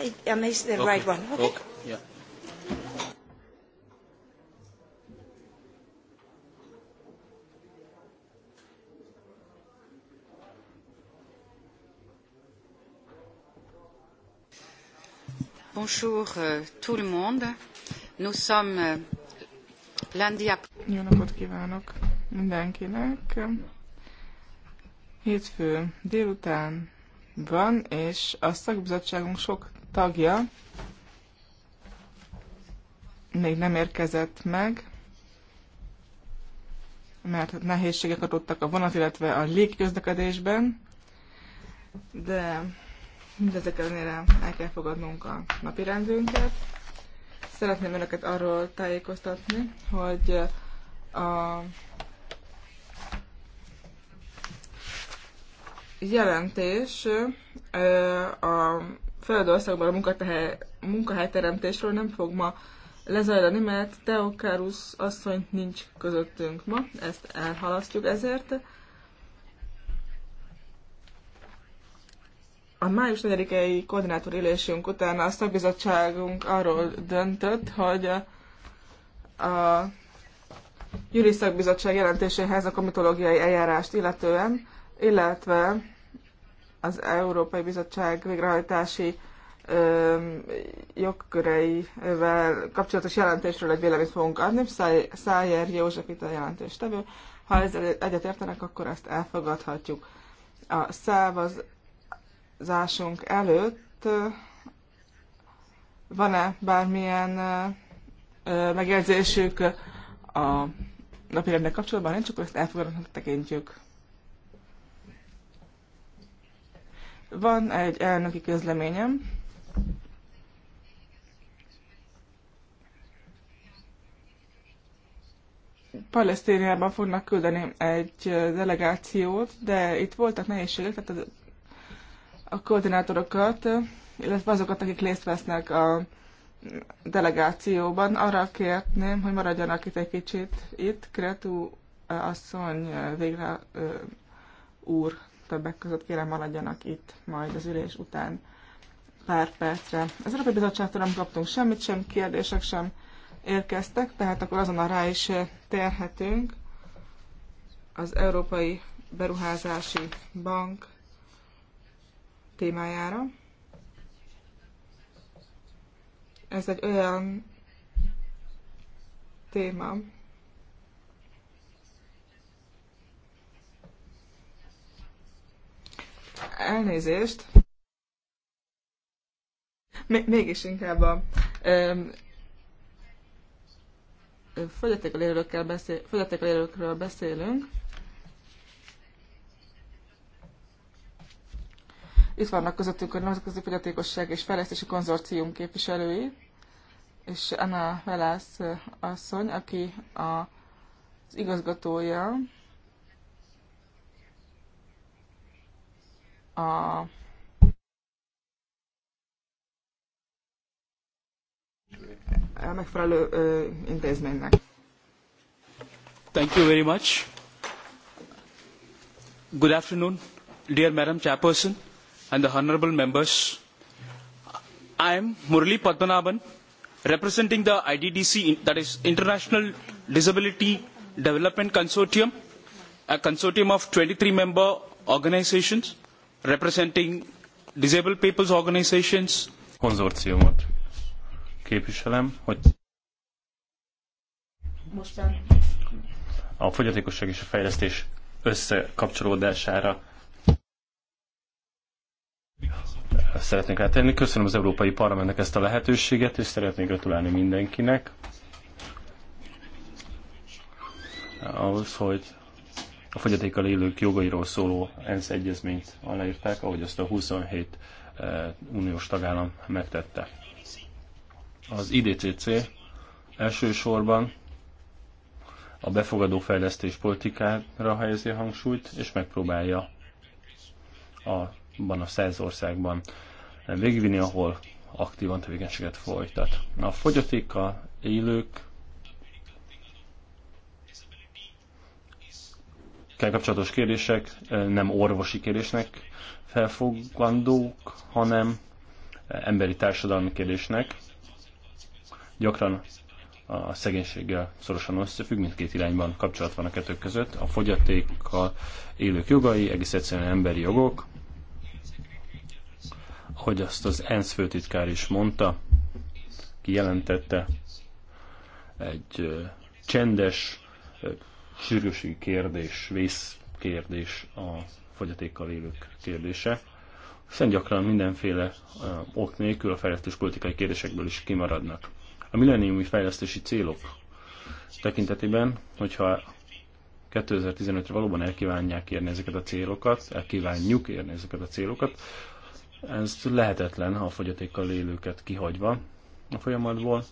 I the okay. right one. Okay. okay. Bonjour euh, tout le monde. Nous sommes euh, lundi après. Jó napot kívánok mindenkinek. Hétfő délután van, és a szakbizottságunk sok tagja még nem érkezett meg, mert nehézségek adottak a vonat, illetve a légközlekedésben, de mindezek ellenére el kell fogadnunk a rendünket. Szeretném Önöket arról tájékoztatni, hogy a jelentés a országban a munkahely, munkahelyteremtésről nem fog ma lezajlani, mert Teokárusz asszony nincs közöttünk ma, ezt elhalasztjuk ezért. A május 4-i koordinátor élésünk után a szakbizottságunk arról döntött, hogy a Jüri Szakbizottság jelentéséhez a komitológiai eljárást illetően, illetve az Európai Bizottság végrehajtási jogköreivel kapcsolatos jelentésről egy véleményt fogunk adni. Szájer József itt a jelentéstevő. Ha ezzel egyetértenek, akkor ezt elfogadhatjuk. A szávazásunk előtt van-e bármilyen megjegyzésük a napirendnek kapcsolatban? Nincs, csak ezt elfogadhatnak, tekintjük. Van egy elnöki közleményem. Palesztériában fognak küldeni egy delegációt, de itt voltak nehézségek, tehát a koordinátorokat, illetve azokat, akik részt vesznek a delegációban, arra kértném, hogy maradjanak itt egy kicsit. Itt Kretu eh, asszony eh, végre eh, úr többek között kérem maradjanak itt majd az ülés után pár percre. Az Európai Bizottságtól nem kaptunk semmit, sem kérdések sem érkeztek, tehát akkor azonnal rá is térhetünk az Európai Beruházási Bank témájára. Ez egy olyan téma, Elnézést. Mégis inkább a um, fogyatékkal élőkkel beszél, beszélünk. Itt vannak közöttünk a Nemzetközi Fogyatékosság és Fejlesztési Konzorcium képviselői, és Anna Velász asszony, aki a, az igazgatója a megfelelő ö, intézménynek. Thank you very much. Good afternoon, dear Madam Chairperson and the honorable members. I am Murli Padmanabhan, representing the IDDC, that is International Disability Development Consortium, a consortium of 23 member organizations representing disabled people's organizations. Konzorciumot képviselem, hogy Mostan. a fogyatékosság és a fejlesztés összekapcsolódására szeretnék rátenni. Köszönöm az Európai Parlamentnek ezt a lehetőséget, és szeretnék gratulálni mindenkinek ahhoz, hogy a fogyatékkal élők jogairól szóló ENSZ egyezményt aláírták, ahogy azt a 27 eh, uniós tagállam megtette. Az IDCC elsősorban a befogadó fejlesztés politikára helyezi a hangsúlyt, és megpróbálja abban a száz országban végigvinni, ahol aktívan tevékenységet folytat. A fogyatékkal élők kapcsolatos kérdések nem orvosi kérdésnek felfogandók, hanem emberi társadalmi kérdésnek. Gyakran a szegénységgel szorosan összefügg, mindkét irányban kapcsolat van a kettő között. A fogyatékkal élők jogai, egész egyszerűen emberi jogok, ahogy azt az ENSZ főtitkár is mondta, kijelentette, egy csendes, sürgőségi kérdés, vész kérdés a fogyatékkal élők kérdése, Szent gyakran mindenféle ok nélkül a fejlesztés politikai kérdésekből is kimaradnak. A milleniumi fejlesztési célok tekintetében, hogyha 2015-re valóban elkívánják érni ezeket a célokat, elkívánjuk érni ezeket a célokat, ez lehetetlen, ha a fogyatékkal élőket kihagyva a folyamatból,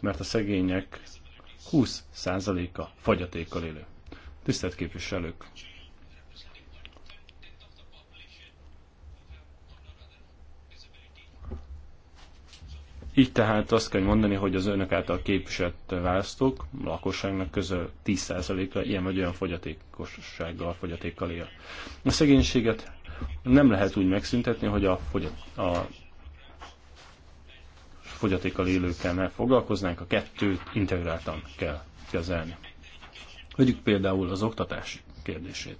mert a szegények 20%-a fagyatékkal élő. Tisztelt képviselők! Így tehát azt kell mondani, hogy az önök által képviselt választók a lakosságnak közel 10%-a ilyen vagy olyan fogyatékossággal, fogyatékkal él. A szegénységet nem lehet úgy megszüntetni, hogy a, fogyat, a fogyatékkal élőkkel ne foglalkoznánk, a kettőt integráltan kell kezelni. Vegyük például az oktatás kérdését.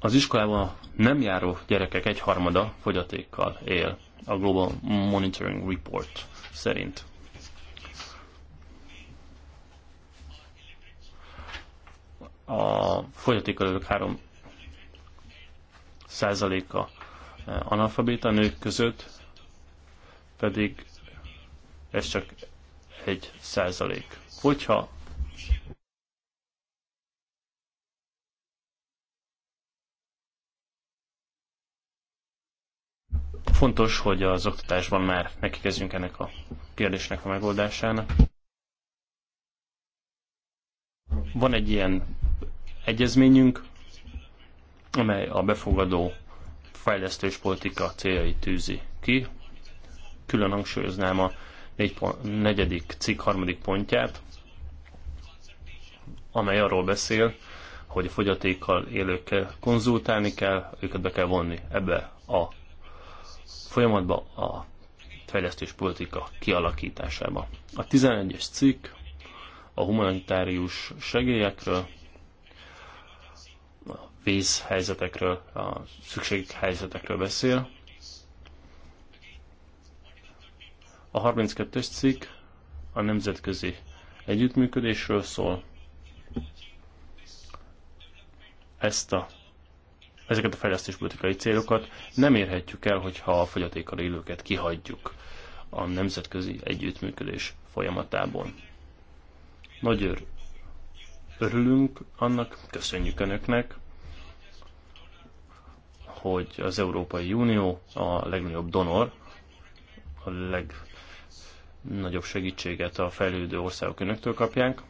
Az iskolában nem járó gyerekek egyharmada fogyatékkal él, a Global Monitoring Report szerint. A fogyatékkal élők 3 százaléka analfabéta nők között pedig ez csak egy százalék. Hogyha fontos, hogy az oktatásban már nekikezdjünk ennek a kérdésnek a megoldásának. Van egy ilyen egyezményünk, amely a befogadó fejlesztős politika céljait tűzi ki. Külön hangsúlyoznám a pont, negyedik cikk harmadik pontját, amely arról beszél, hogy a fogyatékkal élőkkel konzultálni kell, őket be kell vonni ebbe a folyamatba, a fejlesztés politika kialakításába. A 11-es cikk a humanitárius segélyekről vészhelyzetekről, a szükséghelyzetekről beszél. A 32-es cikk a nemzetközi együttműködésről szól. Ezt a, ezeket a fejlesztéspolitikai célokat nem érhetjük el, hogyha a fogyatékkal élőket kihagyjuk a nemzetközi együttműködés folyamatából. Nagy örülünk annak, köszönjük Önöknek, hogy az Európai Unió a legnagyobb donor, a legnagyobb segítséget a fejlődő országok önöktől kapják.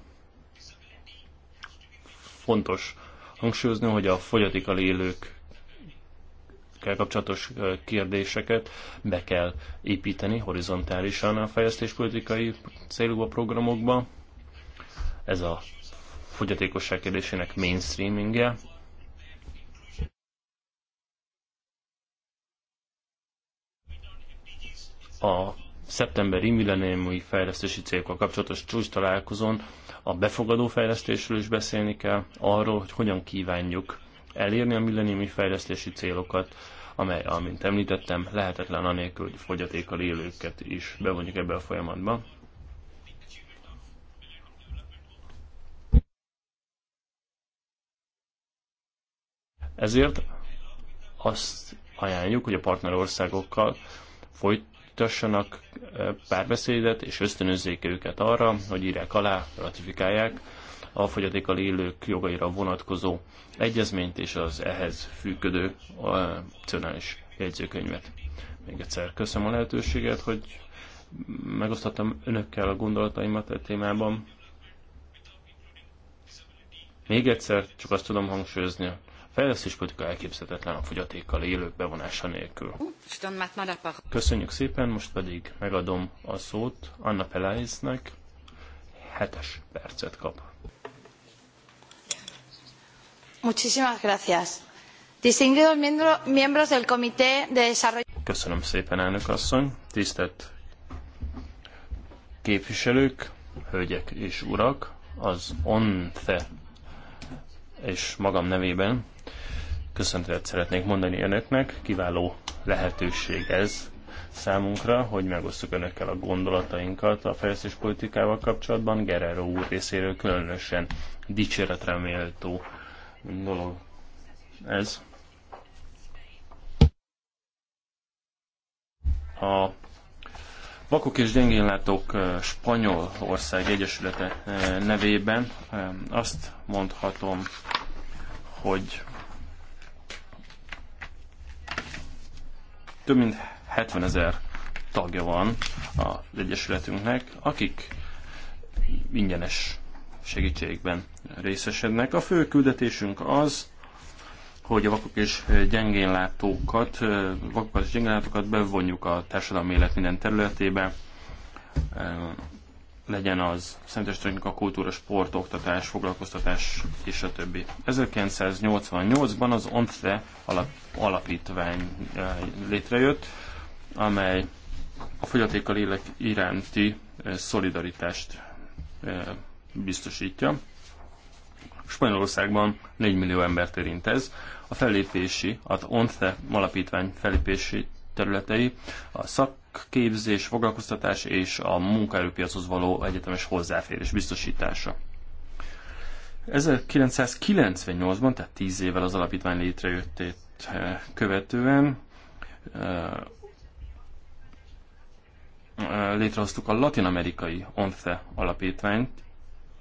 Fontos hangsúlyozni, hogy a fogyatékkal élők kapcsolatos kérdéseket be kell építeni horizontálisan a fejlesztéspolitikai célú a programokba. Ez a fogyatékosság kérdésének mainstreamingje a szeptemberi milleniumi fejlesztési célokkal kapcsolatos csúcs találkozón a befogadó fejlesztésről is beszélni kell, arról, hogy hogyan kívánjuk elérni a milleniumi fejlesztési célokat, amely, amint említettem, lehetetlen anélkül, hogy fogyatékkal élőket is bevonjuk ebbe a folyamatba. Ezért azt ajánljuk, hogy a partnerországokkal folyt folytassanak eh, párbeszédet, és ösztönözzék őket arra, hogy írják alá, ratifikálják a fogyatékkal élők jogaira vonatkozó egyezményt és az ehhez fűködő opcionális eh, jegyzőkönyvet. Még egyszer köszönöm a lehetőséget, hogy megosztottam önökkel a gondolataimat a e témában. Még egyszer csak azt tudom hangsúlyozni, fejlesztéspolitika elképzelhetetlen a fogyatékkal élők bevonása nélkül. Köszönjük szépen, most pedig megadom a szót Anna Pelaisnek, Hetes percet kap. Muchísimas gracias. Distinguidos miembros del Comité de Desarrollo. Köszönöm szépen, elnök asszony, tisztelt képviselők, hölgyek és urak, az ONFE és magam nevében köszöntőt szeretnék mondani önöknek, kiváló lehetőség ez számunkra, hogy megosztjuk önökkel a gondolatainkat a politikával kapcsolatban. Gerero úr részéről különösen dicséretre méltó dolog ez. A Vakok és Gyengénlátók Spanyol Ország Egyesülete nevében azt mondhatom, hogy több mint 70 ezer tagja van az Egyesületünknek, akik ingyenes segítségben részesednek. A fő küldetésünk az, hogy a vakok és gyengénlátókat, vakok és gyengénlátókat bevonjuk a társadalmi élet minden területébe, legyen az szentestőnk a kultúra, sport, oktatás, foglalkoztatás és a többi. 1988-ban az ONTE alap, alapítvány eh, létrejött, amely a fogyatékkal élek iránti eh, szolidaritást eh, biztosítja. Spanyolországban 4 millió embert érint ez. A fellépési, az ONTE alapítvány fellépési területei a szak képzés, foglalkoztatás és a munkaerőpiachoz való egyetemes hozzáférés biztosítása. 1998-ban, tehát 10 évvel az alapítvány létrejöttét eh, követően eh, eh, létrehoztuk a latin-amerikai ONFE alapítványt,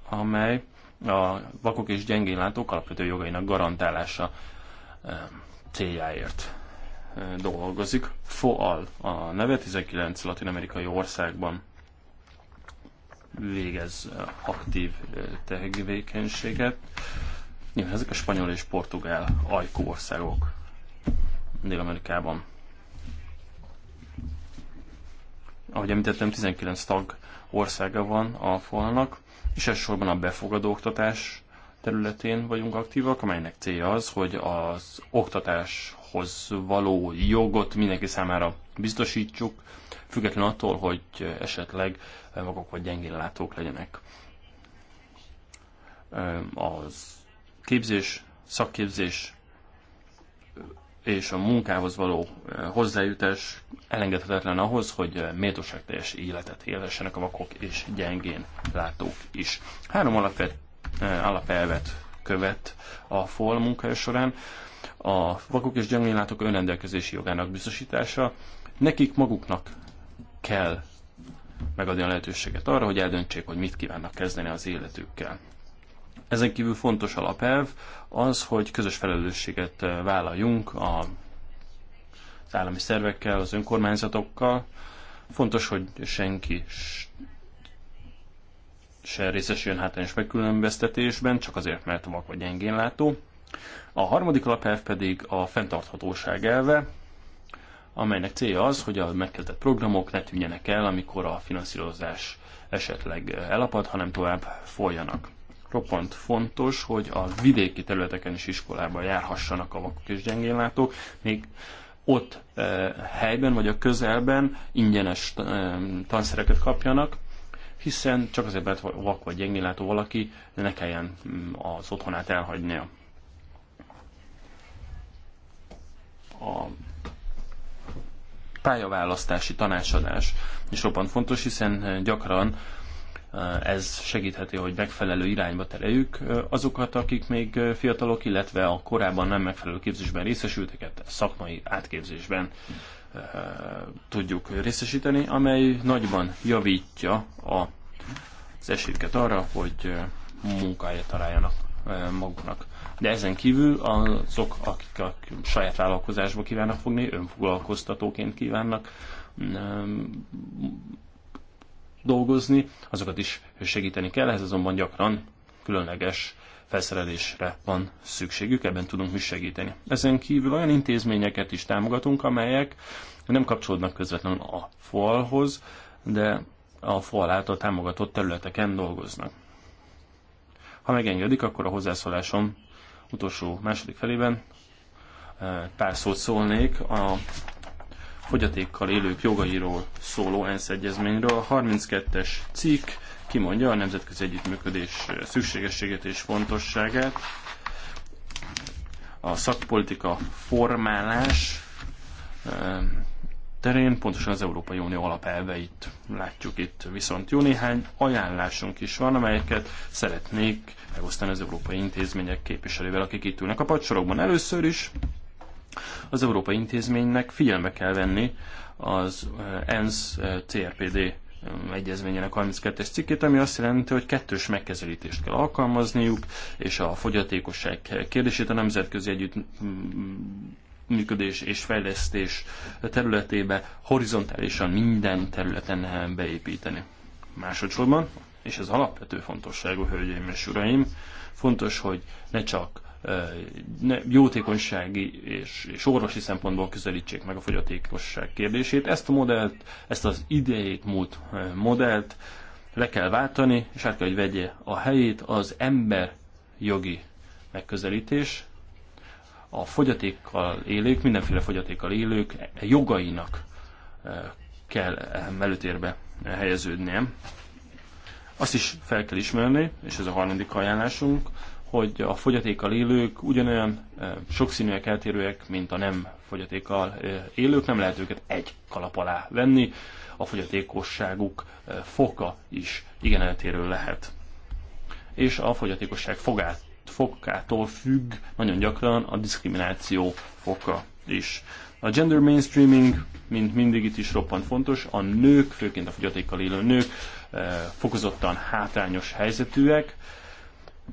amely a vakok és gyengén látók alapvető jogainak garantálása céljáért dolgozik. FOAL a neve 19 latin-amerikai országban végez aktív tevékenységet. Nyilván ezek a spanyol és portugál ajkó országok Dél-Amerikában. Ahogy említettem, 19 tag országa van a falnak, és elsősorban a befogadó oktatás területén vagyunk aktívak, amelynek célja az, hogy az oktatás alaphoz való jogot mindenki számára biztosítsuk, függetlenül attól, hogy esetleg magok vagy gyengére látók legyenek. Az képzés, szakképzés és a munkához való hozzájutás elengedhetetlen ahhoz, hogy méltóságteljes életet élhessenek a vakok és gyengén látók is. Három alapvet, alapelvet követ a FOL munkája során a vakok és gyengénlátók önrendelkezési jogának biztosítása. Nekik maguknak kell megadni a lehetőséget arra, hogy eldöntsék, hogy mit kívánnak kezdeni az életükkel. Ezen kívül fontos alapelv az, hogy közös felelősséget eh, vállaljunk a, az állami szervekkel, az önkormányzatokkal. Fontos, hogy senki se részesüljön hátrányos megkülönböztetésben, csak azért, mert vak vagy gyengénlátó. A harmadik alapelv pedig a fenntarthatóság elve, amelynek célja az, hogy a megkezdett programok ne tűnjenek el, amikor a finanszírozás esetleg elapad, hanem tovább folyanak. Roppant fontos, hogy a vidéki területeken is iskolában járhassanak a vakok és gyengénlátók, még ott e, helyben vagy a közelben ingyenes e, tanszereket kapjanak, hiszen csak azért, mert vak vagy gyengénlátó valaki, ne kelljen mm, az otthonát elhagynia. a pályaválasztási tanácsadás is roppant fontos, hiszen eh, gyakran eh, ez segítheti, hogy megfelelő irányba tereljük eh, azokat, akik még fiatalok, illetve a korábban nem megfelelő képzésben részesülteket szakmai átképzésben tudjuk részesíteni, amely nagyban javítja a, az esélyüket arra, hogy munkáját találjanak maguknak. De ezen kívül azok, akik a saját vállalkozásba kívánnak fogni, önfoglalkoztatóként kívánnak mm, dolgozni, azokat is segíteni kell, ehhez azonban gyakran különleges felszerelésre van szükségük, ebben tudunk mi segíteni. Ezen kívül olyan intézményeket is támogatunk, amelyek nem kapcsolódnak közvetlenül a falhoz, de a fal által támogatott területeken dolgoznak. Ha megengedik, akkor a hozzászólásom utolsó második felében eh, pár szót szólnék a fogyatékkal élők jogairól szóló ENSZ egyezményről. A 32-es cikk kimondja a nemzetközi együttműködés szükségességét és fontosságát. A szakpolitika formálás eh, terén, pontosan az Európai Unió alapelveit látjuk itt. Viszont jó néhány ajánlásunk is van, amelyeket szeretnék megosztani az európai intézmények képviselővel, akik itt ülnek a padsorokban. Először is az európai intézménynek figyelme kell venni az eh, ENSZ eh, CRPD eh, egyezményének 32-es cikkét, ami azt jelenti, hogy kettős megkezelítést kell alkalmazniuk, és a fogyatékosság kérdését a nemzetközi együtt működés és fejlesztés területébe horizontálisan minden területen beépíteni. Másodszorban, és ez alapvető fontosságú, hölgyeim és uraim, fontos, hogy ne csak eh, ne, jótékonysági és, és orvosi szempontból közelítsék meg a fogyatékosság kérdését. Ezt a modellt, ezt az idejét múlt eh, modellt le kell váltani, és át kell, hogy vegye a helyét az ember jogi megközelítés, a fogyatékkal élők, mindenféle fogyatékkal élők jogainak eh, kell előtérbe helyeződnie. Azt is fel kell ismerni, és ez a harmadik ajánlásunk, hogy a fogyatékkal élők ugyanolyan eh, sokszínűek, eltérőek, mint a nem fogyatékkal eh, élők, nem lehet őket egy kalap alá venni, a fogyatékosságuk foka is igen eltérő lehet. És a fogyatékosság fogát fokától függ nagyon gyakran a diszkrimináció foka is. A gender mainstreaming, mint mindig itt is roppant fontos, a nők, főként a fogyatékkal élő nők eh, fokozottan hátrányos helyzetűek,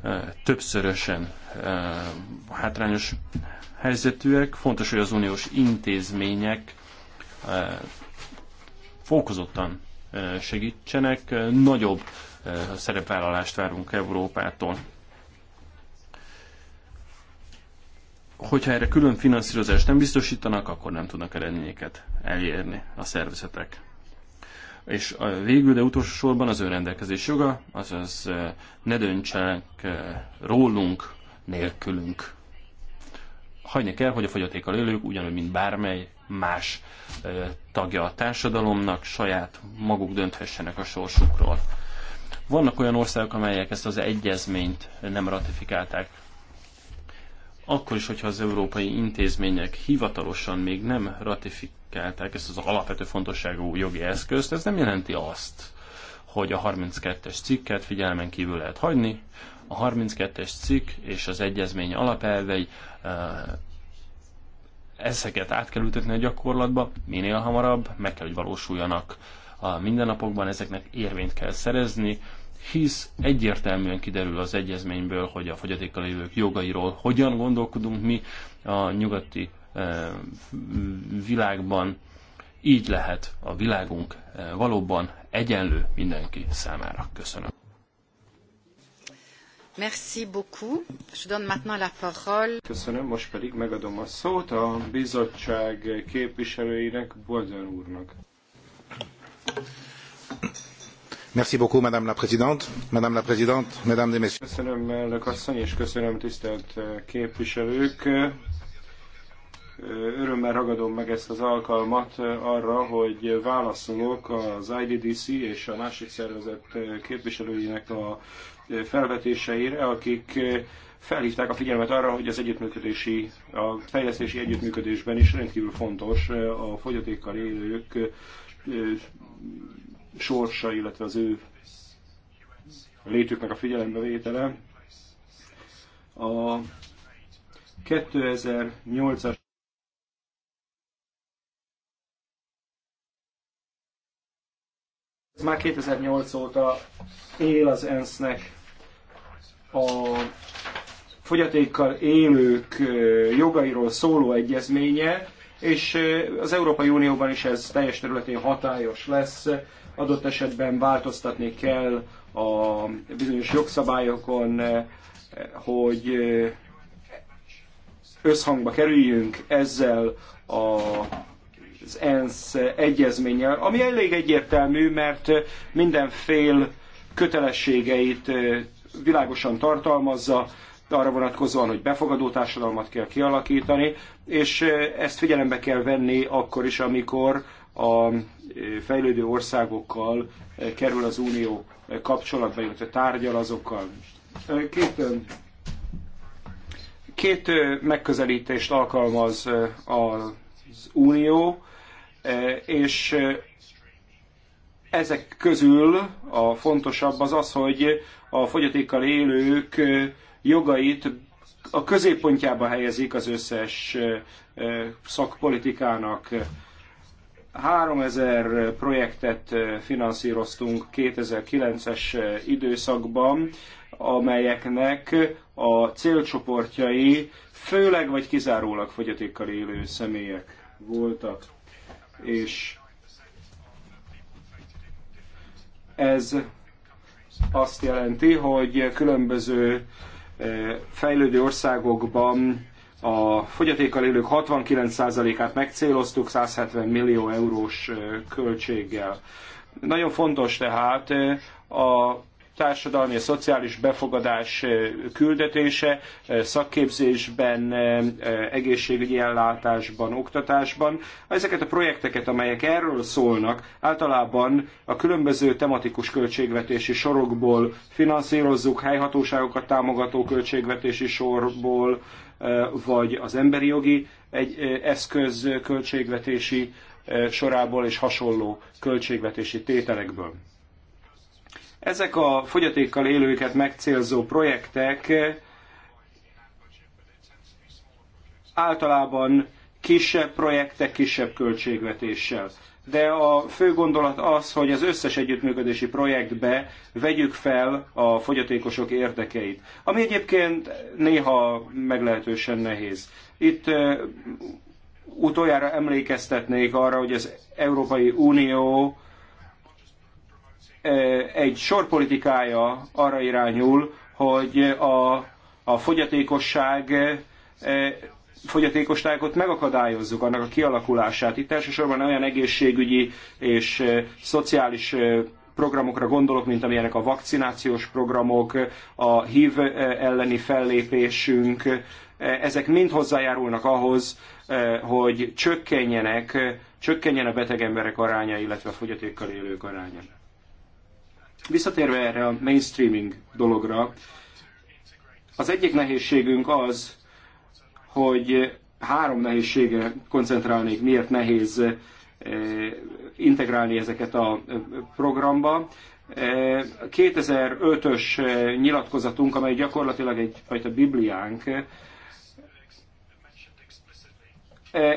eh, többszörösen eh, hátrányos helyzetűek. Fontos, hogy az uniós intézmények fokozottan segítsenek, nagyobb szerepvállalást várunk Európától. hogyha erre külön finanszírozást nem biztosítanak, akkor nem tudnak eredményeket elérni a szervezetek. És végül, de utolsó sorban az önrendelkezés joga, azaz eh, ne döntsenek eh, rólunk, nélkülünk. Hagyni kell, hogy a fogyatékkal élők ugyanúgy, mint bármely más eh, tagja a társadalomnak, saját maguk dönthessenek a sorsukról. Vannak olyan országok, amelyek ezt az egyezményt nem ratifikálták akkor is, hogyha az európai intézmények hivatalosan még nem ratifikálták ezt az alapvető fontosságú jogi eszközt, ez nem jelenti azt, hogy a 32-es cikket figyelmen kívül lehet hagyni. A 32-es cikk és az egyezmény alapelvei eh, ezeket át kell ütetni a gyakorlatba, minél hamarabb, meg kell, hogy valósuljanak a mindennapokban, ezeknek érvényt kell szerezni, hisz egyértelműen kiderül az egyezményből, hogy a fogyatékkal élők jogairól hogyan gondolkodunk mi a nyugati eh, világban. Így lehet a világunk eh, valóban egyenlő mindenki számára. Köszönöm. Merci beaucoup. Je donne maintenant la parole. Köszönöm, most pedig megadom a szót a bizottság képviselőinek, Bolden úrnak. Merci beaucoup, Madame la Présidente. Madame la Présidente, Mesdames et Messieurs. Köszönöm, elnök asszony, és köszönöm, tisztelt eh, képviselők. Eh, örömmel ragadom meg ezt az alkalmat eh, arra, hogy válaszolok az IDDC és a másik szervezet képviselőinek a felvetéseire, akik felhívták a figyelmet arra, hogy az együttműködési, a fejlesztési együttműködésben is rendkívül fontos a fogyatékkal élők sorsa, illetve az ő létüknek a figyelembevétele. A 2008-as már 2008 óta él az ENSZ-nek a fogyatékkal élők jogairól szóló egyezménye, és az Európai Unióban is ez teljes területén hatályos lesz adott esetben változtatni kell a bizonyos jogszabályokon, eh, hogy eh, összhangba kerüljünk ezzel a az ENSZ egyezménnyel, ami elég egyértelmű, mert eh, minden fél kötelességeit világosan tartalmazza, arra vonatkozóan, hogy befogadó társadalmat kell kialakítani, és ezt figyelembe kell venni akkor is, amikor a fejlődő országokkal kerül az Unió kapcsolatba, illetve tárgyal azokkal. Két, két megközelítést alkalmaz az Unió, és ezek közül a fontosabb az az, hogy a fogyatékkal élők jogait a középpontjába helyezik az összes szakpolitikának. 3000 projektet finanszíroztunk 2009-es időszakban, amelyeknek a célcsoportjai főleg vagy kizárólag fogyatékkal élő személyek voltak. És ez azt jelenti, hogy különböző fejlődő országokban a fogyatékkal élők 69%-át megcéloztuk 170 millió eurós költséggel. Nagyon fontos tehát a társadalmi és szociális befogadás küldetése szakképzésben, egészségügyi ellátásban, oktatásban. Ezeket a projekteket, amelyek erről szólnak, általában a különböző tematikus költségvetési sorokból finanszírozzuk, helyhatóságokat támogató költségvetési sorból, vagy az emberi jogi egy eszköz költségvetési sorából és hasonló költségvetési tételekből. Ezek a fogyatékkal élőket megcélzó projektek általában kisebb projektek, kisebb költségvetéssel de a fő gondolat az, hogy az összes együttműködési projektbe vegyük fel a fogyatékosok érdekeit, ami egyébként néha meglehetősen nehéz. Itt utoljára emlékeztetnék arra, hogy az Európai Unió egy sor politikája arra irányul, hogy a, a fogyatékosság fogyatékosságot megakadályozzuk, annak a kialakulását. Itt elsősorban olyan egészségügyi és szociális programokra gondolok, mint amilyenek a vakcinációs programok, a HIV elleni fellépésünk, ezek mind hozzájárulnak ahhoz, hogy csökkenjenek, csökkenjen a beteg emberek aránya, illetve a fogyatékkal élők aránya. Visszatérve erre a mainstreaming dologra, az egyik nehézségünk az, hogy három nehézsége koncentrálnék, miért nehéz eh, integrálni ezeket a eh, programba. 2005-ös eh, nyilatkozatunk, amely gyakorlatilag egyfajta bibliánk,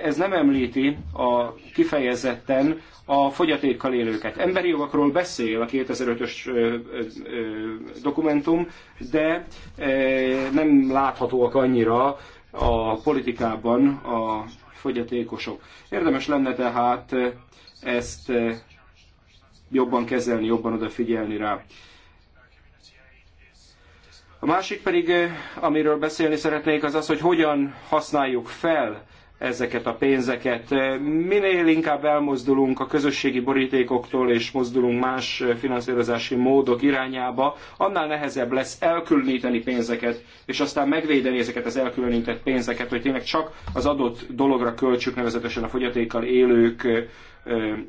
ez nem említi a kifejezetten a fogyatékkal élőket. Emberi jogokról beszél a 2005-ös dokumentum, de nem láthatóak annyira a politikában a fogyatékosok. Érdemes lenne tehát ezt jobban kezelni, jobban odafigyelni rá. A másik pedig, amiről beszélni szeretnék, az az, hogy hogyan használjuk fel ezeket a pénzeket. Minél inkább elmozdulunk a közösségi borítékoktól és mozdulunk más finanszírozási módok irányába, annál nehezebb lesz elkülöníteni pénzeket, és aztán megvédeni ezeket az elkülönített pénzeket, hogy tényleg csak az adott dologra költsük, nevezetesen a fogyatékkal élők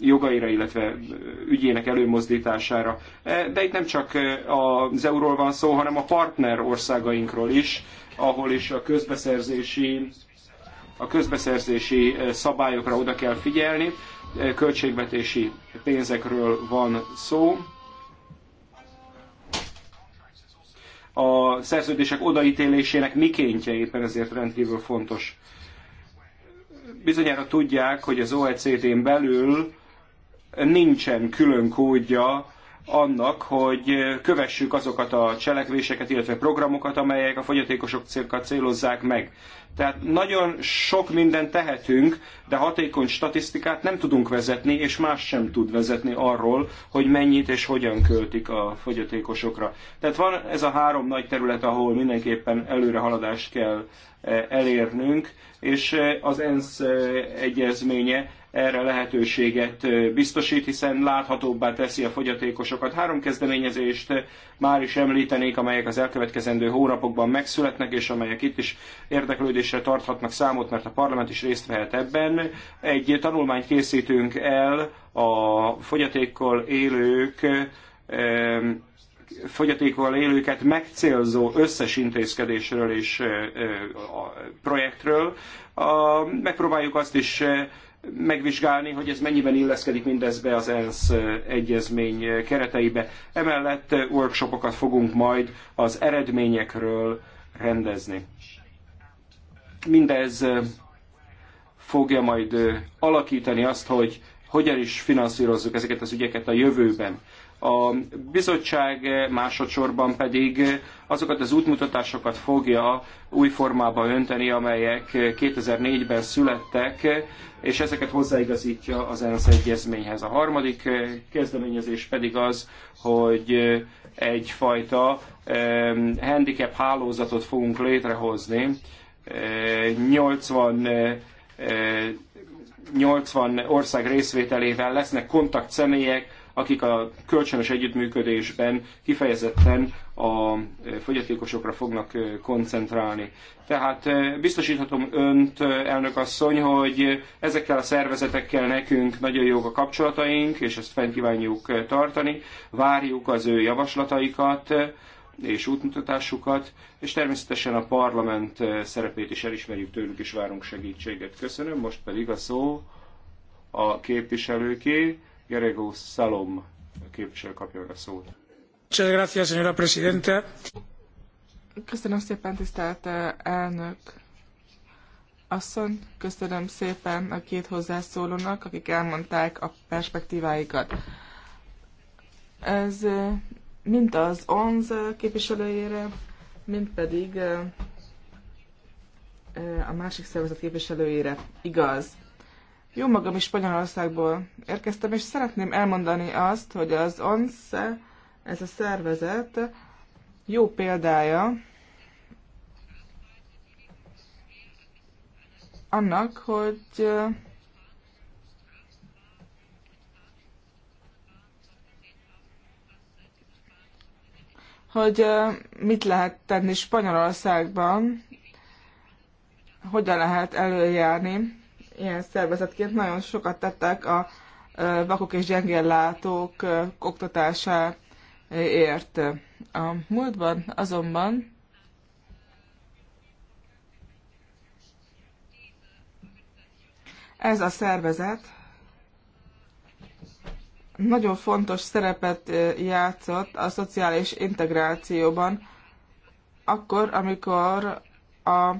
jogaira, illetve ügyének előmozdítására. E, de itt nem csak az euról van szó, hanem a partner országainkról is, ahol is a közbeszerzési a közbeszerzési eh, szabályokra oda kell figyelni, eh, költségvetési pénzekről van szó. A szerződések odaítélésének mikéntje éppen ezért rendkívül fontos. Bizonyára tudják, hogy az OECD-n belül nincsen külön kódja annak, hogy kövessük azokat a cselekvéseket, illetve programokat, amelyek a fogyatékosok célozzák meg. Tehát nagyon sok mindent tehetünk, de hatékony statisztikát nem tudunk vezetni, és más sem tud vezetni arról, hogy mennyit és hogyan költik a fogyatékosokra. Tehát van ez a három nagy terület, ahol mindenképpen előrehaladást kell elérnünk, és az ENSZ egyezménye erre lehetőséget biztosít, hiszen láthatóbbá teszi a fogyatékosokat. Három kezdeményezést már is említenék, amelyek az elkövetkezendő hónapokban megszületnek, és amelyek itt is érdeklődésre tarthatnak számot, mert a parlament is részt vehet ebben. Egy tanulmányt készítünk el a fogyatékkal élők fogyatékkal élőket megcélzó összes intézkedésről és projektről. Megpróbáljuk azt is megvizsgálni, hogy ez mennyiben illeszkedik mindezbe az ENSZ egyezmény kereteibe. Emellett workshopokat fogunk majd az eredményekről rendezni. Mindez fogja majd alakítani azt, hogy hogyan is finanszírozzuk ezeket az ügyeket a jövőben. A bizottság másodszorban pedig azokat az útmutatásokat fogja új formába önteni, amelyek 2004-ben születtek, és ezeket hozzáigazítja az ENSZ egyezményhez. A harmadik eh, kezdeményezés pedig az, hogy eh, egyfajta handicap hálózatot fogunk létrehozni. 80 eh, 80 ország részvételével lesznek kontaktszemélyek, akik a kölcsönös együttműködésben kifejezetten a e, fogyatékosokra fognak e, koncentrálni. Tehát e, biztosíthatom önt, elnök asszony, hogy ezekkel a szervezetekkel nekünk nagyon jók a kapcsolataink, és ezt fent kívánjuk tartani. Várjuk az ő javaslataikat, és útmutatásukat, és természetesen a parlament szerepét is elismerjük tőlük, és várunk segítséget. Köszönöm, most pedig a szó a képviselőké, Gerego Szalom képviselő kapja meg a szót. Köszönöm szépen, tisztelt eh, elnök asszony, köszönöm szépen a két hozzászólónak, akik elmondták a perspektíváikat. Ez eh, mint az ONZ eh, képviselőjére, mint pedig a másik szervezet képviselőjére igaz. Jó magam is Spanyolországból érkeztem, és szeretném elmondani azt, hogy az ONSZE, ez a szervezet jó példája annak, hogy hogy mit lehet tenni Spanyolországban, hogyan lehet előjárni ilyen szervezetként nagyon sokat tettek a vakok és gyengéllátók oktatásáért. A múltban azonban ez a szervezet nagyon fontos szerepet játszott a szociális integrációban, akkor, amikor a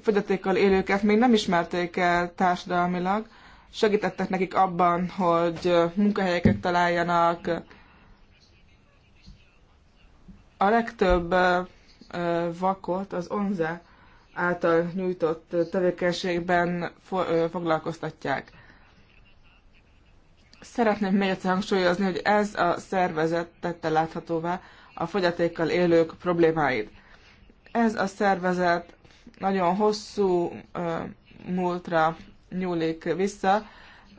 fogyatékkal élőket még nem ismerték el társadalmilag, segítettek nekik abban, hogy munkahelyeket találjanak. A legtöbb vakot az ONZE által nyújtott tevékenységben foglalkoztatják. Szeretném még egyszer hangsúlyozni, hogy ez a szervezet tette láthatóvá a fogyatékkal élők problémáit. Ez a szervezet nagyon hosszú múltra nyúlik vissza,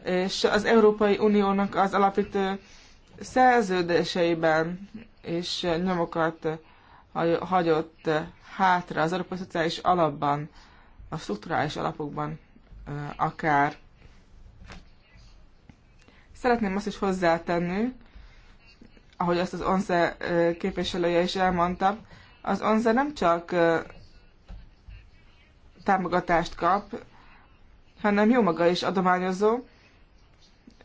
és az Európai Uniónak az alapító szerződéseiben is nyomokat hagyott hátra az Európai Szociális Alapban, a strukturális alapokban akár. Szeretném azt is hozzátenni, ahogy azt az ONSZE képviselője is elmondta, az ONSZE nem csak támogatást kap, hanem jó maga is adományozó,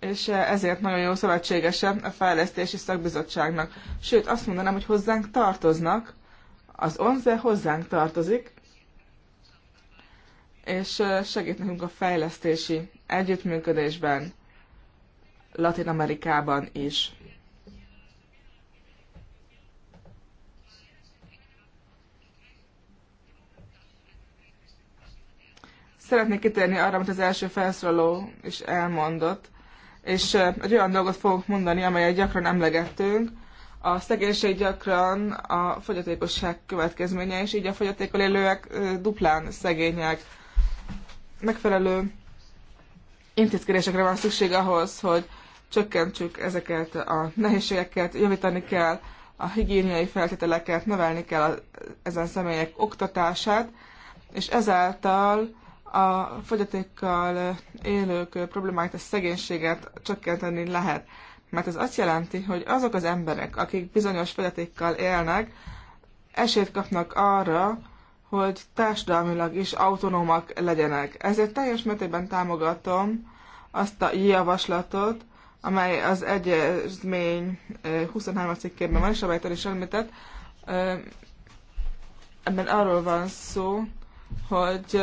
és ezért nagyon jó szövetségese a fejlesztési szakbizottságnak. Sőt, azt mondanám, hogy hozzánk tartoznak, az ONZE hozzánk tartozik, és segít nekünk a fejlesztési együttműködésben, Latin Amerikában is. Szeretnék kitérni arra, amit az első felszólaló is elmondott, és egy olyan dolgot fogok mondani, amelyet gyakran emlegettünk. A szegénység gyakran a fogyatékosság következménye, és így a fogyatékkal élőek duplán szegények. Megfelelő intézkedésekre van szükség ahhoz, hogy csökkentsük ezeket a nehézségeket, javítani kell a higiéniai feltételeket, növelni kell a, ezen személyek oktatását, és ezáltal a fogyatékkal élők problémáit, a szegénységet csökkenteni lehet. Mert ez azt jelenti, hogy azok az emberek, akik bizonyos fogyatékkal élnek, esélyt kapnak arra, hogy társadalmilag is autonómak legyenek. Ezért teljes mértékben támogatom azt a javaslatot, amely az egyezmény 23. cikkében van, és amelyet is említett. Ebben arról van szó, hogy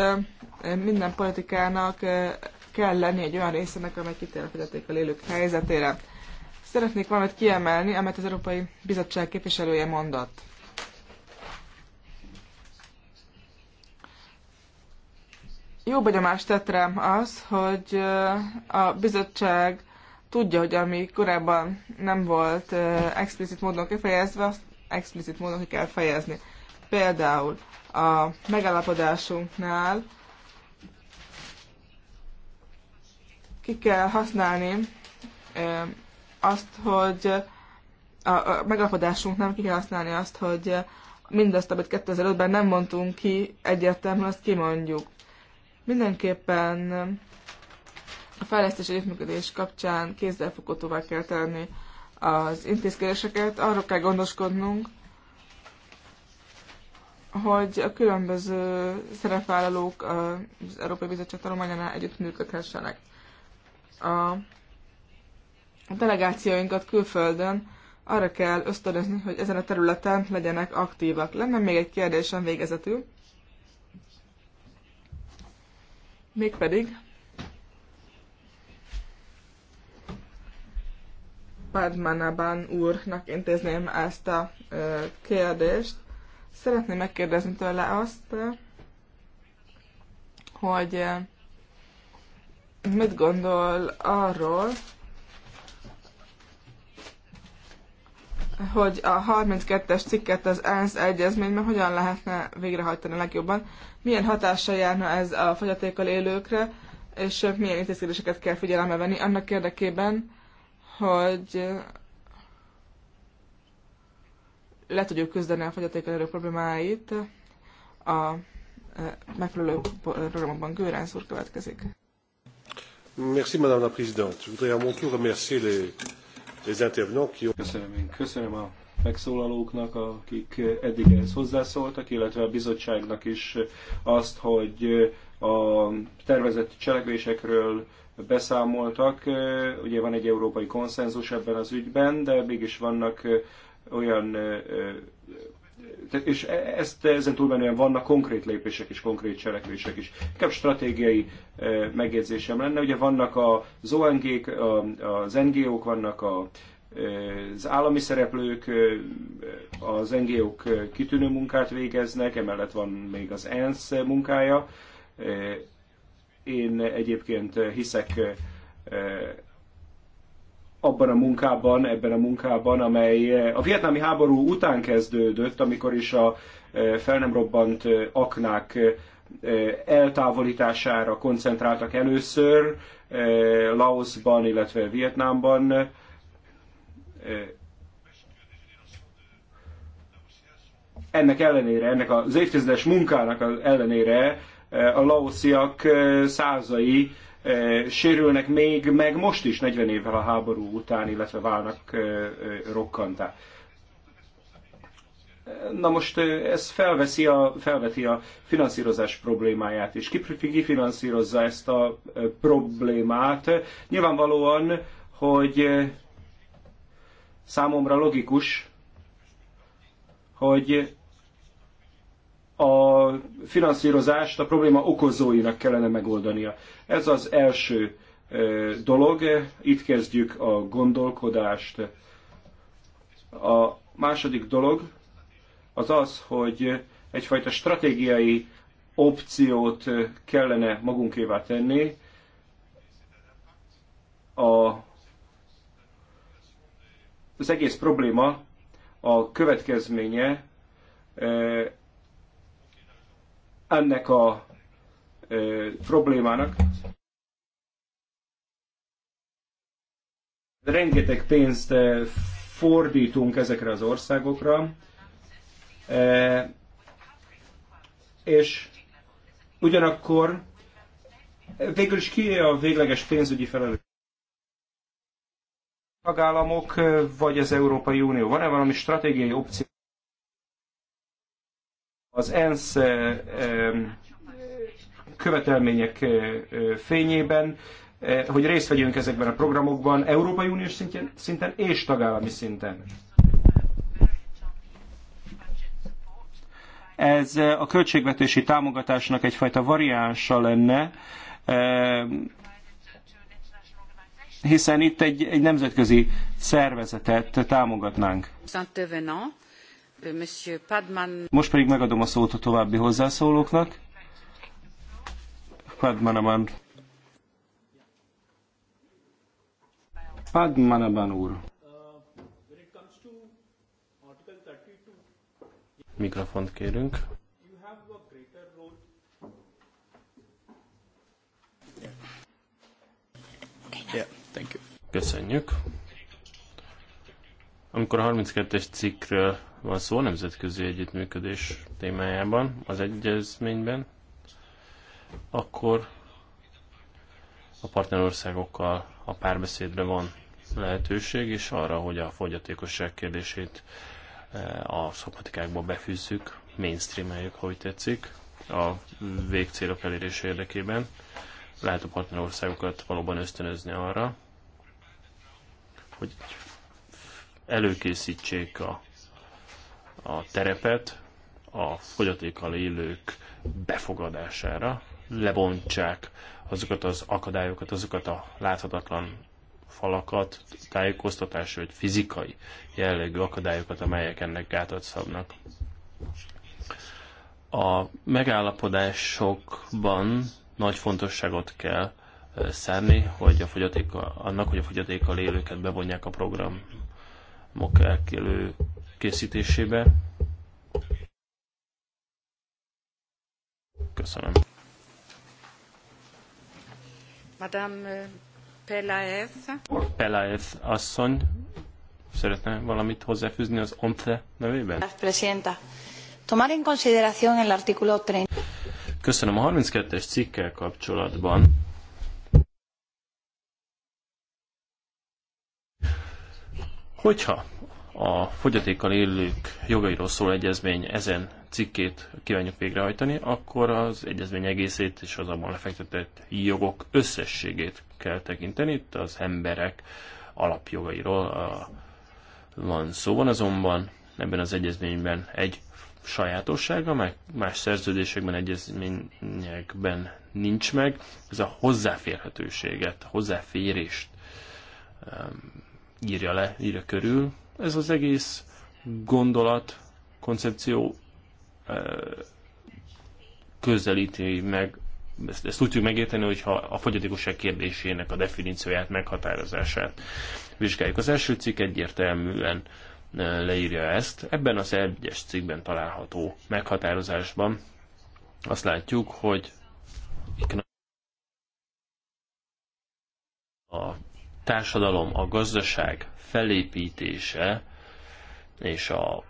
minden politikának eh, kell lenni egy olyan részének, amely kitér a fogyatékkal élők helyzetére. Szeretnék valamit kiemelni, amit az Európai Bizottság képviselője mondott. Jó benyomást tett rám az, hogy eh, a bizottság tudja, hogy ami korábban nem volt eh, explicit módon kifejezve, azt explicit módon ki kell fejezni. Például a megállapodásunknál Ki kell használni azt, hogy a, a megalapodásunk nem ki kell használni azt, hogy mindazt, amit 2005-ben nem mondtunk ki, egyértelműen azt kimondjuk. Mindenképpen a fejlesztési együttműködés kapcsán kézzelfoghatóvá kell tenni az intézkedéseket, arról kell gondoskodnunk, hogy a különböző szerepvállalók az Európai Bizottság tanulmányánál együttműködhessenek a delegációinkat külföldön arra kell ösztönözni, hogy ezen a területen legyenek aktívak. Lenne még egy kérdésem végezetül. Mégpedig, Padmanabhan úrnak intézném ezt a kérdést. Szeretném megkérdezni tőle azt, hogy mit gondol arról, hogy a 32-es cikket az ENSZ egyezményben hogyan lehetne végrehajtani legjobban, milyen hatással járna ez a fogyatékkal élőkre, és milyen intézkedéseket kell figyelembe venni annak érdekében, hogy le tudjuk küzdeni a fogyatékkal élő problémáit a eh, megfelelő programokban. Gőránsz úr következik. Madame la Présidente. Je voudrais à mon tour remercier les, les intervenants qui ont... Köszönöm, én köszönöm a megszólalóknak, akik eddig ehhez hozzászóltak, illetve a bizottságnak is azt, hogy a tervezett cselekvésekről beszámoltak. Ugye van egy európai konszenzus ebben az ügyben, de mégis vannak olyan és e- ezt, ezen túlmenően vannak konkrét lépések és konkrét cselekvések is. Inkább stratégiai e, megjegyzésem lenne, ugye vannak az ong az NGO-k, vannak a, e, az állami szereplők, az NGO-k kitűnő munkát végeznek, emellett van még az ENSZ munkája. Én egyébként hiszek abban a munkában, ebben a munkában, amely eh, a vietnámi háború után kezdődött, amikor is a eh, fel nem robbant eh, aknák eltávolítására koncentráltak először Laosban, illetve Vietnámban. Ennek ellenére, ennek az évtizedes munkának ellenére a laosziak százai E, sérülnek még meg most is 40 évvel a háború után, illetve válnak e, e, rokkantá. Na most ez felveszi a, felveti a finanszírozás problémáját is. Ki, ki finanszírozza ezt a problémát? Nyilvánvalóan, hogy számomra logikus, hogy a finanszírozást a probléma okozóinak kellene megoldania. Ez az első dolog, itt kezdjük a gondolkodást. A második dolog az az, hogy egyfajta stratégiai opciót kellene magunkévá tenni a, az egész probléma a következménye ennek a ö, problémának rengeteg pénzt fordítunk ezekre az országokra, és ugyanakkor végül is ki a végleges pénzügyi felelős? Tagállamok vagy az Európai Unió? Van-e valami stratégiai opció? Az ENSZ követelmények fényében, hogy részt vegyünk ezekben a programokban Európai Uniós szinten, szinten és tagállami szinten. Ez a költségvetési támogatásnak egyfajta variánsa lenne, hiszen itt egy, egy nemzetközi szervezetet támogatnánk. Most pedig megadom a szót a további hozzászólóknak. Padmanaban. Padmanaban úr. Mikrofont kérünk. Köszönjük. Amikor a 32-es cikkről van szó nemzetközi együttműködés témájában, az egyezményben, akkor a partnerországokkal a párbeszédre van lehetőség, és arra, hogy a fogyatékosság kérdését eh, a szakmatikákba befűzzük, mainstreameljük, hogy tetszik, a végcélok elérése érdekében. Lehet a partnerországokat valóban ösztönözni arra, hogy előkészítsék a a terepet a fogyatékkal élők befogadására, lebontsák azokat az akadályokat, azokat a láthatatlan falakat, tájékoztatás vagy fizikai jellegű akadályokat, amelyek ennek gátat szabnak. A megállapodásokban nagy fontosságot kell szerni, hogy a fogyatéka, annak, hogy a fogyatékkal élőket bevonják a programok elkélő előkészítésébe. Köszönöm. Madame Pelaez. Eh, Pelaez asszony szeretne valamit hozzáfűzni az ONCE nevében? Presidenta. Tomar en consideración el artículo 30. Köszönöm a 32-es cikkel kapcsolatban. Hogyha a fogyatékkal élők jogairól szól egyezmény ezen cikkét kívánjuk végrehajtani, akkor az egyezmény egészét és az abban lefektetett jogok összességét kell tekinteni. Itt az emberek alapjogairól a, van szó. Van azonban ebben az egyezményben egy sajátossága, meg más szerződésekben, egyezményekben nincs meg. Ez a hozzáférhetőséget, hozzáférést um, írja le, írja körül, ez az egész gondolat, koncepció eh, közelíti meg, ezt, ezt úgy tudjuk megérteni, hogyha a fogyatékosság kérdésének a definícióját, meghatározását vizsgáljuk. Az első cikk egyértelműen eh, leírja ezt. Ebben az egyes cikkben található meghatározásban azt látjuk, hogy a társadalom, a gazdaság felépítése és a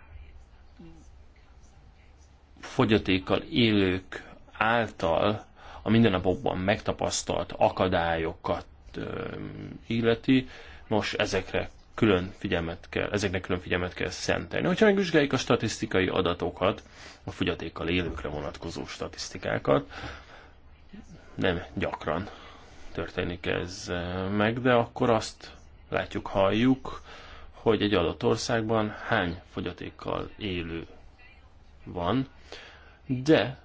fogyatékkal élők által a mindennapokban megtapasztalt akadályokat illeti, Most ezekre külön figyelmet kell, ezeknek külön figyelmet kell szentelni. Hogyha megvizsgáljuk a statisztikai adatokat, a fogyatékkal élőkre vonatkozó statisztikákat, nem gyakran történik ez meg, de akkor azt látjuk, halljuk, hogy egy adott országban hány fogyatékkal élő van, de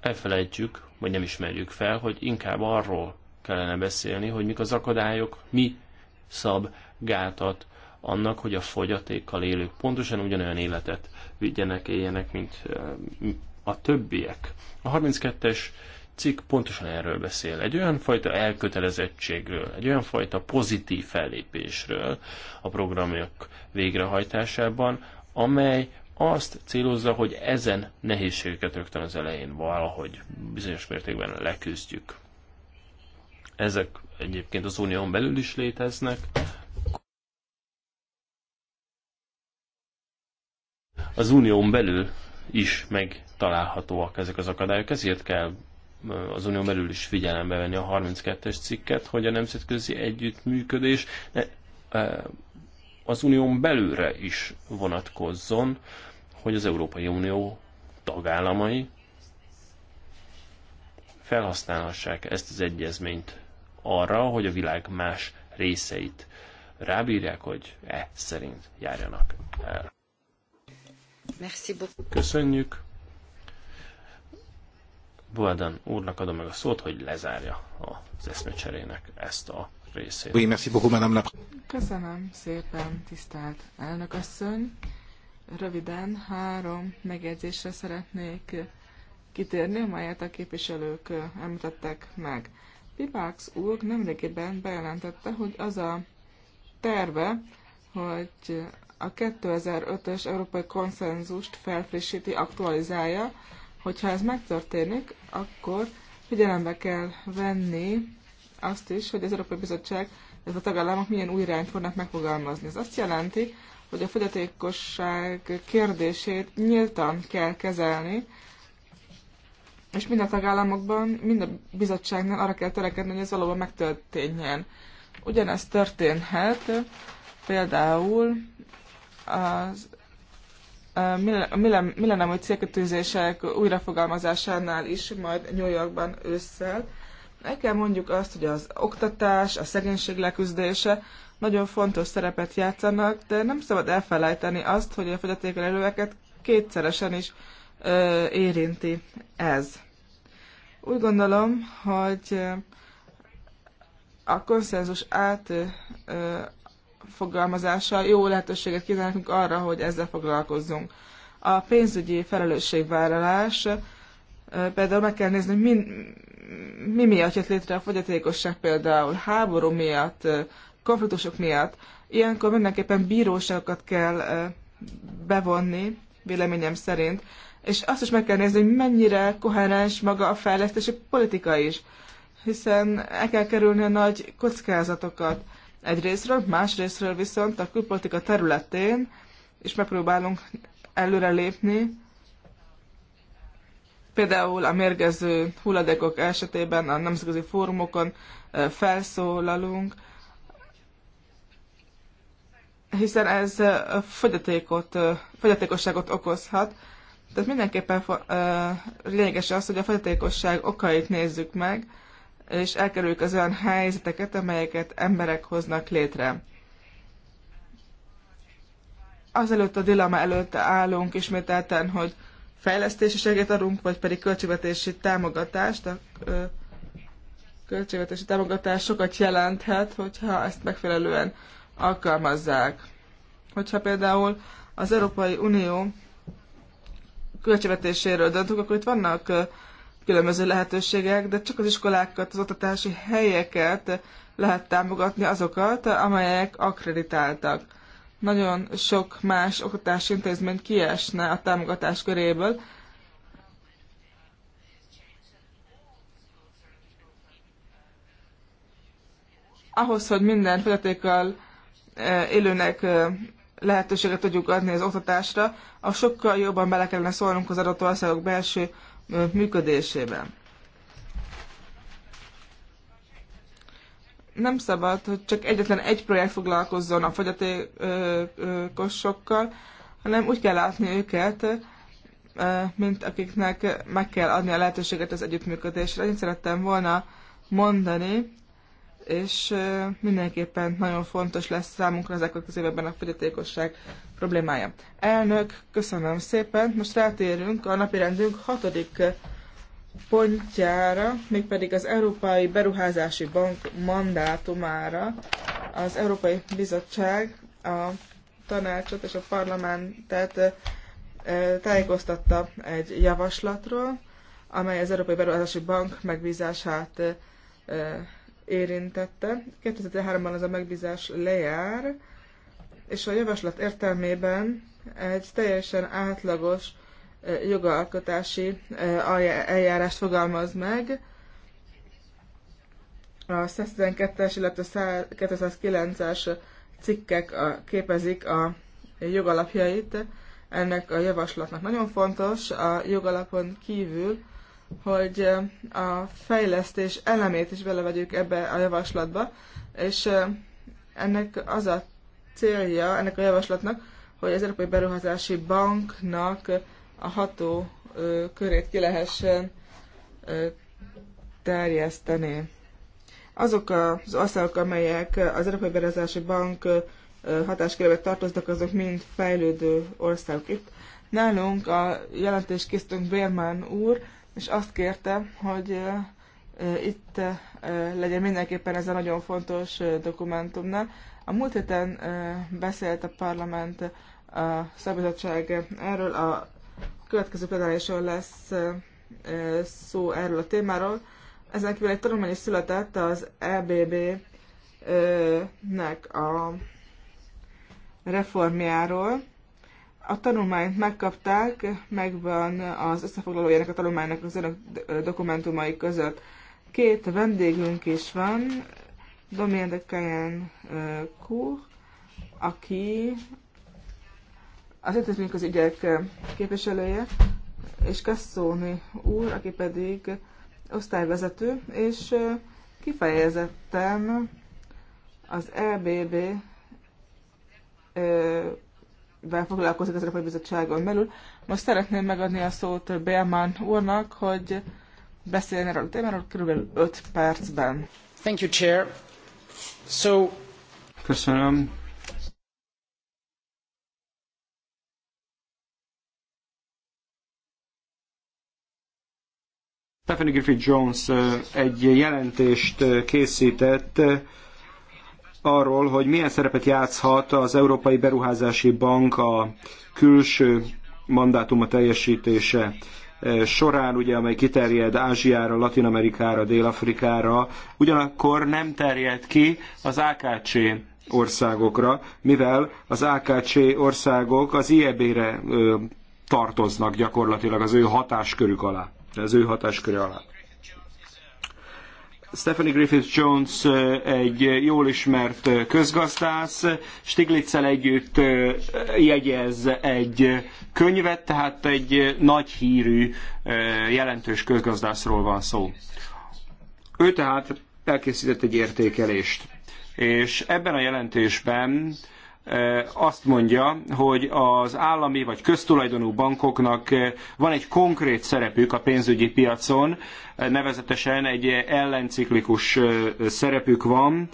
elfelejtjük, vagy nem ismerjük fel, hogy inkább arról kellene beszélni, hogy mik az akadályok, mi szab gátat annak, hogy a fogyatékkal élők pontosan ugyanolyan életet vigyenek, éljenek, mint eh, a többiek. A 32-es cikk pontosan erről beszél. Egy olyan fajta elkötelezettségről, egy olyan fajta pozitív fellépésről a programok végrehajtásában, amely azt célozza, hogy ezen nehézségeket rögtön az elején valahogy bizonyos mértékben leküzdjük. Ezek egyébként az unión belül is léteznek. Az unión belül is megtalálhatóak ezek az akadályok, ezért kell az Unió belül is figyelembe venni a 32-es cikket, hogy a nemzetközi együttműködés e, e, az unión belülre is vonatkozzon, hogy az Európai Unió tagállamai felhasználhassák ezt az egyezményt arra, hogy a világ más részeit rábírják, hogy e szerint járjanak el. Köszönjük. Buadan úrnak adom meg a szót, hogy lezárja az eszmecserének ezt a részét. Oui, merci beaucoup, madame Köszönöm szépen, tisztelt Elnökasszony, Röviden három megjegyzésre szeretnék kitérni, amelyet a képviselők említettek meg. Pipax úr nemrégiben bejelentette, hogy az a terve, hogy a 2005-ös európai konszenzust felfrissíti, aktualizálja, hogyha ez megtörténik, akkor figyelembe kell venni azt is, hogy az Európai Bizottság, ez a tagállamok milyen új irányt fognak megfogalmazni. Ez azt jelenti, hogy a fogyatékosság kérdését nyíltan kell kezelni, és mind a tagállamokban, mind a bizottságnál arra kell törekedni, hogy ez valóban megtörténjen. Ugyanezt történhet például az mi lenne, hogy célkötőzések újrafogalmazásánál is majd New Yorkban ősszel. El kell mondjuk azt, hogy az oktatás, a szegénység leküzdése nagyon fontos szerepet játszanak, de nem szabad elfelejteni azt, hogy a fogyatékkal élőeket kétszeresen is ö, érinti ez. Úgy gondolom, hogy a konszenzus át ö, megfogalmazása jó lehetőséget kínál nekünk arra, hogy ezzel foglalkozzunk. A pénzügyi felelősségvállalás például meg kell nézni, hogy mi, mi miatt jött létre a fogyatékosság például háború miatt, konfliktusok miatt. Ilyenkor mindenképpen bíróságokat kell bevonni, véleményem szerint, és azt is meg kell nézni, hogy mennyire koherens maga a fejlesztési politika is, hiszen el kell kerülni a nagy kockázatokat egy részről, más részről viszont a külpolitika területén is megpróbálunk előrelépni, például a mérgező hulladékok esetében a nemzetközi fórumokon felszólalunk, hiszen ez fogyatékot, fogyatékosságot okozhat. Tehát mindenképpen lényeges az, hogy a fogyatékosság okait nézzük meg, és elkerüljük az olyan helyzeteket, amelyeket emberek hoznak létre. Azelőtt a dilema előtt állunk ismételten, hogy fejlesztési segélyt adunk, vagy pedig költségvetési támogatást. A költségvetési támogatás sokat jelenthet, hogyha ezt megfelelően alkalmazzák. Hogyha például az Európai Unió költségvetéséről döntünk, akkor itt vannak különböző lehetőségek, de csak az iskolákat, az oktatási helyeket lehet támogatni azokat, amelyek akreditáltak. Nagyon sok más oktatási intézmény kiesne a támogatás köréből, ahhoz, hogy minden fogyatékkal e, élőnek e, lehetőséget tudjuk adni az oktatásra, a sokkal jobban bele kellene szólnunk az adott országok belső működésében. Nem szabad, hogy csak egyetlen egy projekt foglalkozzon a fogyatékosokkal, hanem úgy kell látni őket, mint akiknek meg kell adni a lehetőséget az együttműködésre. Én szerettem volna mondani, és mindenképpen nagyon fontos lesz számunkra ezek a közében a fogyatékosság problémája. Elnök, köszönöm szépen. Most rátérünk a napirendünk hatodik pontjára, mégpedig az Európai Beruházási Bank mandátumára. Az Európai Bizottság a tanácsot és a parlamentet tájékoztatta egy javaslatról, amely az Európai Beruházási Bank megbízását érintette. 2003 ban ez a megbízás lejár, és a javaslat értelmében egy teljesen átlagos eh, jogalkotási eh, eljárást fogalmaz meg. A 112-es, illetve 209-es cikkek képezik a jogalapjait ennek a javaslatnak. Nagyon fontos a jogalapon kívül hogy a fejlesztés elemét is belevegyük ebbe a javaslatba, és ennek az a célja, ennek a javaslatnak, hogy az Európai Beruházási Banknak a ható körét ki lehessen terjeszteni. Azok az országok, amelyek az Európai Beruházási Bank hatáskörébe tartoznak, azok mind fejlődő országok. Itt nálunk a jelentést készítünk Bérmán úr, és azt kérte, hogy itt legyen mindenképpen ez a nagyon fontos dokumentumnál. A múlt héten beszélt a parlament a szabadság erről, a következő plenárison lesz szó erről a témáról. Ezen kívül egy tanulmány is született az EBB-nek a reformjáról, a tanulmányt megkapták, megvan az összefoglalójának a tanulmánynak az önök dokumentumai között. Két vendégünk is van, Dominique de Cayen Kuh, aki az az ügyek képviselője, és Kasszóni úr, aki pedig osztályvezető, és kifejezetten az EBB amivel foglalkozik az Európai Bizottságon belül. Most szeretném megadni a szót Bélman úrnak, hogy beszéljen erről a témáról kb. 5 percben. Thank you, Chair. So... Köszönöm. Stephanie Griffith Jones egy jelentést készített arról, hogy milyen szerepet játszhat az Európai Beruházási Bank a külső mandátuma teljesítése e, során, ugye, amely kiterjed Ázsiára, Latin Amerikára, Dél-Afrikára, ugyanakkor nem terjed ki az AKC országokra, mivel az AKC országok az IEB-re tartoznak gyakorlatilag az ő hatáskörük alá, az ő hatáskörük alá. Stephanie Griffith Jones egy jól ismert közgazdász, Stiglitzel együtt jegyez egy könyvet, tehát egy nagy hírű, jelentős közgazdászról van szó. Ő tehát elkészített egy értékelést, és ebben a jelentésben Eh, azt mondja, hogy az állami vagy köztulajdonú bankoknak eh, van egy konkrét szerepük a pénzügyi piacon, eh, nevezetesen egy ellenciklikus szerepük van,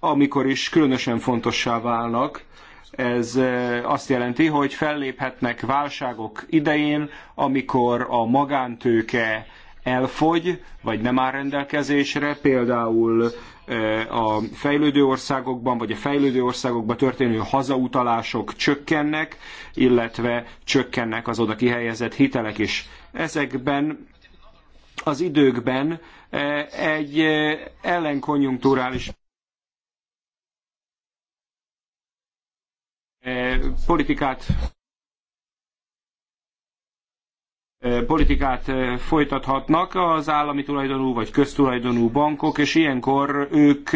amikor is különösen fontossá válnak. Ez azt jelenti, hogy felléphetnek válságok idején, amikor a magántőke elfogy, vagy nem áll rendelkezésre, például a fejlődő országokban, vagy a fejlődő országokban történő hazautalások csökkennek, illetve csökkennek az oda kihelyezett hitelek is. Ezekben az időkben e, egy e, ellenkonjunkturális e, politikát politikát folytathatnak az állami tulajdonú vagy köztulajdonú bankok, és ilyenkor ők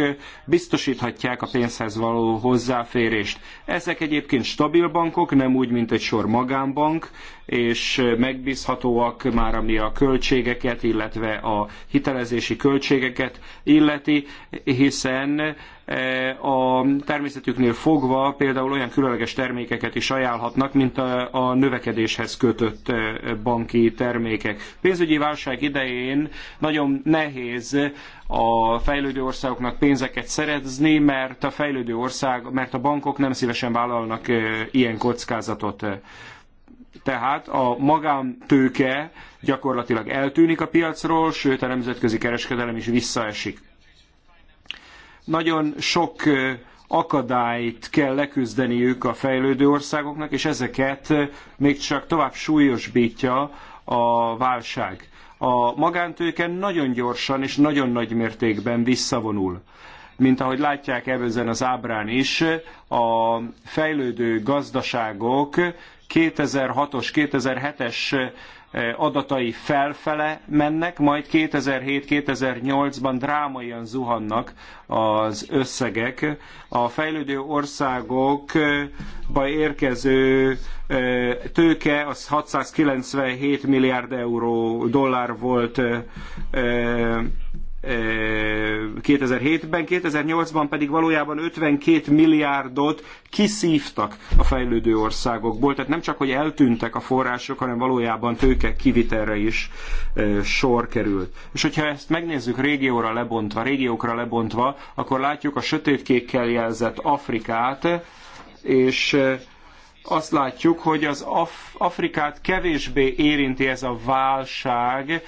biztosíthatják a pénzhez való hozzáférést. Ezek egyébként stabil bankok, nem úgy, mint egy sor magánbank, és megbízhatóak már, ami a költségeket, illetve a hitelezési költségeket illeti, hiszen Eh, a természetüknél fogva például olyan különleges termékeket is ajánlhatnak, mint a, a növekedéshez kötött eh, banki termékek. Pénzügyi válság idején nagyon nehéz a fejlődő országoknak pénzeket szerezni, mert a fejlődő ország, mert a bankok nem szívesen vállalnak eh, ilyen kockázatot. Tehát a magántőke gyakorlatilag eltűnik a piacról, sőt a nemzetközi kereskedelem is visszaesik nagyon sok akadályt kell leküzdeniük a fejlődő országoknak, és ezeket még csak tovább súlyosbítja a válság. A magántőke nagyon gyorsan és nagyon nagy mértékben visszavonul. Mint ahogy látják ezen az ábrán is, a fejlődő gazdaságok 2006-os, 2007-es Eh, adatai felfele mennek, majd 2007-2008-ban drámaian zuhannak az összegek. A fejlődő országokba érkező eh, tőke az 697 milliárd euró dollár volt eh, 2007-ben, 2008-ban pedig valójában 52 milliárdot kiszívtak a fejlődő országokból, tehát nem csak, hogy eltűntek a források, hanem valójában tőke kivitelre is sor került. És hogyha ezt megnézzük régióra lebontva, régiókra lebontva, akkor látjuk a sötétkékkel jelzett Afrikát, és azt látjuk, hogy az Af- Afrikát kevésbé érinti ez a válság,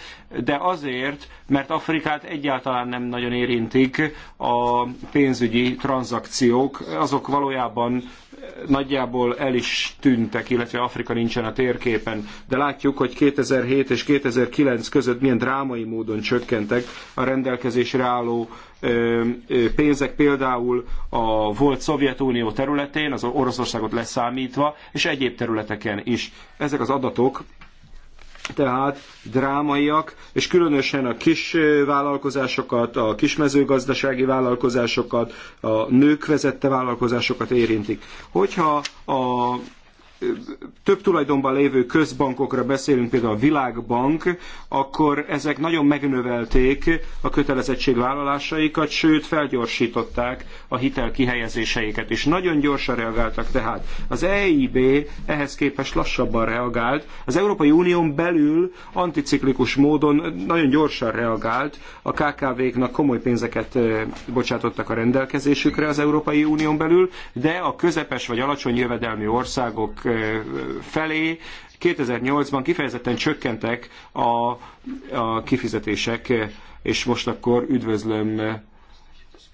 de azért, mert Afrikát egyáltalán nem nagyon érintik a pénzügyi tranzakciók, azok valójában eh, nagyjából el is tűntek, illetve Afrika nincsen a térképen. De látjuk, hogy 2007 és 2009 között milyen drámai módon csökkentek a rendelkezésre álló pénzek például a volt Szovjetunió területén, az Oroszországot leszámítva, és egyéb területeken is. Ezek az adatok tehát drámaiak, és különösen a kis vállalkozásokat, a kismezőgazdasági vállalkozásokat, a nők vezette vállalkozásokat érintik. Hogyha a több tulajdonban lévő közbankokra beszélünk, például a Világbank, akkor ezek nagyon megnövelték a kötelezettségvállalásaikat, sőt felgyorsították a hitel kihelyezéseiket is. Nagyon gyorsan reagáltak tehát. Az EIB ehhez képest lassabban reagált. Az Európai Unión belül anticiklikus módon nagyon gyorsan reagált. A KKV-knak komoly pénzeket bocsátottak a rendelkezésükre az Európai Unión belül, de a közepes vagy alacsony jövedelmű országok felé 2008-ban kifejezetten csökkentek a, a kifizetések, és most akkor üdvözlöm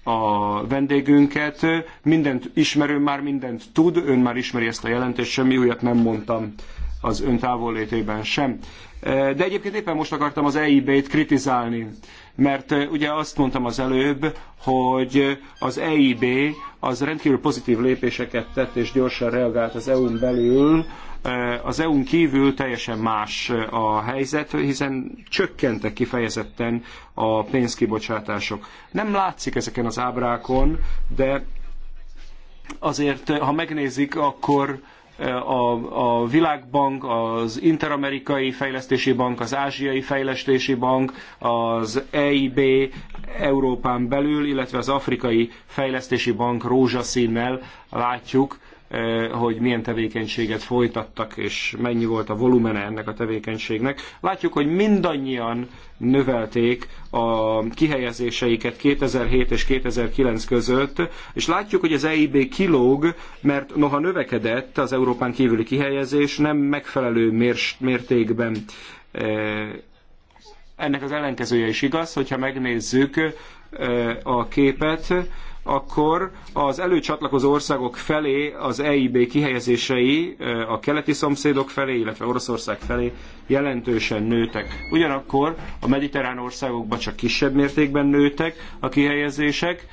a vendégünket. Mindent ismerő már mindent tud, ön már ismeri ezt a jelentést, semmi újat nem mondtam az ön távollétében sem. De egyébként éppen most akartam az EIB-t kritizálni. Mert ugye azt mondtam az előbb, hogy az EIB az rendkívül pozitív lépéseket tett és gyorsan reagált az EU-n belül, az EU-n kívül teljesen más a helyzet, hiszen csökkentek kifejezetten a pénzkibocsátások. Nem látszik ezeken az ábrákon, de azért, ha megnézik, akkor a, a Világbank, az Interamerikai Fejlesztési Bank, az Ázsiai Fejlesztési Bank, az EIB Európán belül, illetve az Afrikai Fejlesztési Bank rózsaszínnel látjuk, hogy milyen tevékenységet folytattak, és mennyi volt a volumene ennek a tevékenységnek. Látjuk, hogy mindannyian növelték a kihelyezéseiket 2007 és 2009 között, és látjuk, hogy az EIB kilóg, mert noha növekedett az Európán kívüli kihelyezés, nem megfelelő mértékben ennek az ellenkezője is igaz, hogyha megnézzük a képet, akkor az előcsatlakozó országok felé az EIB kihelyezései a keleti szomszédok felé, illetve Oroszország felé jelentősen nőtek. Ugyanakkor a mediterrán országokban csak kisebb mértékben nőtek a kihelyezések,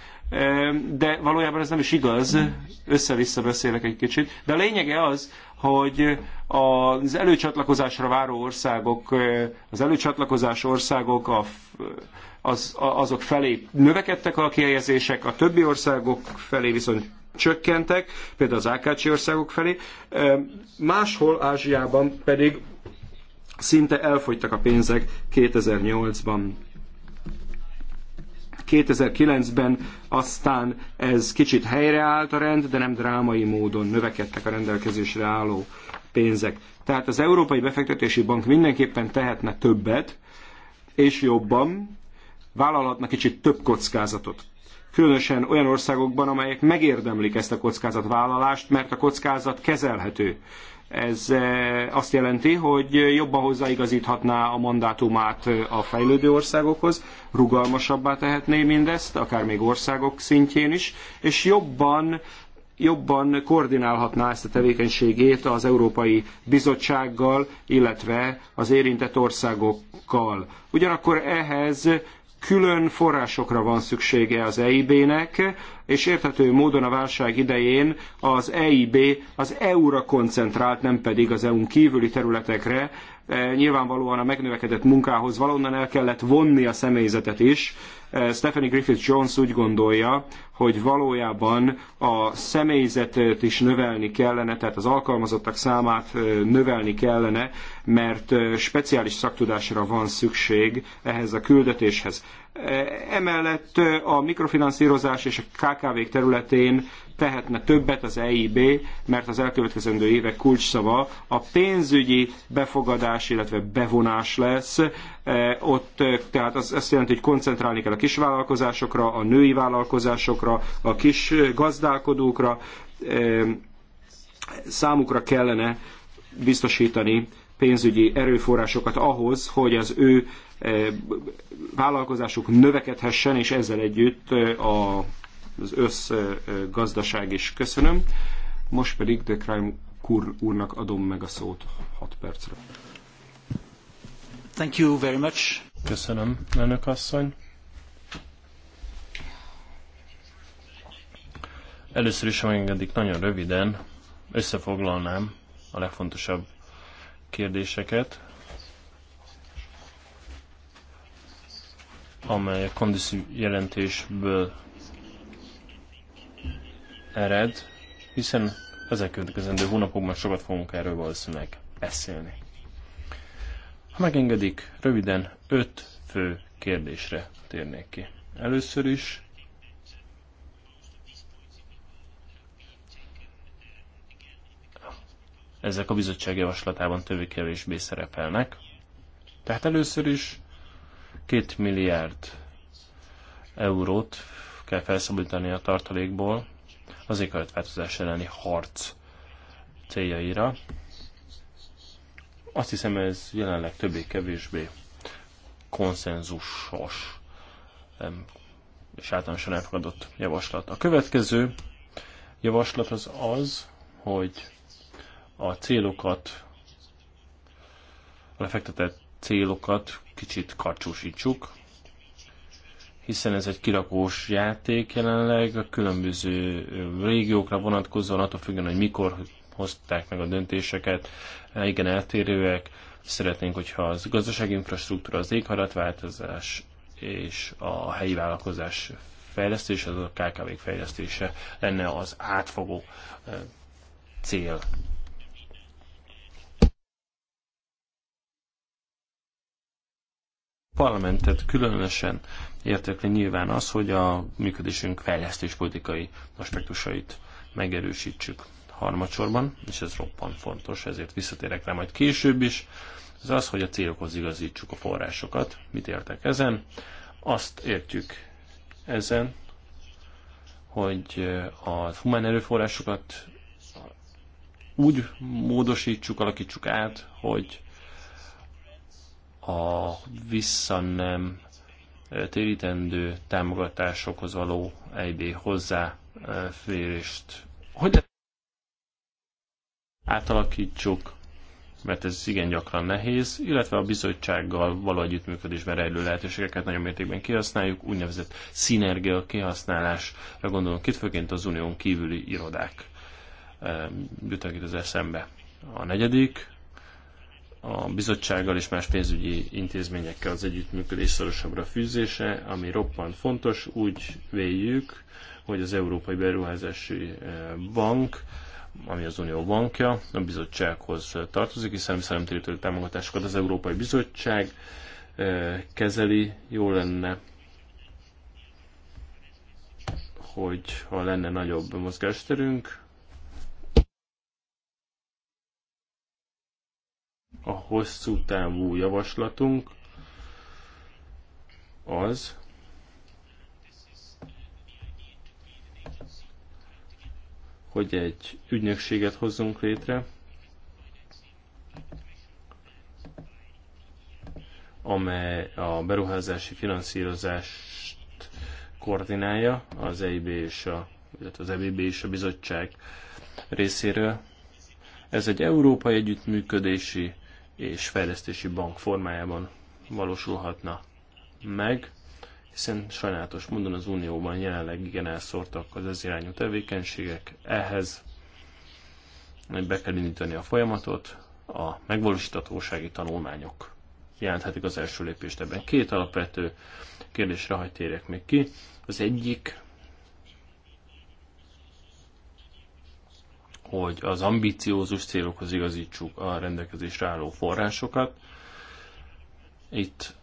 de valójában ez nem is igaz, össze-vissza beszélek egy kicsit, de a lényege az, hogy az előcsatlakozásra váró országok, az előcsatlakozás országok, a az, azok felé növekedtek a kihelyezések, a többi országok felé viszont csökkentek, például az AKC országok felé, máshol Ázsiában pedig szinte elfogytak a pénzek 2008-ban. 2009-ben aztán ez kicsit helyreállt a rend, de nem drámai módon növekedtek a rendelkezésre álló pénzek. Tehát az Európai Befektetési Bank mindenképpen tehetne többet és jobban, vállalhatnak kicsit több kockázatot. Különösen olyan országokban, amelyek megérdemlik ezt a kockázatvállalást, mert a kockázat kezelhető. Ez eh, azt jelenti, hogy jobban hozzáigazíthatná a mandátumát eh, a fejlődő országokhoz, rugalmasabbá tehetné mindezt, akár még országok szintjén is, és jobban jobban koordinálhatná ezt a tevékenységét az Európai Bizottsággal, illetve az érintett országokkal. Ugyanakkor ehhez külön forrásokra van szüksége az EIB-nek, és érthető módon a válság idején az EIB az EU-ra koncentrált, nem pedig az EU-n kívüli területekre, E, nyilvánvalóan a megnövekedett munkához valonnan el kellett vonni a személyzetet is. E, Stephanie Griffith Jones úgy gondolja, hogy valójában a személyzetet is növelni kellene, tehát az alkalmazottak számát e, növelni kellene, mert speciális szaktudásra van szükség ehhez a küldetéshez. Emellett a mikrofinanszírozás és a KKV-k területén tehetne többet az EIB, mert az elkövetkezendő évek kulcsszava a pénzügyi befogadás, illetve bevonás lesz. E, ott e, tehát az, azt jelenti, hogy koncentrálni kell a kisvállalkozásokra, a női vállalkozásokra, a kis gazdálkodókra. E, számukra kellene biztosítani pénzügyi erőforrásokat ahhoz, hogy az ő vállalkozásuk növekedhessen, és ezzel együtt a az összgazdaság is. Köszönöm. Most pedig de Crime Kur úrnak adom meg a szót 6 percre. Thank you very much. Köszönöm, önök asszony. Először is, ha engedik, nagyon röviden összefoglalnám a legfontosabb kérdéseket, amely a Kondiszi jelentésből ered, hiszen az elkövetkezendő hónapokban sokat fogunk erről valószínűleg beszélni. Ha megengedik, röviden öt fő kérdésre térnék ki. Először is ezek a bizottság javaslatában többé-kevésbé szerepelnek. Tehát először is két milliárd eurót kell felszabadítani a tartalékból, az éghajlatváltozás elleni harc céljaira. Azt hiszem, ez jelenleg többé-kevésbé konszenzusos és általánosan elfogadott javaslat. A következő javaslat az az, hogy a célokat, a lefektetett célokat kicsit karcsúsítsuk, hiszen ez egy kirakós játék jelenleg, a különböző régiókra vonatkozóan, attól függően, hogy mikor hozták meg a döntéseket, igen eltérőek. Szeretnénk, hogyha az gazdasági infrastruktúra, az éghajlatváltozás és a helyi vállalkozás fejlesztése, az a KKV-k fejlesztése lenne az átfogó eh, cél. parlamentet különösen értekli nyilván az, hogy a működésünk politikai aspektusait megerősítsük harmadsorban, és ez roppant fontos, ezért visszatérek rá majd később is, Ez az, hogy a célokhoz igazítsuk a forrásokat. Mit értek ezen? Azt értjük ezen, hogy a humán erőforrásokat úgy módosítsuk, alakítsuk át, hogy a vissza nem térítendő támogatásokhoz való egyéb hozzáférést. Hogy átalakítsuk, mert ez igen gyakran nehéz, illetve a bizottsággal való együttműködésben rejlő lehetőségeket nagyon mértékben kihasználjuk, úgynevezett szinergia kihasználásra gondolunk itt, főként az unión kívüli irodák jutnak itt az eszembe. A negyedik a bizottsággal és más pénzügyi intézményekkel az együttműködés szorosabbra fűzése, ami roppant fontos. Úgy véljük, hogy az Európai Beruházási eh, Bank, ami az Unió bankja, a bizottsághoz tartozik, hiszen a szeremtérítő támogatásokat az Európai Bizottság eh, kezeli. Jó lenne, hogy ha lenne nagyobb mozgásterünk, a hosszú távú javaslatunk az, hogy egy ügynökséget hozzunk létre, amely a beruházási finanszírozást koordinálja az EIB és a, illetve az EBB és a bizottság részéről. Ez egy európai együttműködési és fejlesztési bank formájában valósulhatna meg, hiszen sajnálatos módon az Unióban jelenleg igen elszórtak az ez irányú tevékenységek, ehhez be kell indítani a folyamatot, a megvalósíthatósági tanulmányok jelenthetik az első lépést ebben. Két alapvető kérdésre hagy térjek még ki. Az egyik hogy az ambiciózus célokhoz igazítsuk a rendelkezésre álló forrásokat. Itt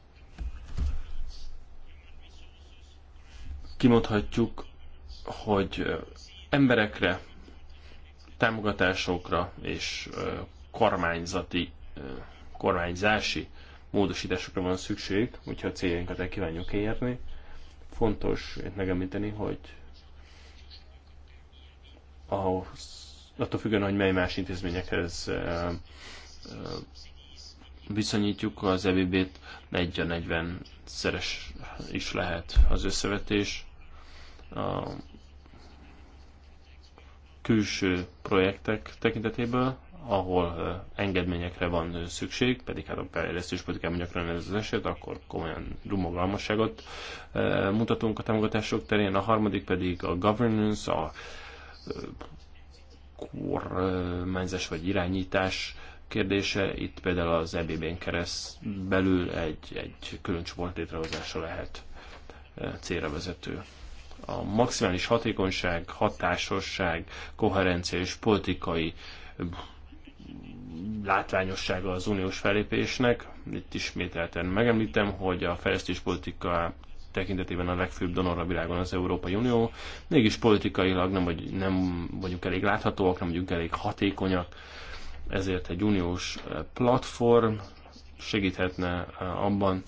kimondhatjuk, hogy emberekre, támogatásokra és kormányzati, kormányzási módosításokra van szükség, hogyha a céljainkat el kívánjuk érni. Fontos megemlíteni, hogy ahhoz attól függően, hogy mely más intézményekhez viszonyítjuk az EBB-t, 1 40 szeres is lehet az összevetés. A külső projektek tekintetéből, ahol engedményekre van szükség, pedig hát a fejlesztős politikában gyakran ez az eset, akkor komolyan rumogalmasságot mutatunk a támogatások terén. A harmadik pedig a governance, a kormányzás vagy irányítás kérdése. Itt például az EBB-n kereszt belül egy, egy külön csoport létrehozása lehet e, célra vezető. A maximális hatékonyság, hatásosság, koherencia és politikai e, látványossága az uniós felépésnek. Itt ismételten megemlítem, hogy a politika tekintetében a legfőbb donor a világon az Európai Unió, mégis politikailag nem, vagy, nem vagyunk elég láthatóak, nem vagyunk elég hatékonyak, ezért egy uniós eh, platform segíthetne eh, abban,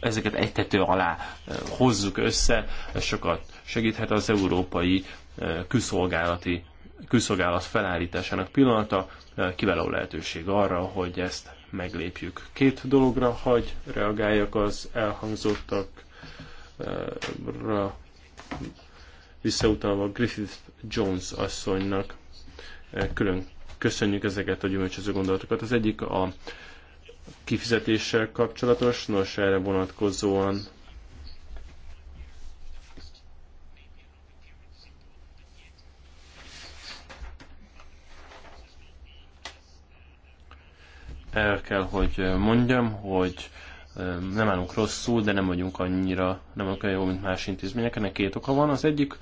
ezeket egy tető alá eh, hozzuk össze, ez sokat segíthet az európai külszolgálati külszolgálat felállításának pillanata, kiváló lehetőség arra, hogy ezt meglépjük. Két dologra hagy reagáljak az elhangzottakra visszautalva Griffith Jones asszonynak. Külön köszönjük ezeket a gyümölcsöző gondolatokat. Az egyik a kifizetéssel kapcsolatos, nos erre vonatkozóan el kell, hogy mondjam, hogy nem állunk rosszul, de nem vagyunk annyira, nem vagyunk olyan jó, mint más intézmények. Ennek két oka van. Az egyik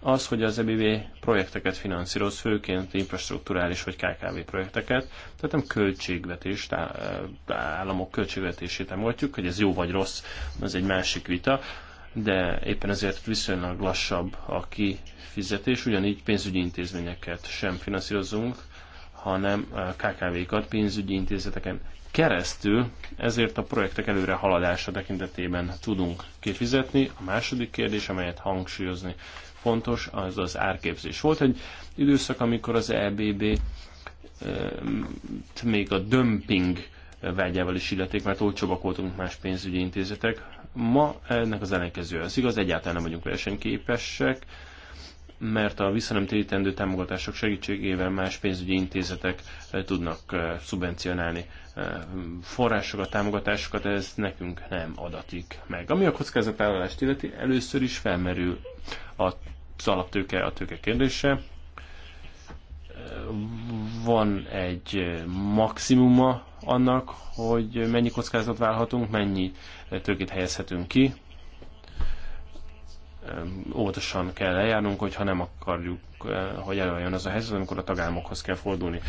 az, hogy az EBV projekteket finanszíroz, főként infrastruktúrális vagy KKV projekteket, tehát nem költségvetést, államok költségvetését támogatjuk, hogy ez jó vagy rossz, ez egy másik vita, de éppen ezért viszonylag lassabb a kifizetés, ugyanígy pénzügyi intézményeket sem finanszírozunk, hanem eh, KKV-kat pénzügyi intézeteken keresztül, ezért a projektek előre haladása tekintetében tudunk kifizetni. A második kérdés, amelyet hangsúlyozni fontos, az az árképzés. Volt egy időszak, amikor az EBB eh, még a dömping vágyával is illeték, mert olcsóbbak voltunk más pénzügyi intézetek. Ma ennek az ellenkezője az igaz, egyáltalán nem vagyunk versenyképesek, mert a visszanemtérítendő támogatások segítségével más pénzügyi intézetek eh, tudnak eh, szubvencionálni eh, forrásokat, támogatásokat, ez nekünk nem adatik meg. Ami a kockázatállalást illeti, először is felmerül az alaptőke, a tőke kérdése. Van egy maximuma annak, hogy mennyi kockázat válhatunk, mennyi tőkét helyezhetünk ki, óvatosan kell eljárnunk, hogyha nem akarjuk, hogy előjön az a helyzet, amikor a tagállamokhoz kell fordulni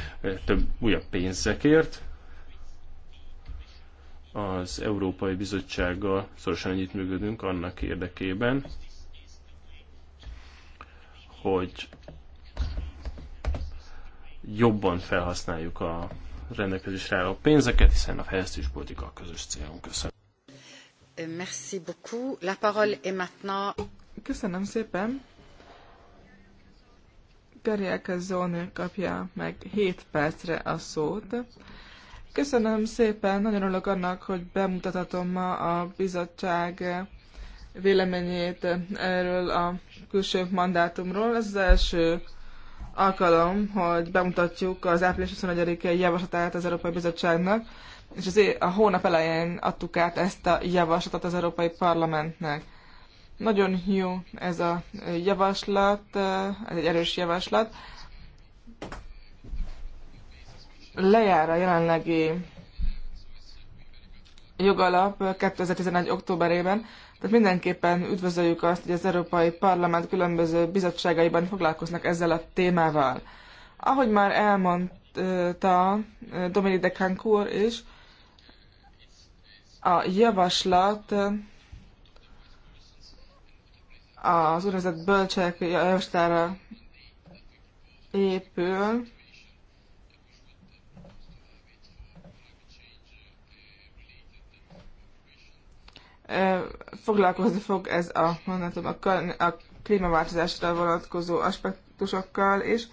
több újabb pénzekért. Az Európai Bizottsággal szorosan együttműködünk annak érdekében, hogy jobban felhasználjuk a rendelkezésre álló pénzeket, hiszen a fejlesztéspolitika a közös célunk. Köszönöm. Merci beaucoup. La parole est maintenant... Köszönöm szépen. Perielke Zónő kapja meg 7 percre a szót. Köszönöm szépen, nagyon örülök annak, hogy bemutathatom ma a bizottság véleményét erről a külső mandátumról. Ez az első alkalom, hogy bemutatjuk az április 21-i javaslatát az Európai Bizottságnak, és az a hónap elején adtuk át ezt a javaslatot az Európai Parlamentnek. Nagyon jó ez a javaslat, ez egy erős javaslat. Lejár a jelenlegi jogalap 2011. októberében, tehát mindenképpen üdvözöljük azt, hogy az Európai Parlament különböző bizottságaiban foglalkoznak ezzel a témával. Ahogy már elmondta Dominique de Cancourt is, a javaslat az úgynevezett bölcsek javaslára épül. Foglalkozni fog ez a, mondhatom, a, a klímaváltozásra vonatkozó aspektusokkal is.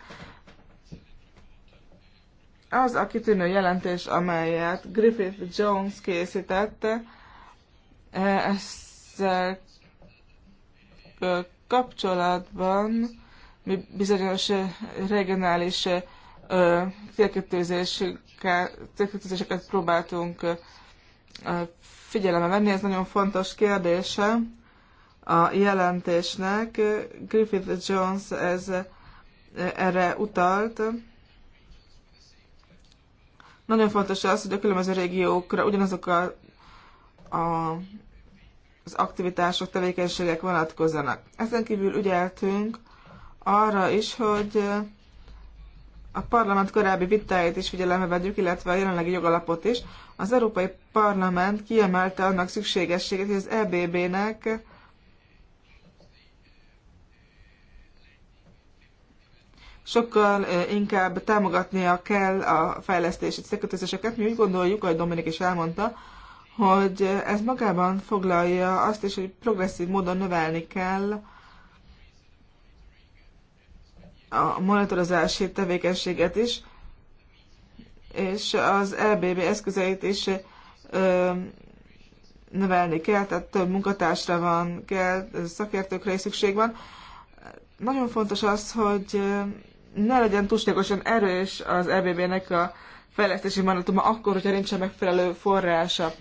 Az a kitűnő jelentés, amelyet Griffith Jones készítette, ezzel kapcsolatban mi bizonyos regionális célkötőzéseket próbáltunk figyelembe venni. Ez nagyon fontos kérdése a jelentésnek. Griffith Jones ez erre utalt. Nagyon fontos az, hogy a különböző régiókra ugyanazok a, a az aktivitások, tevékenységek vonatkozzanak. Ezen kívül ügyeltünk arra is, hogy a parlament korábbi vitáit is figyelembe vegyük, illetve a jelenlegi jogalapot is. Az Európai Parlament kiemelte annak szükségességét, hogy az EBB-nek sokkal inkább támogatnia kell a fejlesztési szekötőzéseket. Mi úgy gondoljuk, ahogy Dominik is elmondta, hogy ez magában foglalja azt is, hogy progresszív módon növelni kell a monitorozási tevékenységet is, és az LBB eszközeit is ö, növelni kell, tehát több munkatársra van, kell, szakértőkre is szükség van. Nagyon fontos az, hogy ne legyen túlságosan erős az lbb nek a fejlesztési mandátuma akkor, hogyha nincsen megfelelő forrása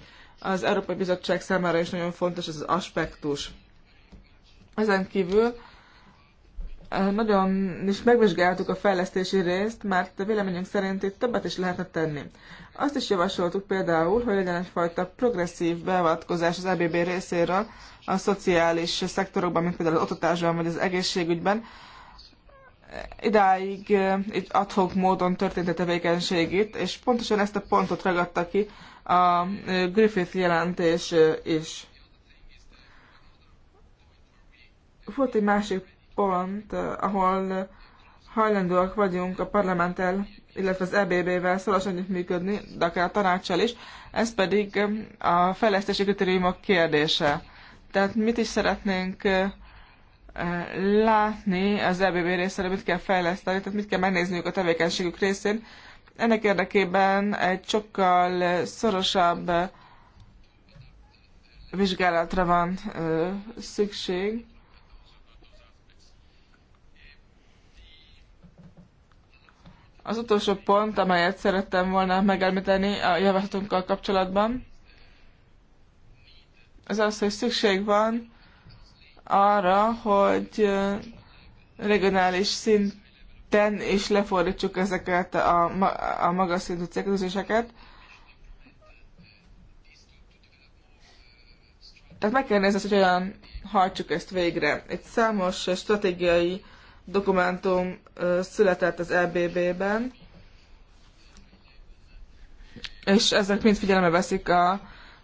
az Európai Bizottság számára is nagyon fontos ez az aspektus. Ezen kívül nagyon is megvizsgáltuk a fejlesztési részt, mert a véleményünk szerint itt többet is lehetne tenni. Azt is javasoltuk például, hogy legyen egyfajta progresszív beavatkozás az EBB részéről a szociális szektorokban, mint például az oktatásban vagy az egészségügyben. Idáig itt adhok módon történt a tevékenység itt, és pontosan ezt a pontot ragadta ki a Griffith jelentés is. Volt egy másik pont, ahol hajlandóak vagyunk a parlamenttel, illetve az EBB-vel szorosan működni, de akár a tanácssal is, ez pedig a fejlesztési kritériumok kérdése. Tehát mit is szeretnénk látni az EBB részéről, mit kell fejleszteni, tehát mit kell megnézniük a tevékenységük részén, ennek érdekében egy sokkal szorosabb vizsgálatra van szükség. Az utolsó pont, amelyet szerettem volna megelmíteni a javaslatunkkal kapcsolatban, az az, hogy szükség van arra, hogy regionális szint ten és lefordítsuk ezeket a, a magas szintű célközéseket. Tehát meg kell nézni, hogy olyan hajtsuk ezt végre. Egy számos stratégiai dokumentum született az EBB-ben, és ezek mind figyelembe veszik a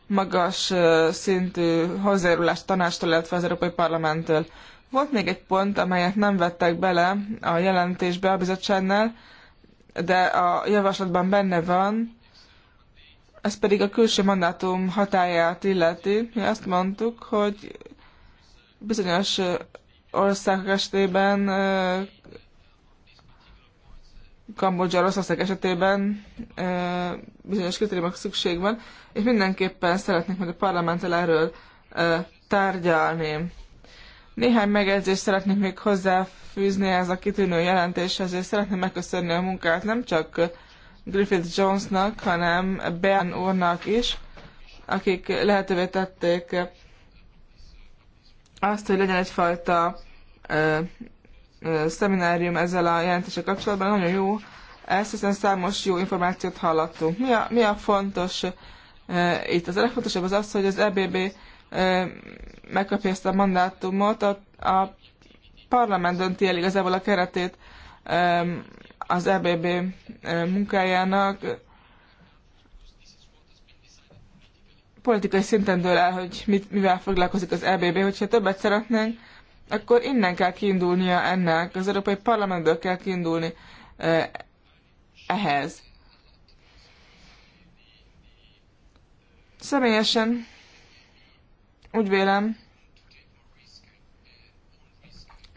magas szintű hozzájárulást tanástól, illetve az Európai Parlamenttől. Volt még egy pont, amelyet nem vettek bele a jelentésbe a bizottságnál, de a javaslatban benne van, ez pedig a külső mandátum hatáját illeti. Mi azt mondtuk, hogy bizonyos országok esetében, Kambodzsa, rosszország esetében bizonyos kritériumok szükség van, és mindenképpen szeretnék majd a parlamenttel erről tárgyalni. Néhány megjegyzést szeretnék még hozzáfűzni ez a kitűnő jelentéshez, és szeretném megköszönni a munkát nem csak Griffith Jonesnak, hanem Ben úrnak is, akik lehetővé tették azt, hogy legyen egyfajta ö, ö, szeminárium ezzel a jelentéssel kapcsolatban. Nagyon jó ezt, hiszen számos jó információt hallottunk. Mi a, mi a fontos ö, itt? Az legfontosabb az az, hogy az EBB megkapja ezt a mandátumot, a, a parlament dönti el igazából a keretét az EBB munkájának. Politikai szinten dől el, hogy mit, mivel foglalkozik az EBB, hogyha többet szeretnénk, akkor innen kell kiindulnia ennek, az Európai Parlamentből kell kiindulni ehhez. Személyesen úgy vélem,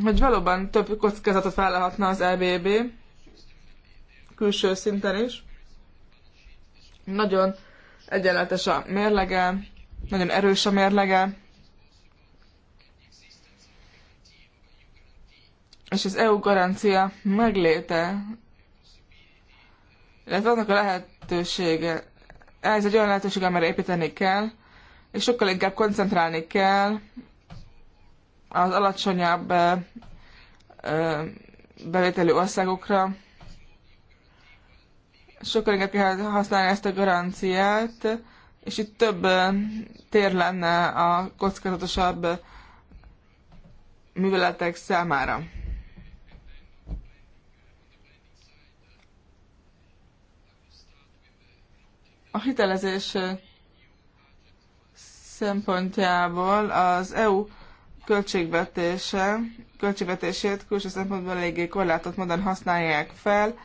hogy valóban több kockázatot vállalhatna az EBB, külső szinten is. Nagyon egyenletes a mérlege, nagyon erős a mérlege, és az EU garancia megléte, illetve annak a lehetősége, ez egy olyan lehetőség, amire építeni kell, és sokkal inkább koncentrálni kell az alacsonyabb bevételű országokra. Sokkal inkább kell használni ezt a garanciát, és itt több tér lenne a kockázatosabb műveletek számára. A hitelezés szempontjából az EU költségvetése, költségvetését külső szempontból eléggé korlátott módon használják fel.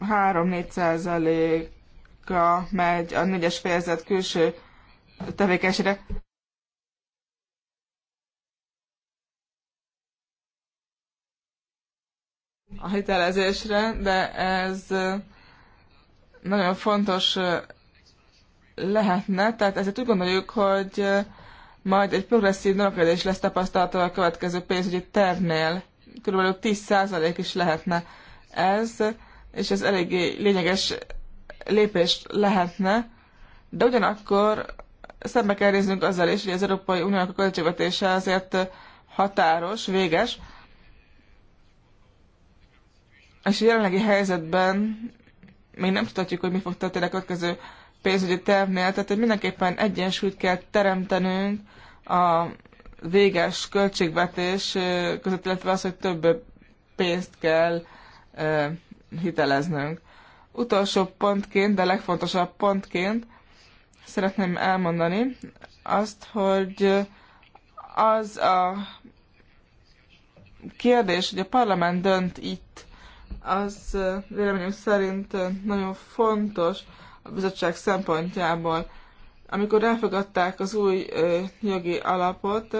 3-4 százaléka megy a négyes fejezet külső tevékenységre. a hitelezésre, de ez nagyon fontos lehetne, tehát ezért úgy gondoljuk, hogy majd egy progresszív növekedés lesz tapasztalható a következő pénzügyi tervnél. Körülbelül 10% is lehetne ez, és ez eléggé lényeges lépés lehetne, de ugyanakkor szembe kell néznünk azzal is, hogy az Európai Uniónak a költségvetése azért határos, véges, és a jelenlegi helyzetben még nem tudhatjuk, hogy mi fog történni a következő pénzügyi tervnél, tehát hogy mindenképpen egyensúlyt kell teremtenünk a véges költségvetés között, illetve az, hogy több pénzt kell hiteleznünk. Utolsó pontként, de legfontosabb pontként szeretném elmondani azt, hogy az a kérdés, hogy a parlament dönt itt, az véleményem szerint nagyon fontos, bizottság szempontjából. Amikor elfogadták az új jogi alapot,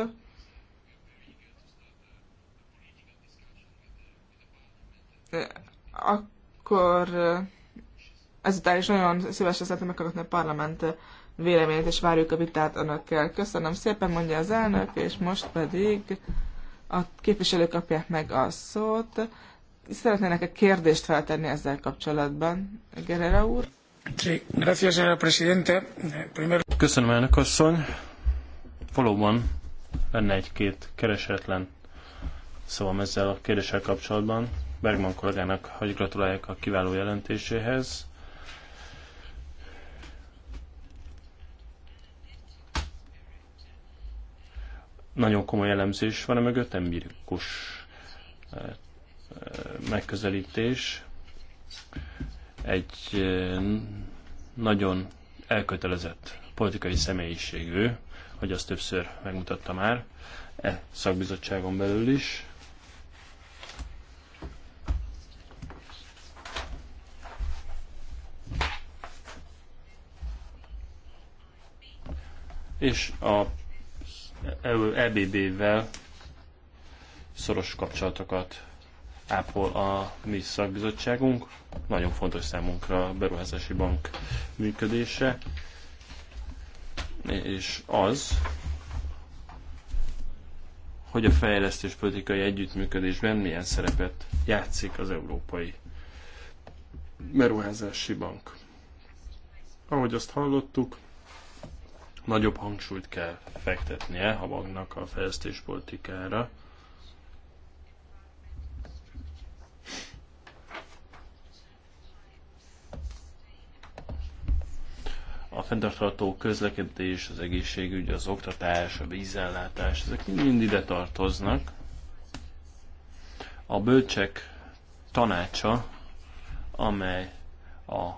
akkor ezután is nagyon szívesen szeretném meghallgatni a parlament véleményét, és várjuk a vitát önökkel. Köszönöm szépen, mondja az elnök, és most pedig a képviselők kapják meg a szót. Szeretnének egy kérdést feltenni ezzel kapcsolatban, Gerera úr? Eh, Köszönöm, elnök asszony. Valóban lenne egy-két keresetlen szavam ezzel a kérdéssel kapcsolatban. Bergman kollégának, hogy gratuláljak a kiváló jelentéséhez. Nagyon komoly elemzés van a mögött, empirikus eh, eh, megközelítés egy nagyon elkötelezett politikai személyiség ő, hogy azt többször megmutatta már, e szakbizottságon belül is. És a EBB-vel szoros kapcsolatokat ápol a mi szakbizottságunk. Nagyon fontos számunkra a beruházási bank működése, és az, hogy a fejlesztés politikai együttműködésben milyen szerepet játszik az Európai Beruházási Bank. Ahogy azt hallottuk, nagyobb hangsúlyt kell fektetnie a banknak a fejlesztés politikára, a fenntartható közlekedés, az egészségügy, az oktatás, a vízellátás, ezek mind ide tartoznak. A bölcsek tanácsa, amely a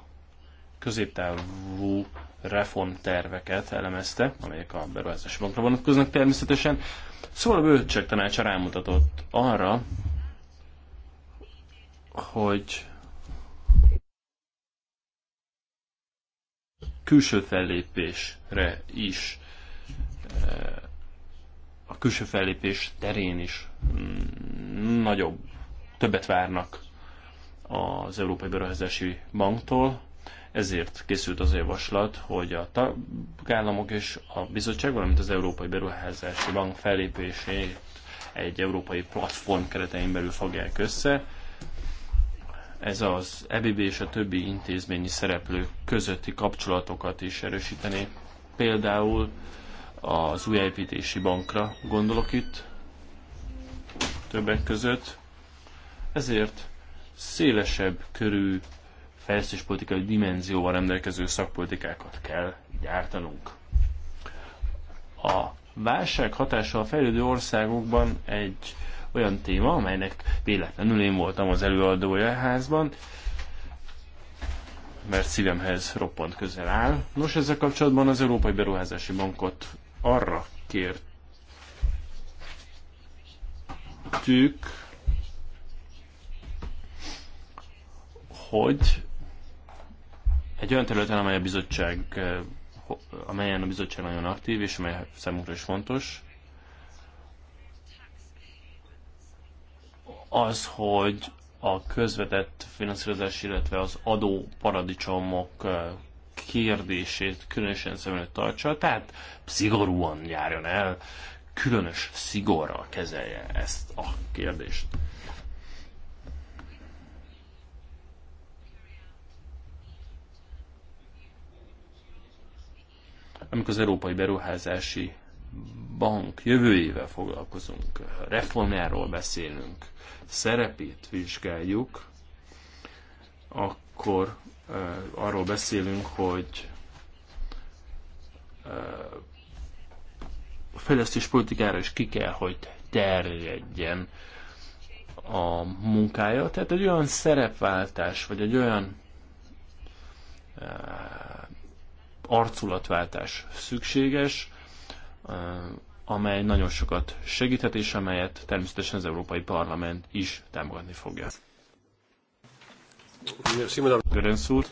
középtávú reformterveket elemezte, amelyek a beruházási bankra vonatkoznak természetesen. Szóval a bölcsek tanácsa rámutatott arra, hogy külső fellépésre is, eh, a külső fellépés terén is mm, nagyobb, többet várnak az Európai Beruházási Banktól, ezért készült az a javaslat, hogy a tagállamok és a bizottság, valamint az Európai Beruházási Bank fellépését egy európai platform keretein belül fogják össze, ez az EBB és a többi intézményi szereplő közötti kapcsolatokat is erősíteni. Például az újjáépítési bankra gondolok itt többek között. Ezért szélesebb körű fejlesztéspolitikai dimenzióval rendelkező szakpolitikákat kell gyártanunk. A válság hatása a fejlődő országokban egy olyan téma, amelynek véletlenül én voltam az előadója e házban, mert szívemhez roppant közel áll. Nos, ezzel kapcsolatban az Európai Beruházási Bankot arra tük, hogy egy olyan területen, amely a bizottság, eh, amelyen a bizottság nagyon aktív, és amely számunkra is fontos, az, hogy a közvetett finanszírozás, illetve az adó paradicsomok kérdését különösen szem előtt tartsa, tehát szigorúan járjon el, különös szigorral kezelje ezt a kérdést. Amikor az Európai Beruházási bank jövőjével foglalkozunk, reformjáról beszélünk, szerepét vizsgáljuk, akkor arról beszélünk, hogy a fejlesztés politikára is ki kell, hogy terjedjen a munkája. Tehát egy olyan szerepváltás, vagy egy olyan arculatváltás szükséges, amely nagyon sokat segíthet, és amelyet természetesen az Európai Parlament is támogatni fogja. Görenc úr.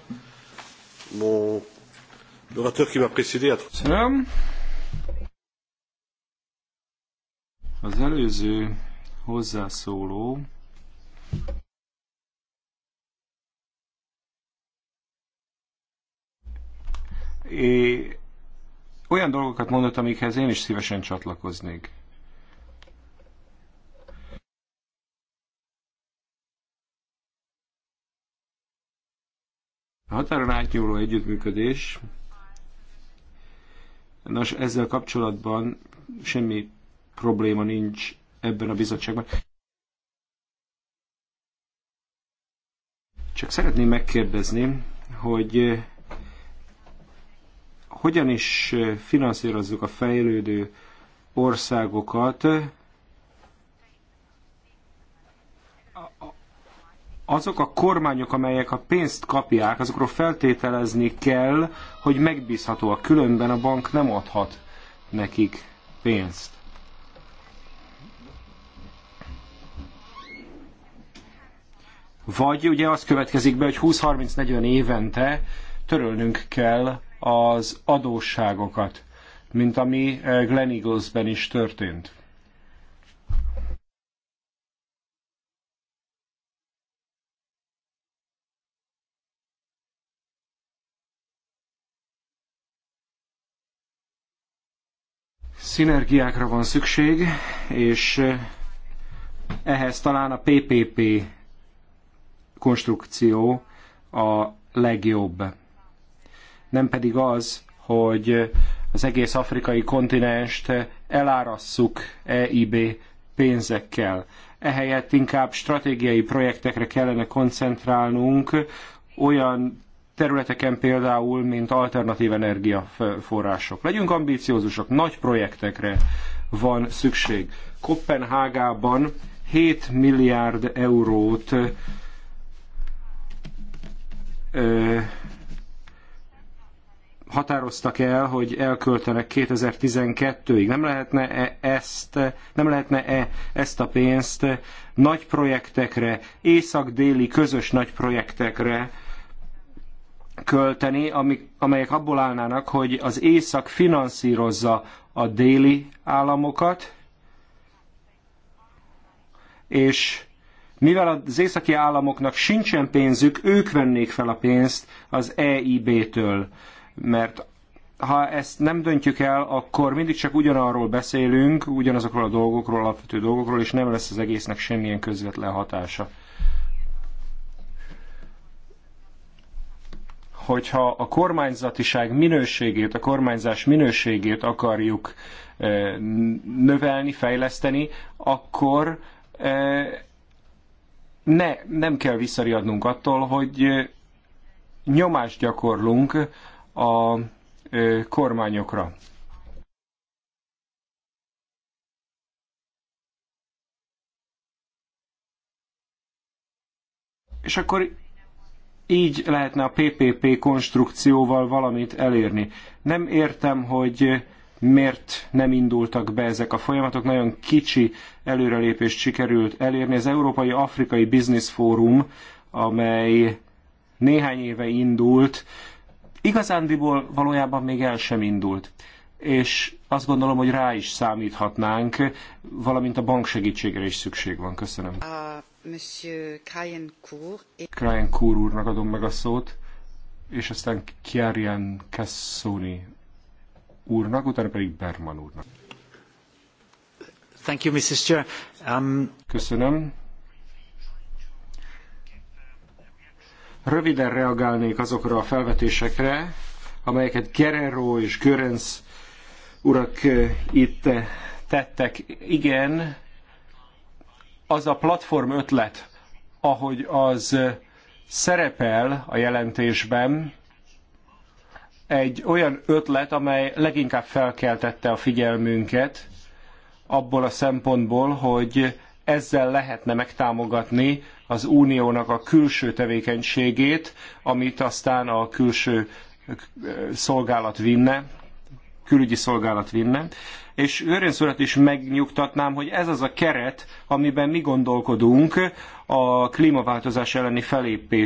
Köszönöm. Az előző hozzászóló é, olyan dolgokat mondott, amikhez én is szívesen csatlakoznék. A határon átnyúló együttműködés. Nos, ezzel kapcsolatban semmi probléma nincs ebben a bizottságban. Csak szeretném megkérdezni, hogy hogyan is finanszírozzuk a fejlődő országokat, azok a kormányok, amelyek a pénzt kapják, azokról feltételezni kell, hogy megbízhatóak, különben a bank nem adhat nekik pénzt. Vagy ugye az következik be, hogy 20-30-40 évente törölnünk kell az adósságokat, mint ami eh, Glen Eaglesben is történt. Szinergiákra van szükség, és eh, ehhez talán a PPP konstrukció a legjobb nem pedig az, hogy az egész afrikai kontinenst elárasszuk EIB pénzekkel. Ehelyett inkább stratégiai projektekre kellene koncentrálnunk, olyan területeken például, mint alternatív energiaforrások. Legyünk ambiciózusak. nagy projektekre van szükség. Kopenhágában 7 milliárd eurót határoztak el, hogy elköltenek 2012-ig. Nem lehetne -e ezt, nem lehetne -e ezt a pénzt nagy projektekre, észak-déli közös nagy projektekre költeni, amik, amelyek abból állnának, hogy az észak finanszírozza a déli államokat, és mivel az északi államoknak sincsen pénzük, ők vennék fel a pénzt az EIB-től. Mert ha ezt nem döntjük el, akkor mindig csak ugyanarról beszélünk, ugyanazokról a dolgokról, alapvető dolgokról, és nem lesz az egésznek semmilyen közvetlen hatása. Hogyha a kormányzatiság minőségét, a kormányzás minőségét akarjuk eh, növelni, fejleszteni, akkor eh, ne, nem kell visszariadnunk attól, hogy eh, nyomást gyakorlunk a kormányokra. És akkor így lehetne a PPP konstrukcióval valamit elérni. Nem értem, hogy miért nem indultak be ezek a folyamatok. Nagyon kicsi előrelépést sikerült elérni. Az Európai Afrikai Business Forum, amely néhány éve indult, igazándiból valójában még el sem indult. És azt gondolom, hogy rá is számíthatnánk, valamint a bank segítségre is szükség van. Köszönöm. Krajen Kúr úrnak adom meg a szót, és aztán Kiarian Kesszóni úrnak, utána pedig Berman úrnak. Thank you, Mrs. Chair. Um... Köszönöm. Röviden reagálnék azokra a felvetésekre, amelyeket Gerero és Görenc urak eh, itt eh, tettek. Igen, az a platform ötlet, ahogy az eh, szerepel a jelentésben, egy olyan ötlet, amely leginkább felkeltette a figyelmünket abból a szempontból, hogy ezzel lehetne megtámogatni az uniónak a külső tevékenységét, amit aztán a külső szolgálat vinne, külügyi szolgálat vinne. És Görenc urat is megnyugtatnám, hogy ez az a keret, amiben mi gondolkodunk a klímaváltozás elleni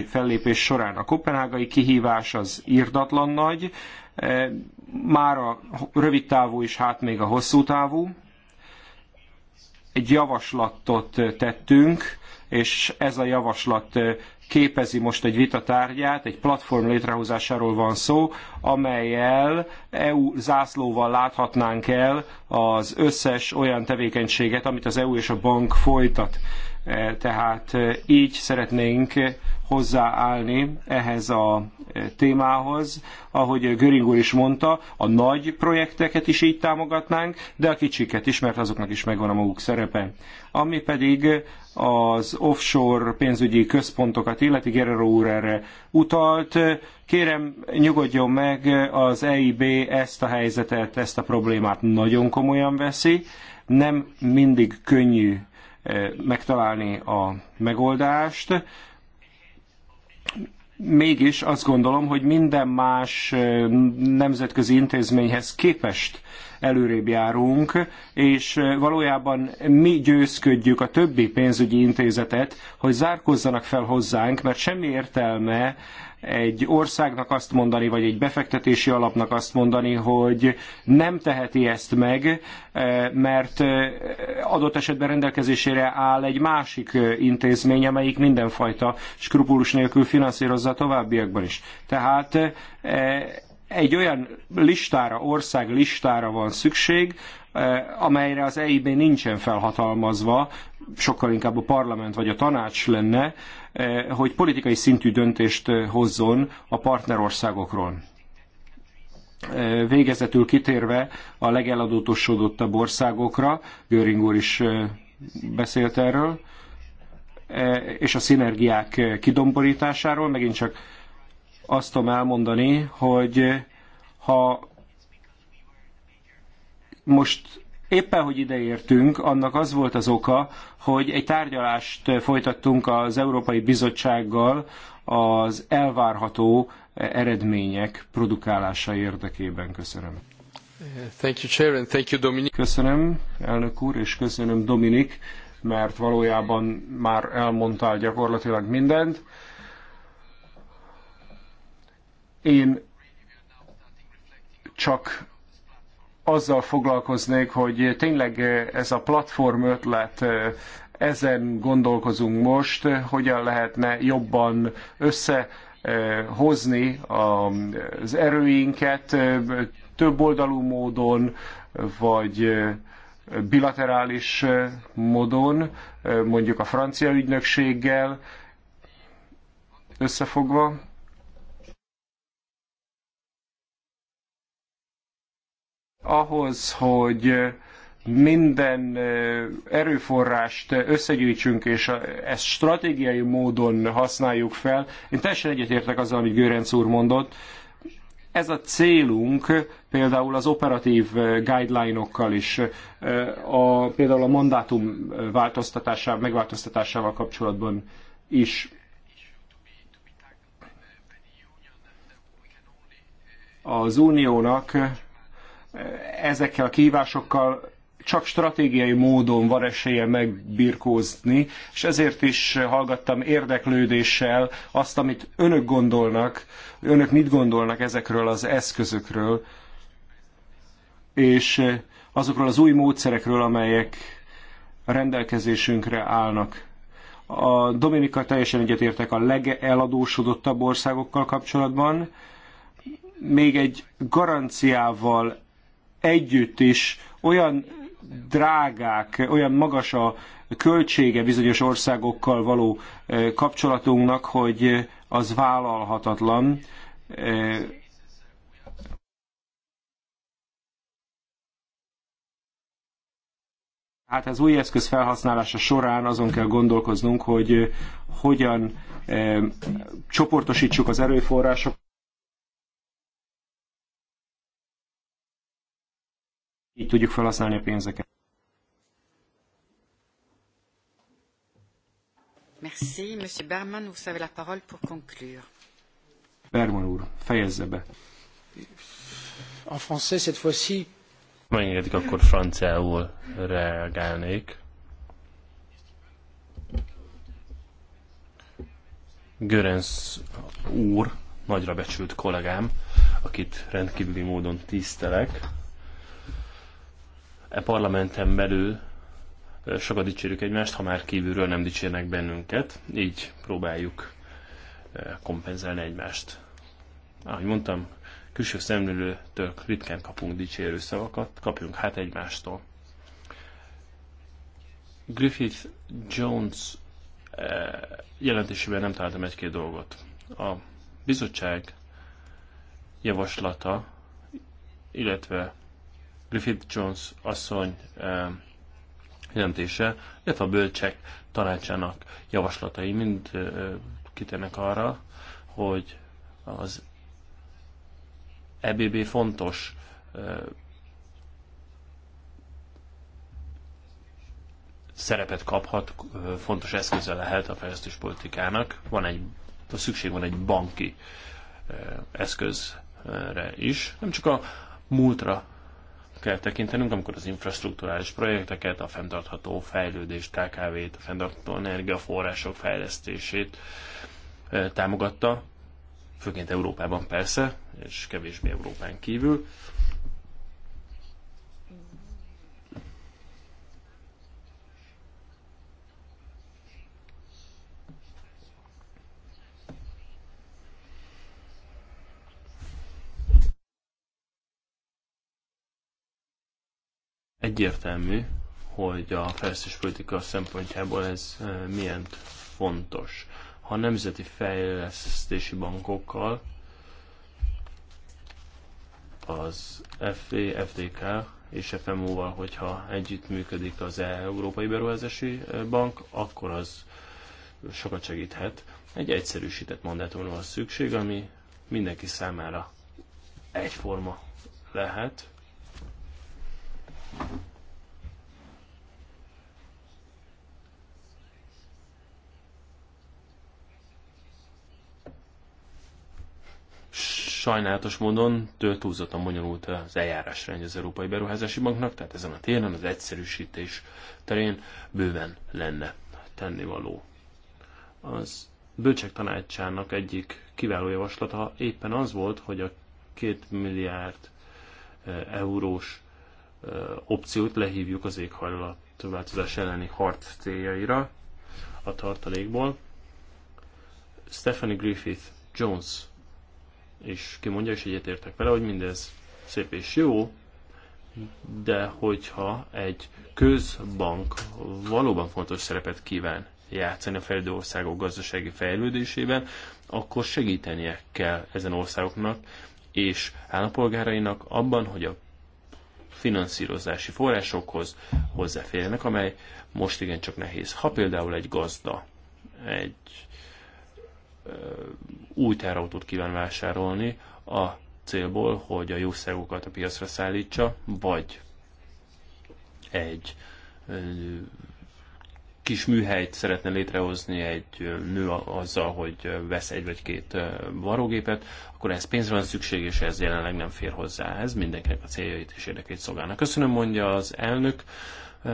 fellépés, során. A kopenhágai kihívás az írdatlan nagy, e, már a rövid távú is, hát még a hosszú távú egy javaslatot tettünk, és ez a javaslat képezi most egy vitatárgyát, egy platform létrehozásáról van szó, amelyel EU zászlóval láthatnánk el az összes olyan tevékenységet, amit az EU és a bank folytat. E, tehát e, így szeretnénk hozzáállni ehhez a e, témához. Ahogy Göring úr is mondta, a nagy projekteket is így támogatnánk, de a kicsiket is, mert azoknak is megvan a maguk szerepe. Ami pedig az offshore pénzügyi központokat illeti, Guerrero úr erre utalt. Kérem, nyugodjon meg, az EIB ezt a helyzetet, ezt a problémát nagyon komolyan veszi. Nem mindig könnyű megtalálni a megoldást. Mégis azt gondolom, hogy minden más nemzetközi intézményhez képest előrébb járunk, és valójában mi győzködjük a többi pénzügyi intézetet, hogy zárkozzanak fel hozzánk, mert semmi értelme egy országnak azt mondani, vagy egy befektetési alapnak azt mondani, hogy nem teheti ezt meg, eh, mert eh, adott esetben rendelkezésére áll egy másik eh, intézmény, amelyik mindenfajta skrupulus nélkül finanszírozza a továbbiakban is. Tehát egy olyan listára, ország listára van szükség, amelyre az EIB nincsen felhatalmazva, sokkal inkább a parlament vagy a tanács lenne, Eh, hogy politikai szintű döntést eh, hozzon a partnerországokról. Eh, végezetül kitérve a legeladótosodottabb országokra, Göring úr is beszélt erről, és a szinergiák kidomborításáról, megint csak azt tudom elmondani, hogy ha most Éppen, hogy ideértünk, annak az volt az oka, hogy egy tárgyalást folytattunk az Európai Bizottsággal az elvárható eredmények produkálása érdekében. Köszönöm. Thank you, Chair, and thank you, Dominic. Köszönöm, elnök úr, és köszönöm, Dominik, mert valójában már elmondtál gyakorlatilag mindent. Én csak azzal foglalkoznék, hogy tényleg ez a platform ötlet, ezen gondolkozunk most, hogyan lehetne jobban összehozni az erőinket többoldalú módon, vagy bilaterális módon, mondjuk a francia ügynökséggel összefogva. ahhoz, hogy minden erőforrást összegyűjtsünk, és ezt stratégiai módon használjuk fel. Én teljesen egyetértek azzal, amit Görenc úr mondott. Ez a célunk például az operatív guideline-okkal is, a, például a mandátum változtatásával, megváltoztatásával kapcsolatban is. Az uniónak ezekkel a kihívásokkal csak stratégiai módon van esélye megbirkózni, és ezért is hallgattam érdeklődéssel azt, amit önök gondolnak, önök mit gondolnak ezekről az eszközökről, és azokról az új módszerekről, amelyek rendelkezésünkre állnak. A Dominika teljesen egyetértek a legeladósodottabb országokkal kapcsolatban. Még egy garanciával együtt is olyan drágák, olyan magas a költsége bizonyos országokkal való e, kapcsolatunknak, hogy az vállalhatatlan. E, hát az új eszköz felhasználása során azon kell gondolkoznunk, hogy hogyan e, csoportosítsuk az erőforrásokat, Így tudjuk felhasználni a pénzeket. Merci, Monsieur Berman, vous avez la parole pour conclure. Berman úr, fejezze be. En français cette fois-ci. Megengedik, akkor franciául reagálnék. Görens úr, nagyra becsült kollégám, akit rendkívüli módon tisztelek, e parlamenten belül sokat dicsérjük egymást, ha már kívülről nem dicsérnek bennünket, így próbáljuk kompenzálni egymást. Ahogy mondtam, külső szemlélőtől ritkán kapunk dicsérő szavakat, kapjunk hát egymástól. Griffith Jones jelentésében nem találtam egy-két dolgot. A bizottság javaslata, illetve Griffith Jones asszony jelentése, illetve a bölcsek tanácsának javaslatai mind kitennek arra, hogy az EBB fontos szerepet kaphat, fontos eszköze lehet a politikának. Van egy, szükség van egy banki eszközre is. Nem csak a múltra kell tekintenünk, amikor az infrastruktúrális projekteket, a fenntartható fejlődést, KKV-t, a fenntartható energiaforrások fejlesztését támogatta, főként Európában persze, és kevésbé Európán kívül. Egyértelmű, hogy a politika szempontjából ez milyen fontos. Ha a nemzeti fejlesztési bankokkal az FV, e, FDK és FMO-val, hogyha együttműködik az Európai Beruházási Bank, akkor az sokat segíthet. Egy egyszerűsített mandátumra van szükség, ami mindenki számára egyforma lehet sajnálatos módon túlzottan bonyolult az eljárásrendje az Európai Beruházási Banknak, tehát ezen a téren az egyszerűsítés terén bőven lenne tennivaló. Az bölcsek tanácsának egyik kiváló javaslata éppen az volt, hogy a két milliárd eh, eurós opciót lehívjuk az éghajlatváltozás elleni harc céljaira a tartalékból. Stephanie Griffith Jones és kimondja, és egyetértek vele, hogy mindez szép és jó, de hogyha egy közbank valóban fontos szerepet kíván játszani a fejlődő országok gazdasági fejlődésében, akkor segítenie kell ezen országoknak és állampolgárainak abban, hogy a finanszírozási forrásokhoz hozzáférjenek, amely most csak nehéz. Ha például egy gazda egy ö, új terautót kíván vásárolni a célból, hogy a jószágokat a piacra szállítsa, vagy egy kis műhelyt szeretne létrehozni egy nő azzal, hogy vesz egy vagy két varógépet, akkor ez pénzre van szükség, és ez jelenleg nem fér hozzá. Ez mindenkinek a céljait és érdekét szolgálnak. Köszönöm, mondja az elnök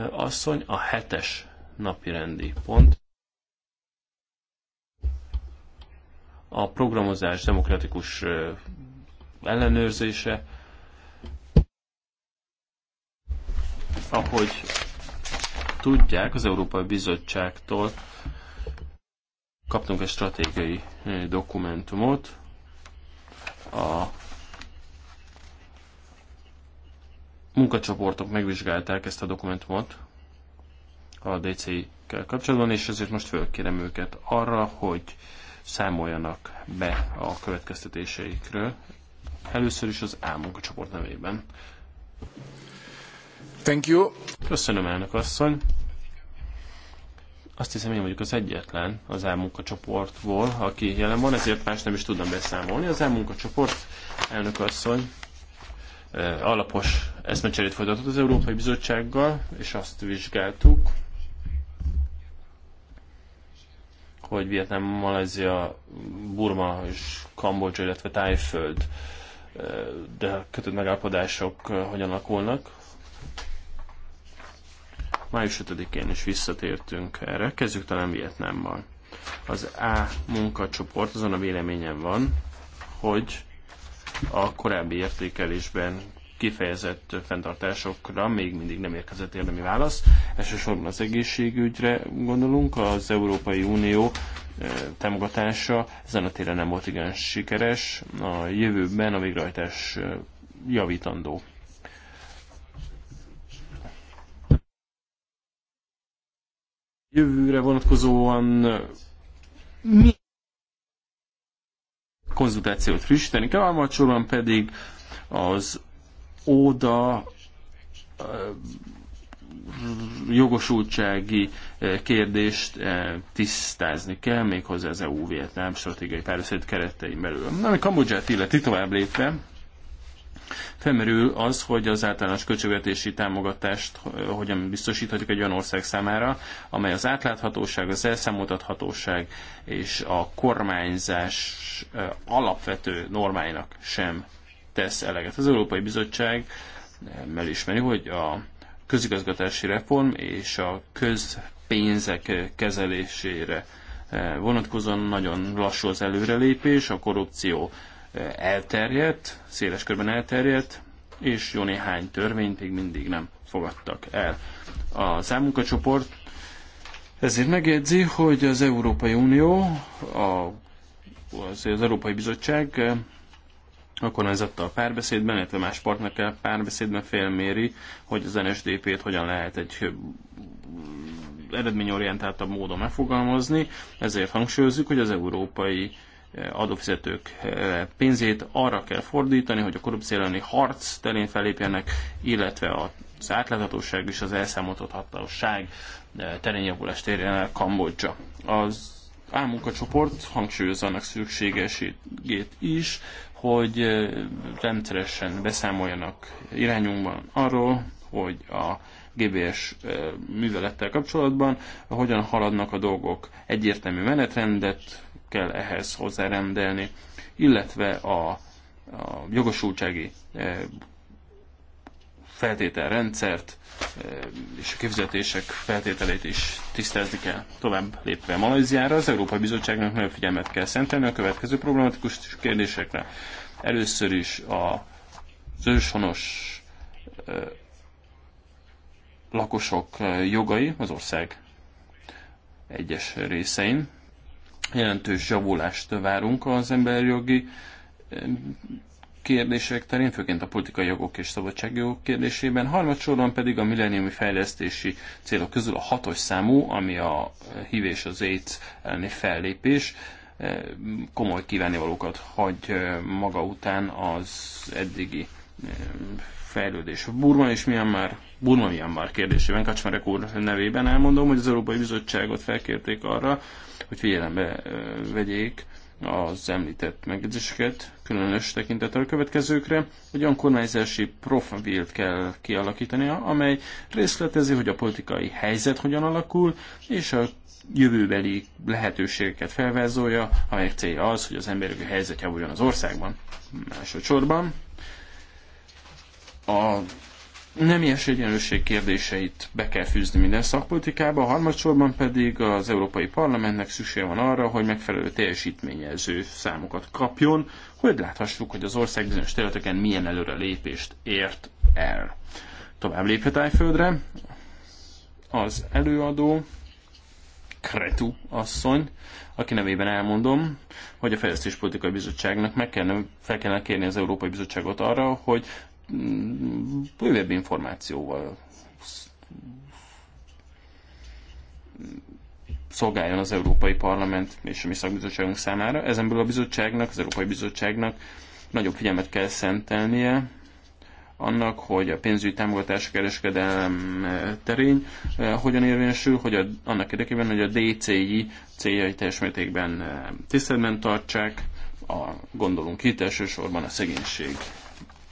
asszony, a hetes napi rendi pont. A programozás demokratikus ellenőrzése, ahogy tudják, az Európai Bizottságtól kaptunk egy stratégiai dokumentumot a munkacsoportok megvizsgálták ezt a dokumentumot a dci kel kapcsolatban, és ezért most fölkérem őket arra, hogy számoljanak be a következtetéseikről. Először is az A munkacsoport nevében. Thank you. Köszönöm, elnök asszony. Azt hiszem, én vagyok az egyetlen az elmunkacsoportból, aki jelen van, ezért más nem is tudtam beszámolni. Az elmunkacsoport elnök asszony alapos eszmecserét folytatott az Európai Bizottsággal, és azt vizsgáltuk, hogy Vietnám, Malajzia, Burma és Kambodzsa, illetve Tájföld de kötött megállapodások hogyan alakulnak. Május 5-én is visszatértünk erre, kezdjük talán Vietnámmal. Az A munkacsoport azon a véleményen van, hogy a korábbi értékelésben kifejezett fenntartásokra még mindig nem érkezett érdemi válasz. Elsősorban az egészségügyre gondolunk, az Európai Unió eh, támogatása ezen a téren nem volt igen sikeres, a jövőben a végrehajtás eh, javítandó. jövőre vonatkozóan mi konzultációt frissíteni kell, amatsorban pedig az óda eh, jogosultsági eh, kérdést eh, tisztázni kell, méghozzá az EU-Vietnám stratégiai párbeszéd keretein belül. Ami Kambodzsát illeti tovább lépve, Felmerül az, hogy az általános költségvetési támogatást eh, hogyan biztosíthatjuk egy olyan ország számára, amely az átláthatóság, az elszámoltathatóság és a kormányzás eh, alapvető normáinak sem tesz eleget. Az Európai Bizottság eh, elismeri, hogy a közigazgatási reform és a közpénzek kezelésére vonatkozóan nagyon lassú az előrelépés, a korrupció elterjedt, széles körben elterjedt, és jó néhány törvényt még mindig nem fogadtak el. A számunkacsoport ezért megjegyzi, hogy az Európai Unió, a, az, az Európai Bizottság eh, a kormányzattal párbeszédben, illetve más partnerkel párbeszédben félméri, hogy az NSDP-t hogyan lehet egy eh, eredményorientáltabb módon megfogalmazni. Ezért hangsúlyozzuk, hogy az Európai adófizetők eh, pénzét arra kell fordítani, hogy a korrupció elleni harc terén felépjenek, illetve az átláthatóság és az elszámoltathatóság eh, terén javulást érjen el Kambodzsa. Az álmunkacsoport hangsúlyozza annak szükségességét is, hogy eh, rendszeresen beszámoljanak irányunkban arról, hogy a GBS művelettel kapcsolatban hogyan haladnak a dolgok. Egyértelmű menetrendet kell ehhez hozzárendelni, illetve a, a jogosultsági e, feltételrendszert e, és a kifizetések feltételeit is tisztázni kell. Tovább lépve Malajziára, az Európai Bizottságnak nagyobb figyelmet kell szentelni a következő problematikus kérdésekre. Először is a az e, lakosok jogai az ország egyes részein jelentős javulást várunk az emberjogi eh, kérdések terén, főként a politikai jogok és szabadságjogok kérdésében, harmadsorban pedig a milleniumi fejlesztési célok közül a hatos számú, ami a HIV és az AIDS elleni fellépés, eh, komoly kívánivalókat hagy eh, maga után az eddigi fejlődés. Burma és milyen már Burma Myanmar kérdésében Kacsmerek úr nevében elmondom, hogy az Európai Bizottságot felkérték arra, hogy figyelembe vegyék az említett megjegyzéseket, különös tekintettel a következőkre. Egy olyan kormányzási profilt kell kialakítania, amely részletezi, hogy a politikai helyzet hogyan alakul, és a jövőbeli lehetőségeket felvázolja, amelyek célja az, hogy az emberi helyzet javuljon az országban. Másodszorban a nem ilyes egyenlőség kérdéseit be kell fűzni minden szakpolitikába, a harmadsorban pedig az Európai Parlamentnek szüksége van arra, hogy megfelelő teljesítményező számokat kapjon, hogy láthassuk, hogy az ország bizonyos területeken milyen előre lépést ért el. Tovább léphet Földre, az előadó Kretu asszony, aki nevében elmondom, hogy a Fejlesztéspolitikai Bizottságnak meg kellene, fel kellene kérni az Európai Bizottságot arra, hogy Mm, bővebb információval szolgáljon az Európai Parlament és a mi szakbizottságunk számára. Ezen belül a bizottságnak, az Európai Bizottságnak nagyobb figyelmet kell szentelnie annak, hogy a pénzügyi támogatás kereskedelem eh, terén eh, hogyan érvényesül, hogy a, annak érdekében, hogy a DCI céljai teljes mértékben eh, tiszteletben tartsák, a, gondolunk itt elsősorban a szegénység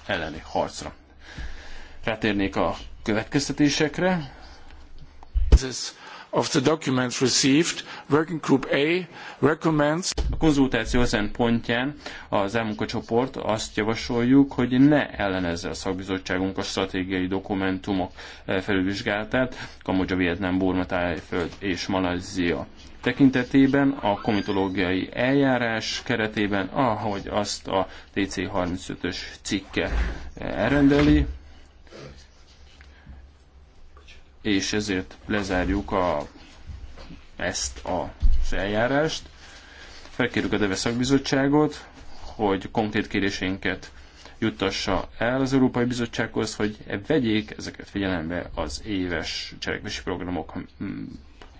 elleni harcra. Rátérnék a következtetésekre. Of the documents received, Working Group A recommends... A konzultáció ezen pontján az elmunkacsoport azt javasoljuk, hogy ne ellenezze a szakbizottságunk a stratégiai dokumentumok eh, felülvizsgálatát, Kambodzsa, Vietnám, Burma, Tájföld és Malajzia tekintetében, a komitológiai eljárás keretében, ahogy azt a TC35-ös cikke elrendeli, és ezért lezárjuk a, ezt az eljárást. Felkérjük a Deve Szakbizottságot, hogy konkrét kéréseinket juttassa el az Európai Bizottsághoz, hogy vegyék ezeket figyelembe az éves cselekvési programok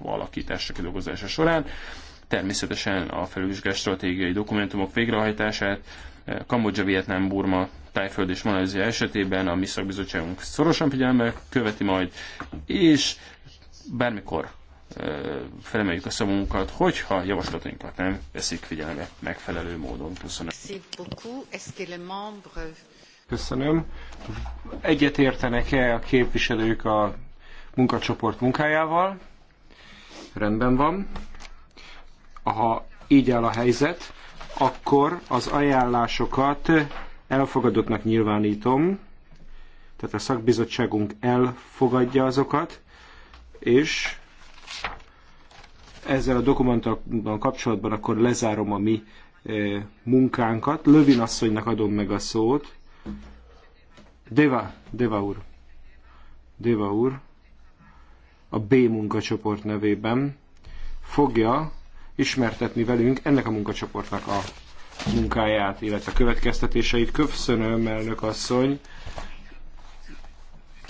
alakítása, kidolgozása során. Természetesen a felülvizsgált stratégiai dokumentumok végrehajtását eh, Kambodzsa, Vietnám, Burma, Tájföld és Malajzia esetében a mi szakbizottságunk szorosan figyelme követi majd, és bármikor eh, felemeljük a szavunkat, hogyha javaslatainkat nem veszik figyelembe megfelelő módon. Köszönöm. Köszönöm. Egyet értenek-e a képviselők a munkacsoport munkájával? Rendben van. Ha így áll a helyzet, akkor az ajánlásokat elfogadottnak nyilvánítom, tehát a szakbizottságunk elfogadja azokat, és ezzel a dokumentumban kapcsolatban akkor lezárom a mi e, munkánkat. Lövin asszonynak adom meg a szót. Deva, Deva úr. Deva úr a B munkacsoport nevében fogja ismertetni velünk ennek a munkacsoportnak a munkáját, illetve a következtetéseit. Köszönöm, elnök asszony.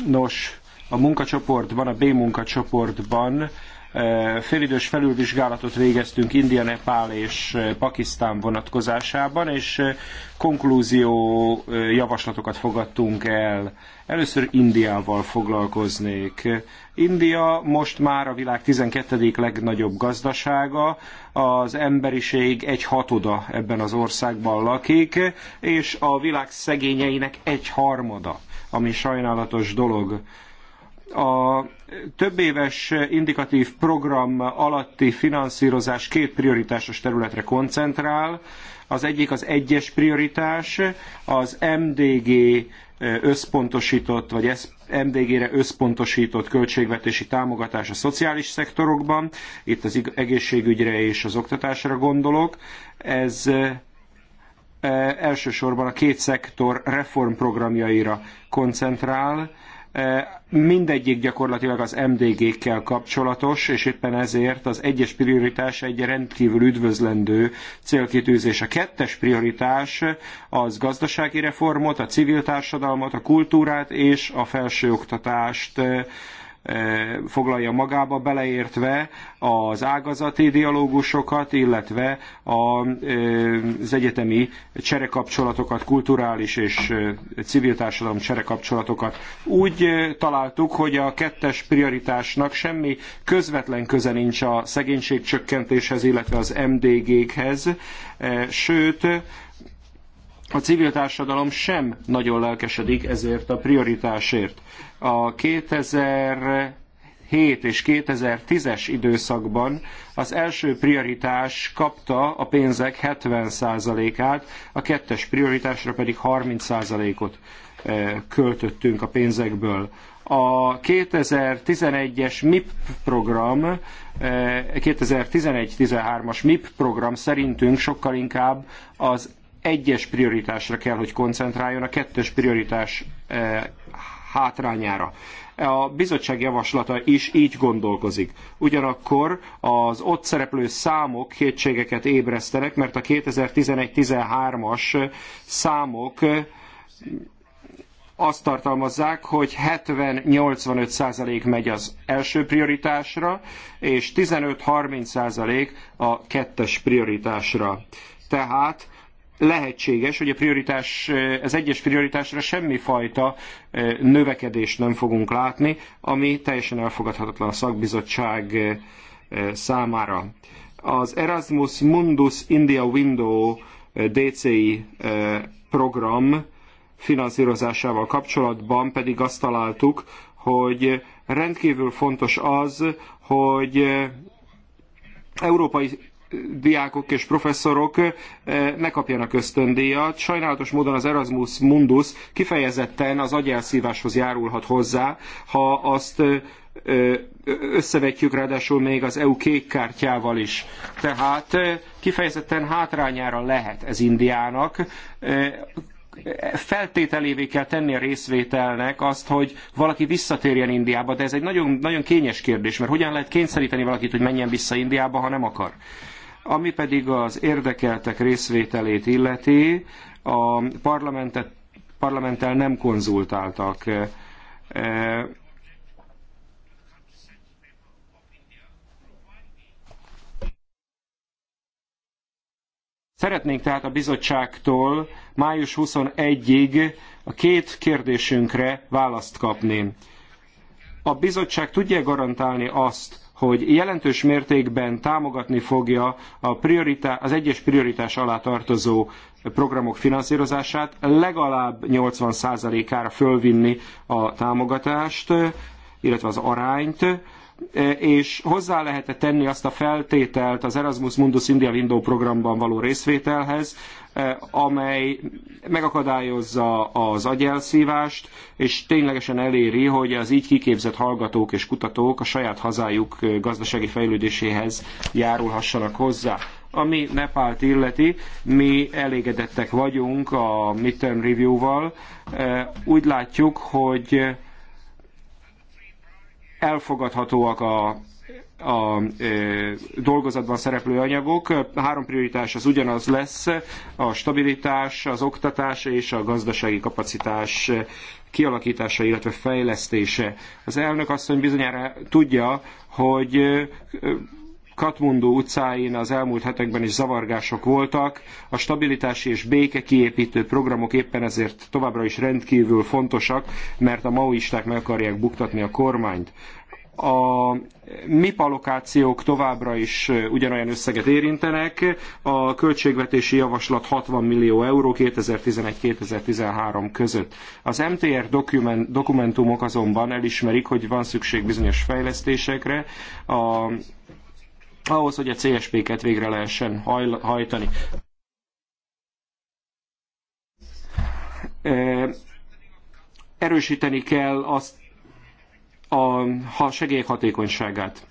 Nos, a munkacsoportban, a B munkacsoportban félidős felülvizsgálatot végeztünk India, Nepál és Pakisztán vonatkozásában, és konklúzió javaslatokat fogadtunk el. Először Indiával foglalkoznék. India most már a világ 12. legnagyobb gazdasága, az emberiség egy hatoda ebben az országban lakik, és a világ szegényeinek egy harmada, ami sajnálatos dolog. A több éves indikatív program alatti finanszírozás két prioritásos területre koncentrál. Az egyik az egyes prioritás, az MDG összpontosított, vagy MDG-re összpontosított költségvetési támogatás a szociális szektorokban, itt az egészségügyre és az oktatásra gondolok. Ez elsősorban a két szektor reformprogramjaira koncentrál, E, mindegyik gyakorlatilag az MDG-kkel kapcsolatos, és éppen ezért az egyes prioritás egy rendkívül üdvözlendő célkitűzés. A kettes prioritás az gazdasági reformot, a civil társadalmat, a kultúrát és a felsőoktatást E, foglalja magába, beleértve az ágazati dialógusokat, illetve e, az egyetemi cserekapcsolatokat, kulturális és e, civil társadalom cserekapcsolatokat. Úgy találtuk, hogy a kettes prioritásnak semmi közvetlen köze nincs a szegénység csökkentéshez, illetve az MDG-khez, sőt, a civil társadalom sem nagyon lelkesedik ezért a prioritásért. A 2007 és 2010-es időszakban az első prioritás kapta a pénzek 70%-át, a kettes prioritásra pedig 30%-ot eh, költöttünk a pénzekből. A 2011-es MIP program, 2011-13-as eh, MIP program szerintünk sokkal inkább az egyes prioritásra kell, hogy koncentráljon, a kettős prioritás eh, hátrányára. A bizottság javaslata is így gondolkozik. Ugyanakkor az ott szereplő számok kétségeket ébresztenek, mert a 2011-13-as számok azt tartalmazzák, hogy 70-85 százalék megy az első prioritásra, és 15-30 százalék a kettes prioritásra. Tehát lehetséges, hogy a prioritás, az egyes prioritásra semmifajta növekedést nem fogunk látni, ami teljesen elfogadhatatlan a szakbizottság számára. Az Erasmus Mundus India Window DCI program finanszírozásával kapcsolatban pedig azt találtuk, hogy rendkívül fontos az, hogy európai diákok és professzorok ne kapjanak ösztöndíjat. Sajnálatos módon az Erasmus Mundus kifejezetten az agyelszíváshoz járulhat hozzá, ha azt összevetjük ráadásul még az EU kék kártyával is. Tehát kifejezetten hátrányára lehet ez Indiának. Feltételévé kell tenni a részvételnek azt, hogy valaki visszatérjen Indiába, de ez egy nagyon, nagyon kényes kérdés, mert hogyan lehet kényszeríteni valakit, hogy menjen vissza Indiába, ha nem akar. Ami pedig az érdekeltek részvételét illeti, a parlamentet, parlamenttel nem konzultáltak. E, e, Szeretnénk tehát a bizottságtól május 21-ig a két kérdésünkre választ kapni. A bizottság tudja garantálni azt, hogy jelentős mértékben támogatni fogja a az egyes prioritás alá tartozó programok finanszírozását, legalább 80%-ára fölvinni a támogatást, illetve az arányt, E, és hozzá lehet -e tenni azt a feltételt az Erasmus Mundus India Window programban való részvételhez, e, amely megakadályozza az agyelszívást, és ténylegesen eléri, hogy az így kiképzett hallgatók és kutatók a saját hazájuk gazdasági fejlődéséhez járulhassanak hozzá. Ami Nepált illeti, mi elégedettek vagyunk a midterm review-val. E, úgy látjuk, hogy elfogadhatóak a a e, dolgozatban szereplő anyagok. Három prioritás az ugyanaz lesz, a stabilitás, az oktatás és a gazdasági kapacitás kialakítása, illetve fejlesztése. Az elnök asszony bizonyára tudja, hogy Katmundú utcáin az elmúlt hetekben is zavargások voltak. A stabilitási és béke kiépítő programok éppen ezért továbbra is rendkívül fontosak, mert a maoisták meg akarják buktatni a kormányt a MIP allokációk továbbra is ugyanolyan összeget érintenek. A költségvetési javaslat 60 millió euró 2011-2013 között. Az MTR dokumentumok azonban elismerik, hogy van szükség bizonyos fejlesztésekre. A ahhoz, hogy a CSP-ket végre lehessen hajtani. Erősíteni kell azt a, a segélyek hatékonyságát.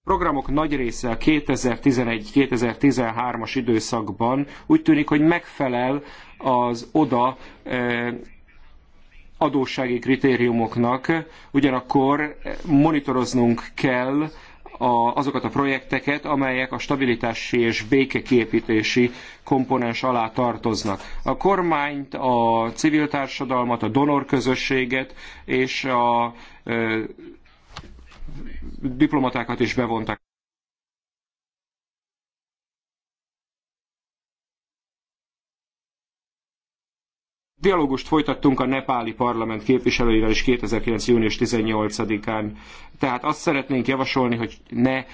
A programok nagy része a 2011-2013-as időszakban úgy tűnik, hogy megfelel az oda adóssági kritériumoknak, ugyanakkor monitoroznunk kell a, azokat a projekteket, amelyek a stabilitási és békekiépítési komponens alá tartoznak. A kormányt, a civil társadalmat, a közösséget és a e, diplomatákat is bevontak. Dialógust folytattunk a nepáli parlament képviselőivel is 2009. június 18-án. Tehát azt szeretnénk javasolni, hogy ne e,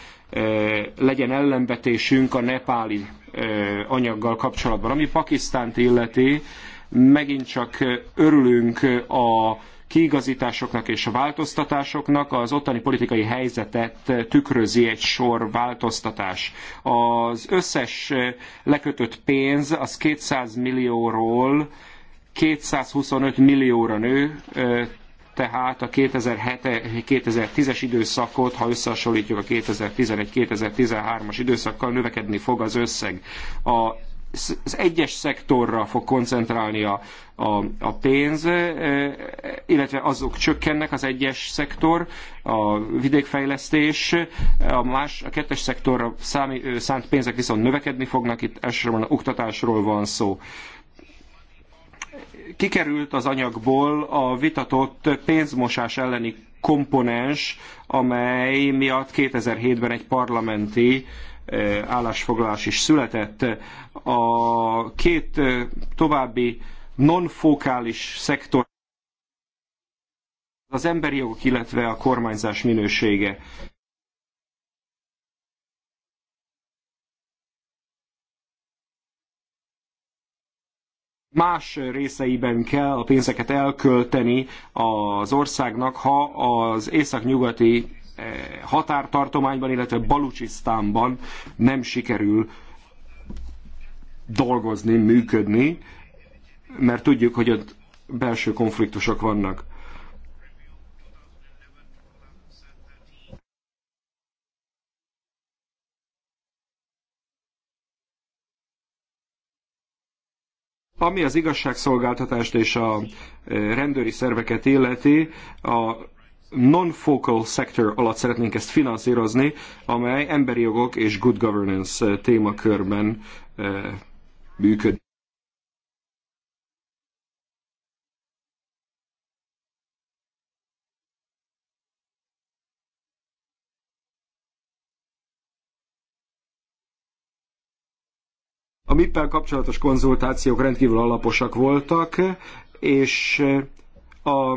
legyen ellenvetésünk a nepáli e, anyaggal kapcsolatban. Ami Pakisztánt illeti, megint csak örülünk a kiigazításoknak és a változtatásoknak, az ottani politikai helyzetet tükrözi egy sor változtatás. Az összes lekötött pénz az 200 millióról 225 millióra nő, tehát a 2007-2010-es időszakot, ha összehasonlítjuk a 2011-2013-as időszakkal, növekedni fog az összeg. A az egyes szektorra fog koncentrálni a, a, a pénz, illetve azok csökkennek, az egyes szektor, a vidékfejlesztés, a más, a kettes szektorra számi, szánt pénzek viszont növekedni fognak, itt elsősorban oktatásról van szó kikerült az anyagból a vitatott pénzmosás elleni komponens, amely miatt 2007-ben egy parlamenti eh, állásfoglalás is született. A két eh, további non szektor az emberi jogok, illetve a kormányzás minősége. más részeiben kell a pénzeket elkölteni az országnak, ha az északnyugati eh, határtartományban, illetve Balucsisztánban nem sikerül dolgozni, működni, mert tudjuk, hogy ott belső konfliktusok vannak. Ami az igazságszolgáltatást és a eh, rendőri szerveket illeti, a non-focal sector alatt szeretnénk ezt finanszírozni, amely emberi jogok és good governance eh, témakörben eh, működik. MIP-el kapcsolatos konzultációk rendkívül alaposak voltak, és a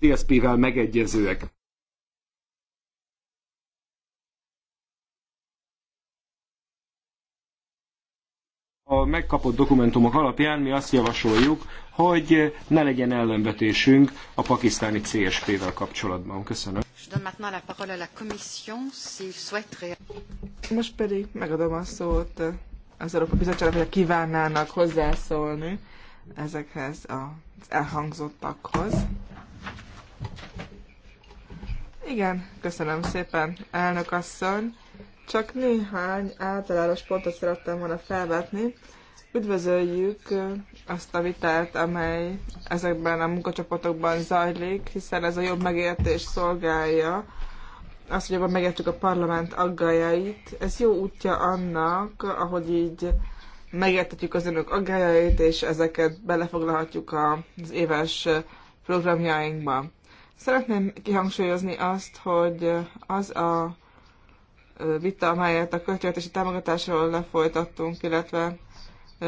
CSP-vel megegyezőek. a megkapott dokumentumok alapján mi azt javasoljuk, hogy ne legyen ellenvetésünk a pakisztáni CSP-vel kapcsolatban. Köszönöm. Most pedig megadom a szót az Európa Bizottságnak, hogy kívánnának hozzászólni ezekhez az elhangzottakhoz. Igen, köszönöm szépen, elnök asszony. Csak néhány általános pontot szerettem volna felvetni. Üdvözöljük azt a vitát, amely ezekben a munkacsoportokban zajlik, hiszen ez a jobb megértés szolgálja azt, hogy jobban megértjük a parlament aggájait. Ez jó útja annak, ahogy így megértetjük az önök aggájait, és ezeket belefoglalhatjuk az éves programjainkba. Szeretném kihangsúlyozni azt, hogy az a vita, amelyet a költségvetési támogatásról lefolytattunk, illetve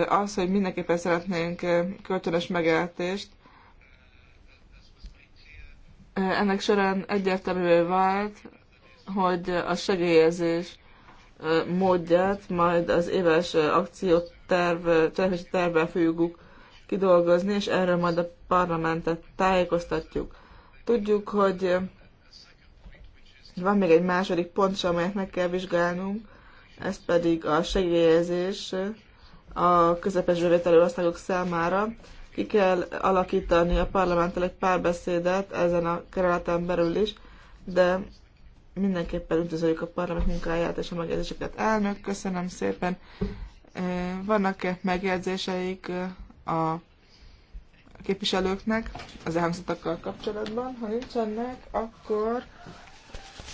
az, hogy mindenképpen szeretnénk kölcsönös megértést. Ennek során egyértelművé vált, hogy a segélyezés módját majd az éves akcióterv, cselekvési tervben fogjuk kidolgozni, és erről majd a parlamentet tájékoztatjuk. Tudjuk, hogy van még egy második pont, amelyet meg kell vizsgálnunk, ez pedig a segélyezés a közepes bevételő országok számára. Ki kell alakítani a parlamenttel egy párbeszédet ezen a kerületen belül is, de mindenképpen üdvözöljük a parlament munkáját és a megjegyzéseket. Elnök, köszönöm szépen. Eh, vannak-e megjegyzéseik eh, a képviselőknek az elhangzottakkal kapcsolatban? Ha nincsenek, akkor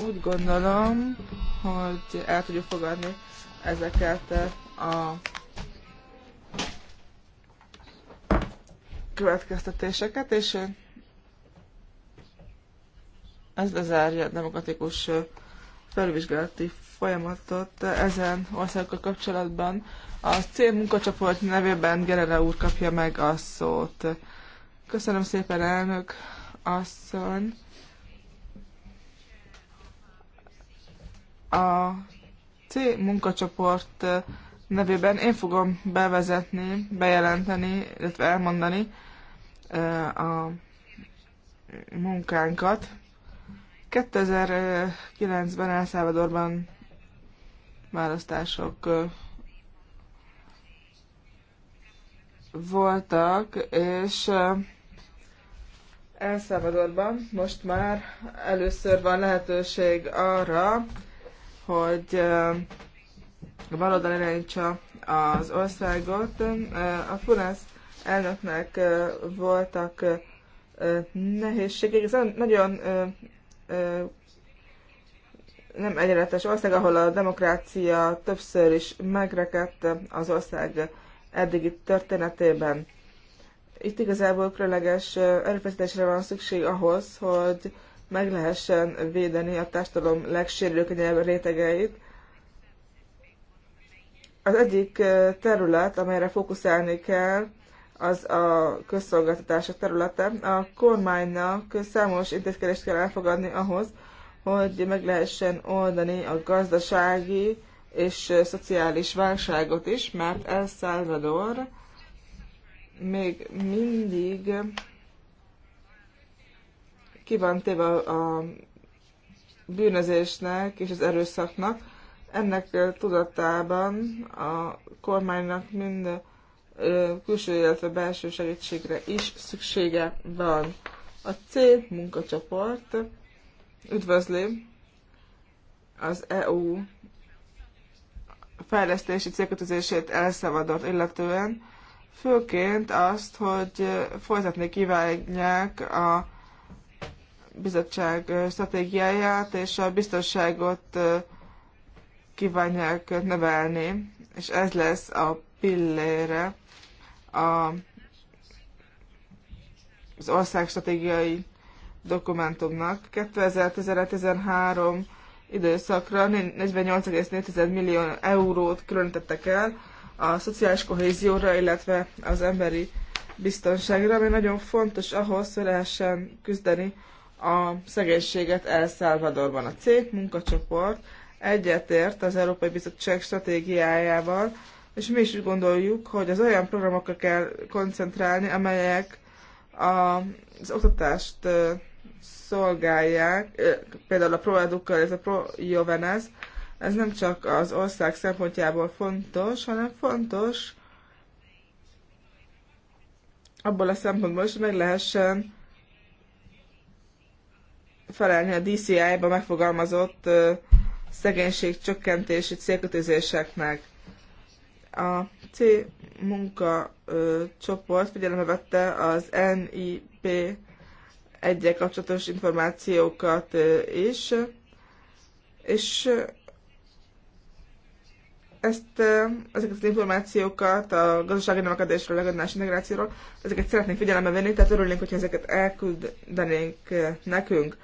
úgy gondolom, hogy el tudjuk fogadni ezeket a következtetéseket, és ez lezárja a demokratikus felvizsgálati folyamatot ezen országokkal kapcsolatban. A cél munkacsoport nevében Gerele úr kapja meg a szót. Köszönöm szépen, elnök asszony. A C munkacsoport nevében én fogom bevezetni, bejelenteni, illetve elmondani a munkánkat. 2009-ben El Salvadorban választások voltak, és El Salvadorban most már először van lehetőség arra, hogy baloldal irányítsa az országot. A Fulász elnöknek voltak nehézségek. Ez nagyon nem egyenletes ország, ahol a demokrácia többször is megrekedt az ország eddigi történetében. Itt igazából különleges erőfeszítésre van szükség ahhoz, hogy meg lehessen védeni a társadalom legsérülékenyebb rétegeit. Az egyik terület, amelyre fókuszálni kell, az a közszolgáltatások területe. A kormánynak számos intézkedést kell elfogadni ahhoz, hogy meg lehessen oldani a gazdasági és szociális válságot is, mert El Salvador még mindig ki van téve a bűnözésnek és az erőszaknak. Ennek tudatában a kormánynak mind külső, illetve belső segítségre is szüksége van. A C munkacsoport üdvözli az EU fejlesztési célkötözését El illetően, főként azt, hogy folytatni kívánják a bizottság stratégiáját és a biztonságot kívánják növelni, és ez lesz a pillére a, az ország stratégiai dokumentumnak. 2013 időszakra 48,4 millió eurót különítettek el a szociális kohézióra, illetve az emberi biztonságra, ami nagyon fontos ahhoz, hogy lehessen küzdeni a szegénységet El Salvadorban. A cég munkacsoport egyetért az Európai Bizottság stratégiájával, és mi is gondoljuk, hogy az olyan programokra kell koncentrálni, amelyek a, az oktatást szolgálják, például a Proeduca, ez a ProJovenes, ez nem csak az ország szempontjából fontos, hanem fontos abból a szempontból is, hogy meg lehessen felelni a DCI-ba megfogalmazott szegénység csökkentési célkötőzéseknek. A C munka csoport figyelembe vette az NIP egyek kapcsolatos információkat is, és ezt, ezeket az információkat a gazdasági növekedésről, a gazdasági integrációról, ezeket szeretnénk figyelembe venni, tehát örülnénk, hogyha ezeket elküldenénk nekünk.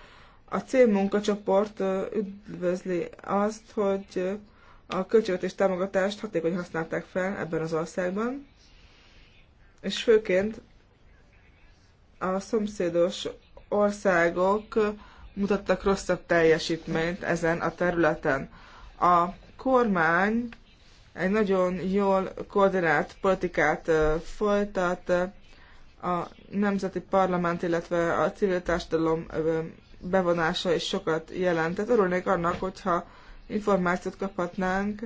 A célmunkacsoport üdvözli azt, hogy a költségvetés támogatást hatékony használták fel ebben az országban, és főként a szomszédos országok mutattak rosszabb teljesítményt ezen a területen. A kormány egy nagyon jól koordinált politikát folytat, a nemzeti parlament, illetve a civil társadalom bevonása is sokat jelent. Tehát örülnék annak, hogyha információt kaphatnánk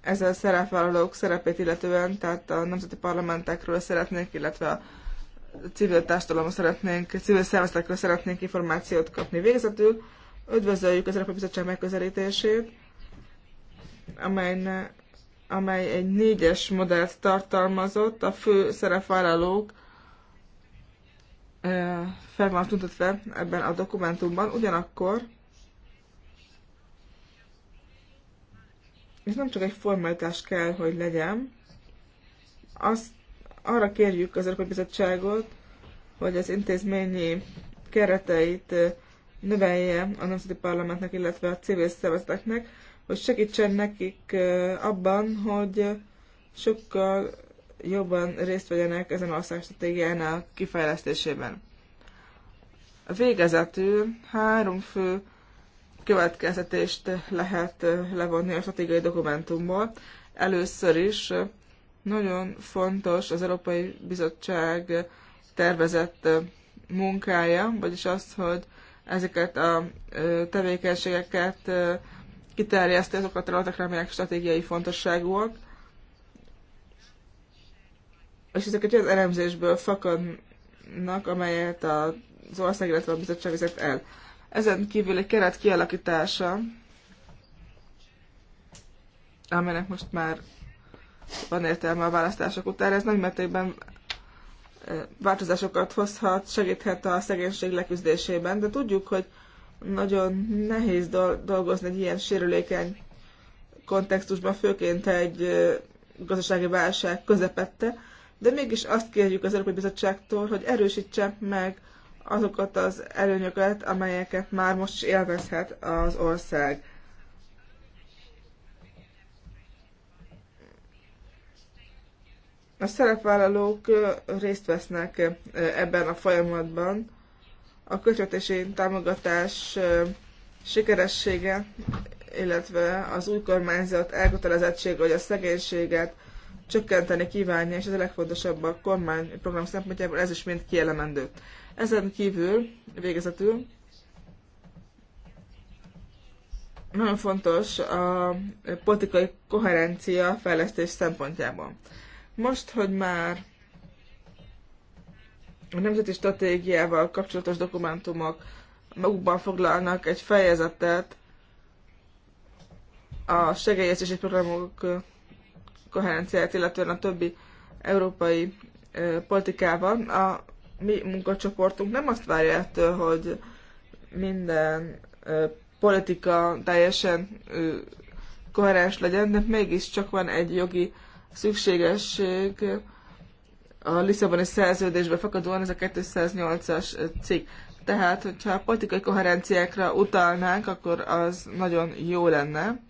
ezzel a szerepvállalók szerepét illetően, tehát a nemzeti parlamentekről szeretnénk, illetve a civil társadalomról szeretnénk, civil szervezetekről szeretnénk információt kapni. végzetül. üdvözöljük az Európai Bizottság megközelítését, amely, amely egy négyes modellt tartalmazott, a fő szerepvállalók fel van tüntetve ebben a dokumentumban, ugyanakkor ez nem csak egy formalitás kell, hogy legyen, azt arra kérjük az Európai Bizottságot, hogy az intézményi kereteit növelje a Nemzeti Parlamentnek, illetve a civil szervezeteknek, hogy segítsen nekik abban, hogy sokkal jobban részt vegyenek ezen ország stratégiának kifejlesztésében. Végezetül három fő következtetést lehet levonni a stratégiai dokumentumból. Először is nagyon fontos az Európai Bizottság tervezett munkája, vagyis az, hogy ezeket a tevékenységeket kiterjeszti azokat a területekre, amelyek stratégiai fontosságúak és ezek egy olyan elemzésből fakadnak, amelyet az ország, illetve a bizottság vezet el. Ezen kívül egy keret kialakítása, amelynek most már van értelme a választások után, ez nagy mértékben változásokat hozhat, segíthet a szegénység leküzdésében, de tudjuk, hogy nagyon nehéz dolgozni egy ilyen sérülékeny kontextusban, főként egy gazdasági válság közepette, de mégis azt kérjük az Európai Bizottságtól, hogy erősítse meg azokat az előnyöket, amelyeket már most is élvezhet az ország. A szerepvállalók részt vesznek ebben a folyamatban. A költségvetési támogatás sikeressége, illetve az új kormányzat elkötelezettsége, hogy a szegénységet csökkenteni kívánni, és ez a legfontosabb a kormányprogram szempontjából, ez is mind kielemendő. Ezen kívül, végezetül, nagyon fontos a politikai koherencia fejlesztés szempontjából. Most, hogy már a nemzeti stratégiával kapcsolatos dokumentumok magukban foglalnak egy fejezetet a segélyezési programok koherenciát, illetően a többi európai politikával. A mi munkacsoportunk nem azt várja ettől, hogy minden politika teljesen koherens legyen, de mégiscsak van egy jogi szükségesség a Lisszaboni szerződésbe fakadóan, ez a 208-as cikk. Tehát, hogyha a politikai koherenciákra utalnánk, akkor az nagyon jó lenne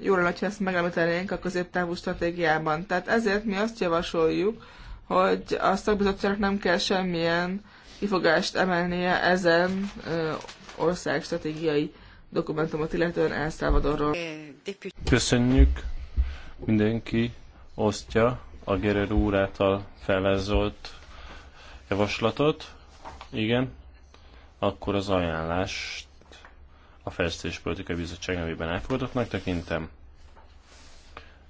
jól lenne, ha ezt megemlítenénk a középtávú stratégiában. Tehát ezért mi azt javasoljuk, hogy a szakbizottságnak nem kell semmilyen kifogást emelnie ezen ö, ország stratégiai dokumentumot, illetően El Salvadorról. Köszönjük! Mindenki osztja a Gerer úr által felvázolt javaslatot. Igen, akkor az ajánlást a Fejlesztés Politikai Bizottság nevében elfogadottnak tekintem,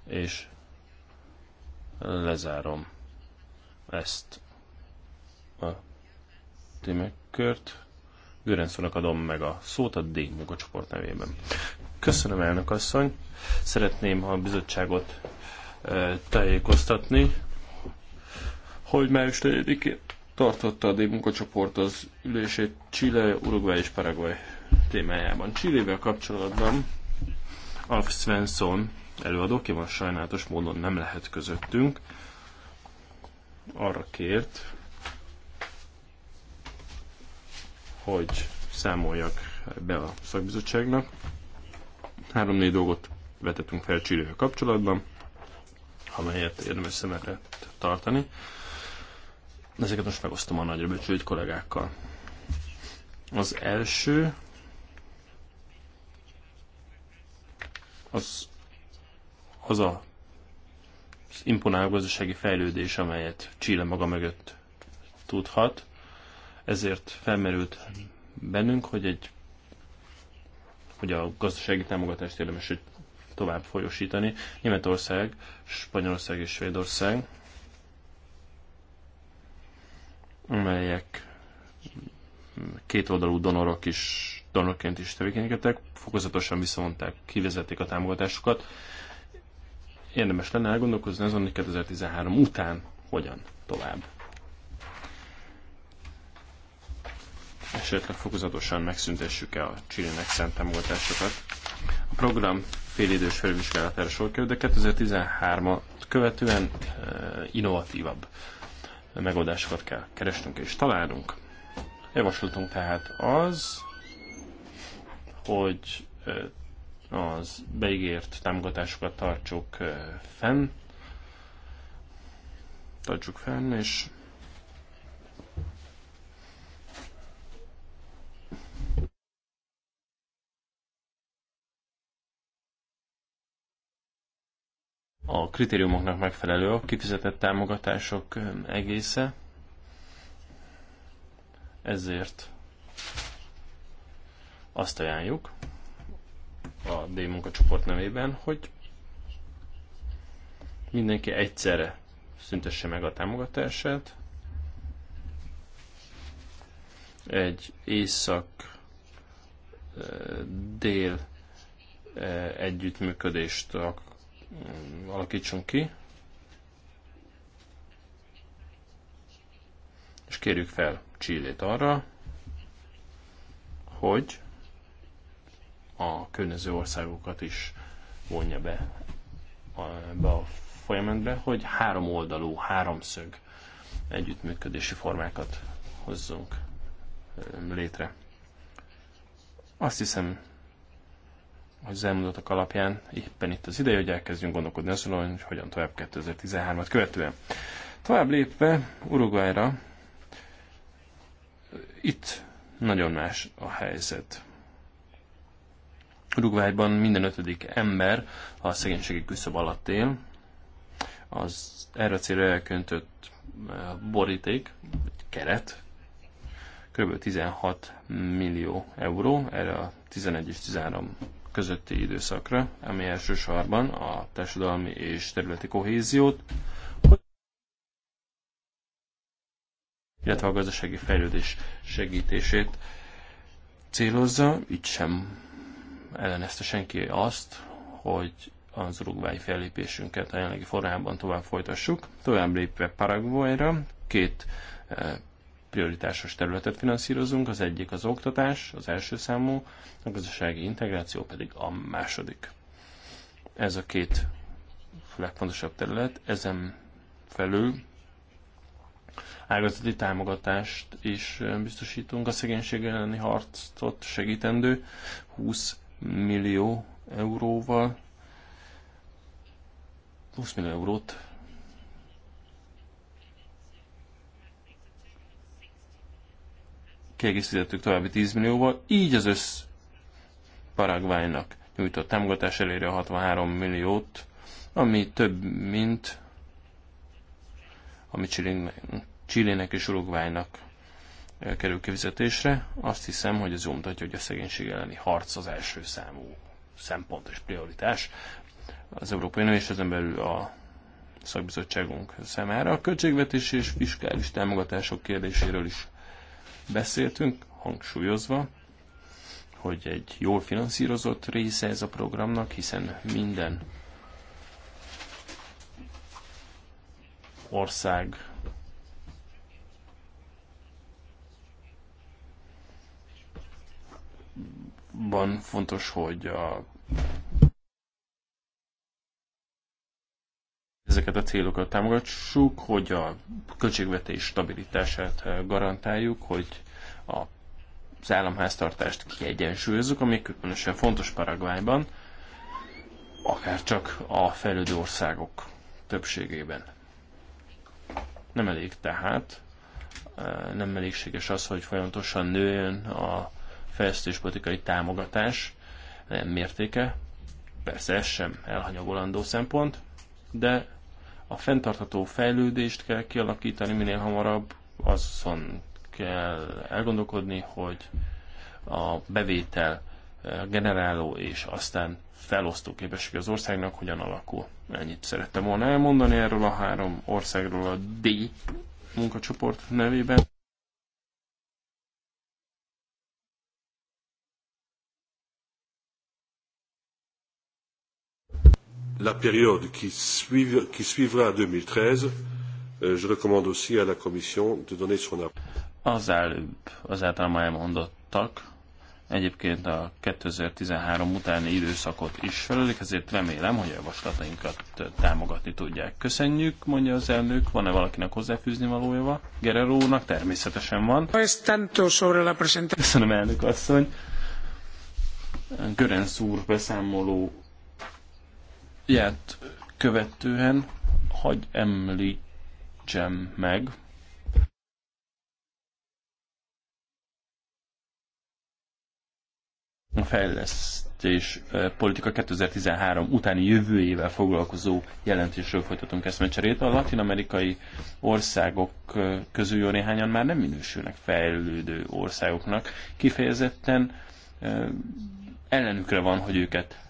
és lezárom ezt a témakört. Görenszónak adom meg a szót a D munkacsoport nevében. Köszönöm, elnök asszony. Szeretném a bizottságot eh, tájékoztatni, hogy május 4 tartotta a D munkacsoport az ülését Chile, Uruguay és Paraguay témájában. Csillével kapcsolatban Alf Svensson előadóként van sajnálatos módon nem lehet közöttünk. Arra kért, hogy számoljak be a szakbizottságnak. Három-négy dolgot vetettünk fel Csillével kapcsolatban, amelyet érdemes szem tartani. Ezeket most megosztom a nagyra becsült kollégákkal. Az első az, az a az imponáló gazdasági fejlődés, amelyet Chile maga mögött tudhat. Ezért felmerült bennünk, hogy egy hogy a gazdasági támogatást érdemes hogy tovább folyosítani. Németország, Spanyolország és Svédország, amelyek kétoldalú donorok is donorként is tevékenykedtek, fokozatosan visszavonták, kivezették a támogatásukat. Érdemes lenne elgondolkozni azon, hogy 2013 után hogyan tovább. Esetleg fokozatosan megszüntessük-e a Csillinek szent támogatásokat. A program félidős felvizsgálatára sor kerül, de 2013-at követően eh, innovatívabb megoldásokat kell keresnünk és találnunk. Javaslatunk tehát az, hogy az beígért támogatásokat tartsuk fenn, tartsuk fenn, és a kritériumoknak megfelelő a kifizetett támogatások egésze, ezért azt ajánljuk a D munkacsoport nevében, hogy mindenki egyszerre szüntesse meg a támogatását. Egy észak dél együttműködést alakítson ki, és kérjük fel Csillét arra, hogy a környező országokat is vonja be a, be a folyamatba, hogy három oldalú, háromszög együttműködési formákat hozzunk létre. Azt hiszem, hogy az elmondottak alapján éppen itt az ideje, hogy elkezdjünk gondolkodni azon, hogy hogyan tovább 2013-at követően. Tovább lépve Uruguayra, itt nagyon más a helyzet. Uruguayban minden ötödik ember a szegénységi küszöb alatt él. Az erre célra elköntött eh, boríték, vagy keret, kb. 16 millió euró erre a 11 és 13 közötti időszakra, ami elsősorban a társadalmi és területi kohéziót, illetve a gazdasági fejlődés segítését célozza, így sem ellenezte senki azt, hogy az urugvái fellépésünket a jelenlegi formában tovább folytassuk. Tovább lépve Paraguayra két eh, prioritásos területet finanszírozunk, az egyik az oktatás, az első számú, a gazdasági integráció pedig a második. Ez a két legfontosabb terület, ezen felül ágazati támogatást is eh, biztosítunk a szegénység elleni harcot segítendő 20 millió euróval, 20 millió eurót kiegészítettük további 10 millióval, így az össz Paraguaynak nyújtott támogatás elérje 63 milliót, ami több, mint ami Chilének és Uruguaynak kerül kifizetésre. Azt hiszem, hogy ez mutatja, hogy a szegénység elleni harc az első számú szempont és prioritás az Európai Unió és ezen belül a szakbizottságunk számára. A költségvetés és fiskális támogatások kérdéséről is beszéltünk, hangsúlyozva, hogy egy jól finanszírozott része ez a programnak, hiszen minden ország van fontos, hogy a ezeket a célokat támogassuk, hogy a költségvetés stabilitását eh, garantáljuk, hogy a az államháztartást kiegyensúlyozzuk, ami különösen fontos Paraguayban, akár csak a fejlődő országok többségében. Nem elég tehát, eh, nem elégséges az, hogy folyamatosan nőjön a fejlesztéspolitikai támogatás eh, mértéke, persze ez sem elhanyagolandó szempont, de a fenntartható fejlődést kell kialakítani minél hamarabb, azon kell elgondolkodni, hogy a bevétel eh, generáló és aztán felosztó képesség az országnak hogyan alakul. Ennyit szerettem volna elmondani erről a három országról a D munkacsoport nevében. la période qui, suive, qui suivra 2013, euh, je recommande aussi à la Commission de donner son avis. Az előbb, az által már elmondottak, egyébként a 2013 utáni időszakot is felelik, ezért remélem, hogy a javaslatainkat támogatni tudják. Köszönjük, mondja az elnök, van-e valakinek hozzáfűzni valójava? Gerero úrnak természetesen van. Köszönöm, elnök asszony. Görenc úr beszámoló ját követően hagy említsem meg, a fejlesztés eh, politika 2013 utáni jövőjével foglalkozó jelentésről folytatunk eszmecserét. A latin-amerikai országok eh, közül jó néhányan már nem minősülnek fejlődő országoknak. Kifejezetten eh, ellenükre van, hogy őket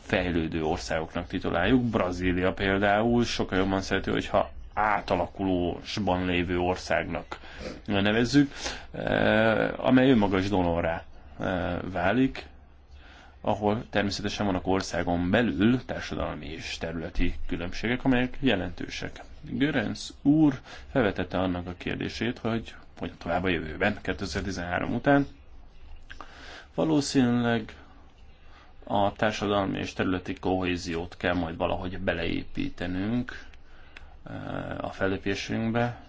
fejlődő országoknak tituláljuk. Brazília például sokkal jobban szereti, hogyha átalakulósban lévő országnak nevezzük, eh, amely önmaga is donorrá eh, válik, ahol természetesen vannak országon belül társadalmi és területi különbségek, amelyek jelentősek. Görenc úr felvetette annak a kérdését, hogy hogyan tovább a jövőben, 2013 után. Valószínűleg a társadalmi és területi kohéziót kell majd valahogy beleépítenünk a fellépésünkbe.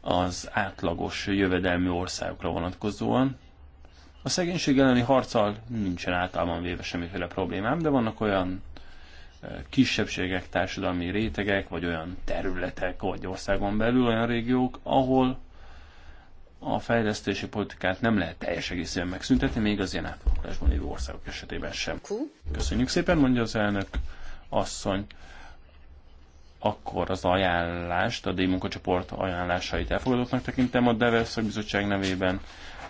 Az átlagos jövedelmi országokra vonatkozóan. A szegénység elleni harccal nincsen általában véve semmiféle problémám, de vannak olyan kisebbségek, társadalmi rétegek, vagy olyan területek, vagy országon belül olyan régiók, ahol a fejlesztési politikát nem lehet teljes egészében megszüntetni, még az ilyen átalakulásban lévő országok esetében sem. Köszönjük szépen, mondja az elnök asszony. Akkor az ajánlást, a D-munkacsoport ajánlásait elfogadottnak tekintem a DEVE bizottság nevében,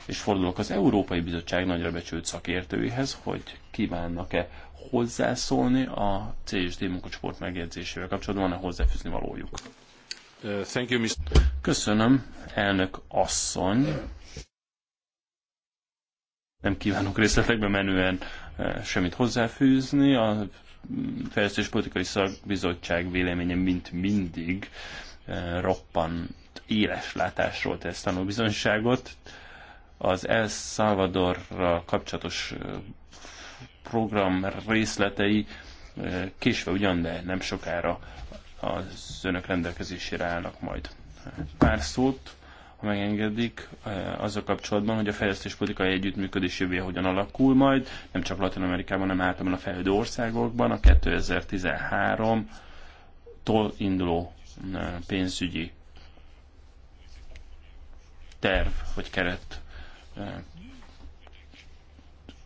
és fordulok az Európai Bizottság nagyra becsült szakértőihez, hogy kívánnak-e hozzászólni a C és D munkacsoport megjegyzésével kapcsolatban, van-e hozzáfűzni valójuk. Köszönöm, elnök asszony. Nem kívánok részletekbe menően eh, semmit hozzáfűzni. A Fejlesztés Politikai Szakbizottság véleménye, mint mindig, eh, roppant éles látásról tesz tanulbizonyságot. Az El Salvador kapcsolatos eh, program részletei késve ugyan, de nem sokára az önök rendelkezésére állnak majd. Pár szót ha megengedik, eh, azzal kapcsolatban, hogy a politikai együttműködés jövője hogyan alakul majd, nem csak Latin Amerikában, hanem általában a fejlődő országokban, a 2013-tól induló eh, pénzügyi terv vagy keret eh,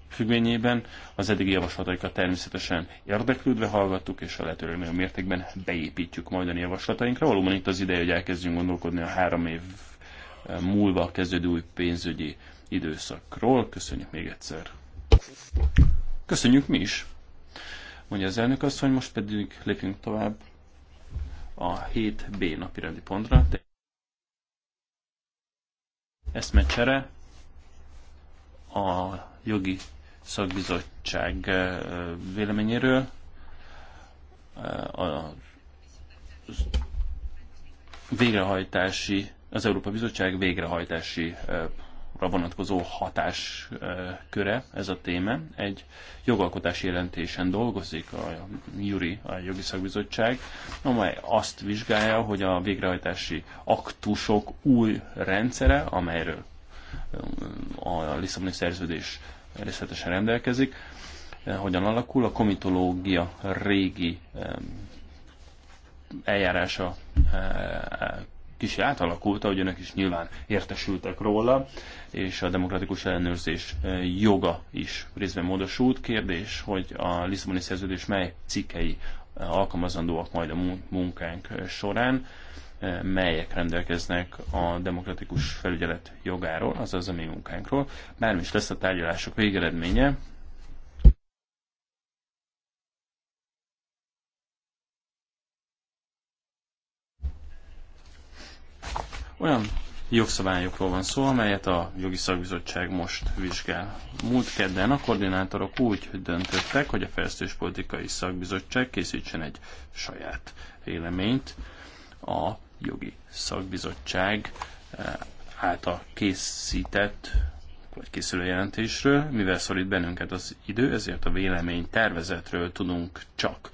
függvényében az eddigi javaslataikat természetesen érdeklődve hallgattuk, és a lehető legnagyobb mértékben beépítjük majd a javaslatainkra. Valóban itt az ideje, hogy elkezdjünk gondolkodni a három év múlva kezdődő új pénzügyi időszakról. Köszönjük még egyszer. Köszönjük mi is, mondja az elnök azt, hogy most pedig lépjünk tovább a 7B napirendi pontra. Eszmecsere a jogi szakbizottság eh, véleményéről eh, a végrehajtási az Európa Bizottság végrehajtási eh, vonatkozó hatásköre, eh, ez a téma. Egy jogalkotási jelentésen dolgozik a Juri, a Jogi Szakbizottság, amely azt vizsgálja, hogy a végrehajtási aktusok új rendszere, amelyről eh, a Lisszaboni szerződés részletesen rendelkezik, hogyan alakul. A komitológia régi eljárása kicsi átalakult, ahogy önök is nyilván értesültek róla, és a demokratikus ellenőrzés joga is részben módosult. Kérdés, hogy a Lisszaboni szerződés mely cikkei alkalmazandóak majd a munkánk során, melyek rendelkeznek a demokratikus felügyelet jogáról, azaz a mi munkánkról. Bármi is lesz a tárgyalások végeredménye, Olyan jogszabályokról van szó, amelyet a jogi szakbizottság most vizsgál. Múlt kedden a koordinátorok úgy döntöttek, hogy a fejlesztéspolitikai szakbizottság készítsen egy saját véleményt a jogi szakbizottság eh, által készített vagy készülő jelentésről, mivel szorít bennünket az idő, ezért a vélemény tervezetről tudunk csak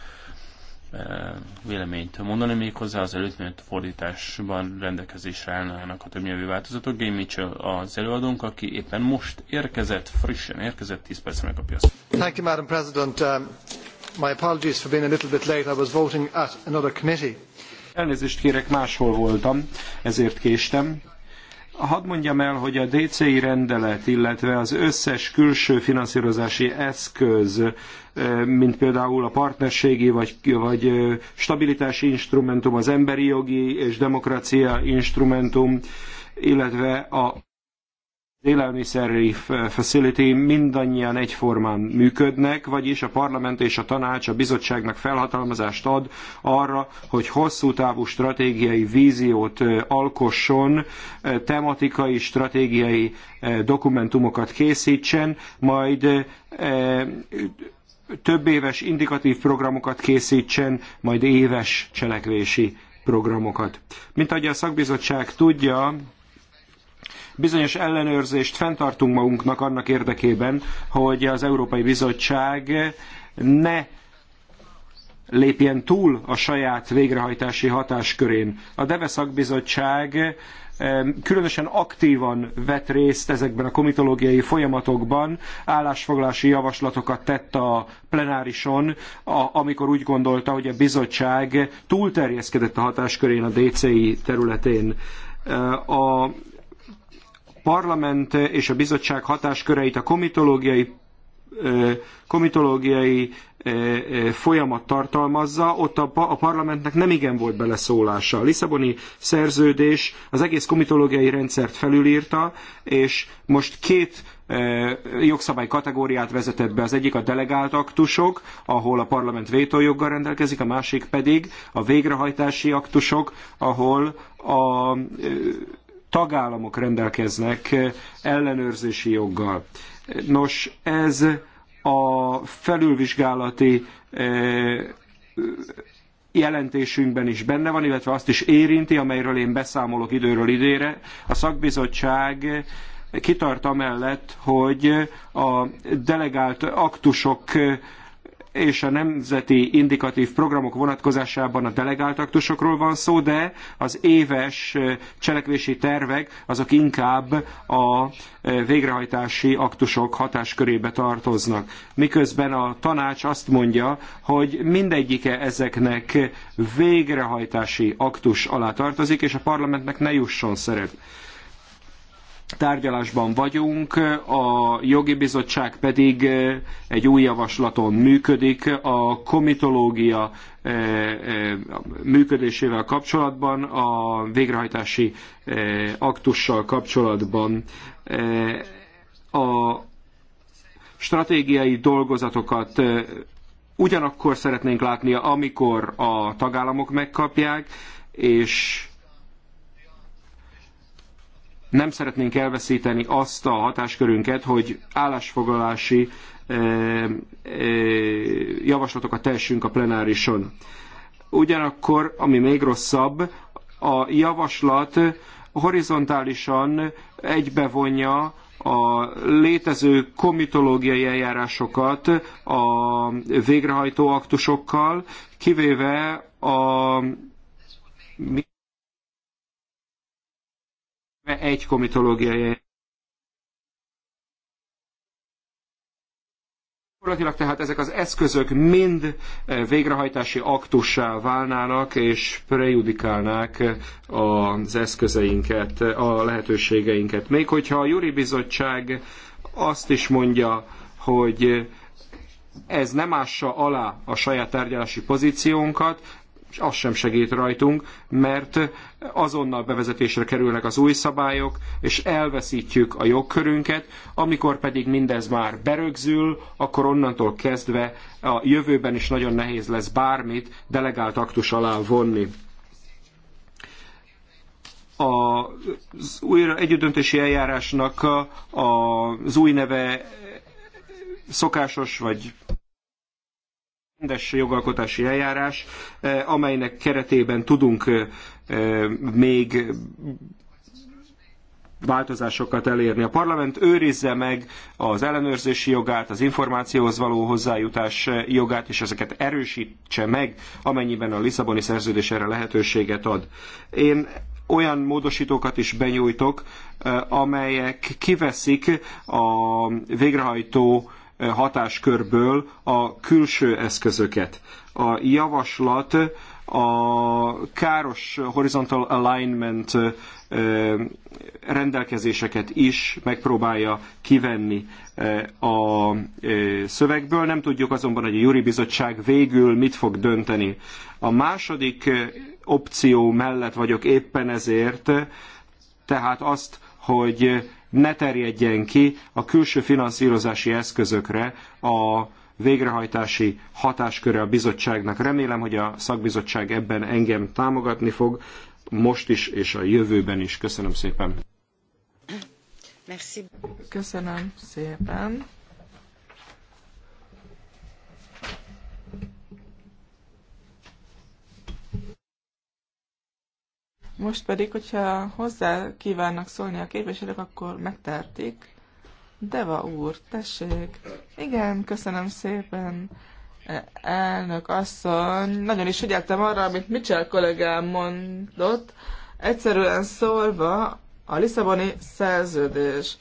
E, véleményt mondani még, hozzá, az előtt, fordításban rendelkezésre állnának a nyelvű változatok. Gay Mitchell az előadónk, aki éppen most érkezett, frissen érkezett, 10 percre megkapja azt. Thank you, Madam President. Um, my apologies for being a little bit late. I was voting at another committee. Elnézést kérek, máshol voltam, ezért késtem. Hadd mondjam el, hogy a DCI rendelet, illetve az összes külső finanszírozási eszköz, mint például a partnerségi vagy, vagy stabilitási instrumentum, az emberi jogi és demokrácia instrumentum, illetve a élelmiszeri facility mindannyian egyformán működnek, vagyis a parlament és a tanács a bizottságnak felhatalmazást ad arra, hogy hosszú távú stratégiai víziót alkosson, tematikai, stratégiai dokumentumokat készítsen, majd több éves indikatív programokat készítsen, majd éves cselekvési programokat. Mint ahogy a szakbizottság tudja, bizonyos ellenőrzést fenntartunk magunknak annak érdekében, hogy az Európai Bizottság ne lépjen túl a saját végrehajtási hatáskörén. A DEVE szakbizottság eh, különösen aktívan vett részt ezekben a komitológiai folyamatokban, állásfoglalási javaslatokat tett a plenárison, amikor úgy gondolta, hogy a bizottság túlterjeszkedett a hatáskörén a DCI területén. Eh, a parlament és a bizottság hatásköreit a komitológiai komitológiai folyamat tartalmazza, ott a, a parlamentnek nem igen volt beleszólása. A Lisszaboni szerződés az egész komitológiai rendszert felülírta, és most két jogszabály kategóriát vezetett be. Az egyik a delegált aktusok, ahol a parlament vétójoggal rendelkezik, a másik pedig a végrehajtási aktusok, ahol a tagállamok rendelkeznek eh, ellenőrzési joggal. Nos, ez a felülvizsgálati eh, jelentésünkben is benne van, illetve azt is érinti, amelyről én beszámolok időről időre. A szakbizottság eh, kitart amellett, hogy a delegált aktusok és a nemzeti indikatív programok vonatkozásában a delegált aktusokról van szó, de az éves cselekvési tervek azok inkább a végrehajtási aktusok hatáskörébe tartoznak. Miközben a tanács azt mondja, hogy mindegyike ezeknek végrehajtási aktus alá tartozik, és a parlamentnek ne jusson szerep tárgyalásban vagyunk, a jogi bizottság pedig e, egy új javaslaton működik a komitológia e, e, működésével kapcsolatban, a végrehajtási aktussal kapcsolatban. A stratégiai dolgozatokat ugyanakkor szeretnénk látni, amikor a tagállamok megkapják, és nem szeretnénk elveszíteni azt a hatáskörünket, hogy állásfoglalási eh, eh, javaslatokat tehessünk a plenárison. Ugyanakkor, ami még rosszabb, a javaslat horizontálisan egybevonja a létező komitológiai eljárásokat a végrehajtó aktusokkal, kivéve a egy komitológiai Gyakorlatilag tehát ezek az eszközök mind eh, végrehajtási aktussá válnának és prejudikálnák eh, az eszközeinket, eh, a lehetőségeinket. Még hogyha a Juri Bizottság azt is mondja, hogy ez nem ássa alá a saját tárgyalási pozíciónkat, az sem segít rajtunk, mert azonnal bevezetésre kerülnek az új szabályok, és elveszítjük a jogkörünket, amikor pedig mindez már berögzül, akkor onnantól kezdve a jövőben is nagyon nehéz lesz bármit delegált aktus alá vonni az újra együttdöntési eljárásnak az új neve szokásos vagy rendes jogalkotási eljárás, eh, amelynek keretében tudunk eh, még változásokat elérni. A parlament őrizze meg az ellenőrzési jogát, az információhoz való hozzájutás eh, jogát, és ezeket erősítse meg, amennyiben a Lisszaboni szerződés erre lehetőséget ad. Én olyan módosítókat is benyújtok, amelyek kiveszik a végrehajtó hatáskörből a külső eszközöket. A javaslat a káros horizontal alignment rendelkezéseket is megpróbálja kivenni a szövegből. Nem tudjuk azonban, hogy a júri Bizottság végül mit fog dönteni. A második opció mellett vagyok éppen ezért, tehát azt, hogy ne terjedjen ki a külső finanszírozási eszközökre a végrehajtási hatásköre a bizottságnak. Remélem, hogy a szakbizottság ebben engem támogatni fog, most is és a jövőben is. Köszönöm szépen. Merci. Köszönöm szépen. Most pedig, hogyha hozzá kívánnak szólni a képviselők, akkor megtertik. Deva úr, tessék. Igen, köszönöm szépen. E, elnök asszony, nagyon is figyeltem arra, amit Mitchell kollégám mondott. Egyszerűen szólva, a Lisszaboni szerződés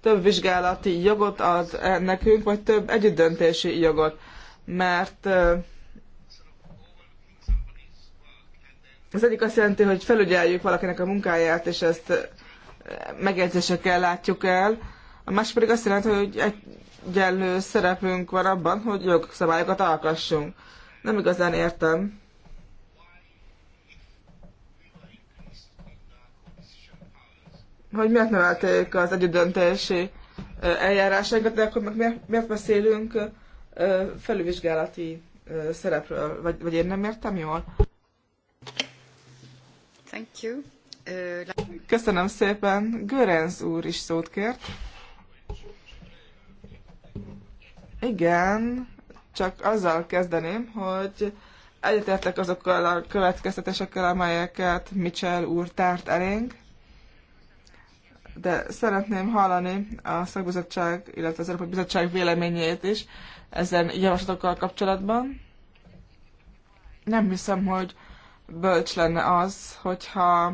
több vizsgálati jogot ad e, nekünk, vagy több együttdöntési jogot. Mert e, Az egyik azt jelenti, hogy felügyeljük valakinek a munkáját, és ezt eh, megjegyzésekkel látjuk el. A másik pedig azt jelenti, hogy egyenlő szerepünk van abban, hogy jogszabályokat alkassunk. Nem igazán értem. Hogy miért növelték az együttdöntési eh, eljárásainkat, de akkor meg miért, miért beszélünk eh, felülvizsgálati szerepről, vagy, vagy én nem értem jól? Thank you. Uh, Köszönöm szépen. Görenz úr is szót kért. Igen, csak azzal kezdeném, hogy egyetértek azokkal a következtetésekkel, amelyeket Mitchell úr tárt elénk, de szeretném hallani a szakbizottság, illetve az Európai Bizottság véleményét is ezen javaslatokkal kapcsolatban. Nem hiszem, hogy bölcs lenne az, hogyha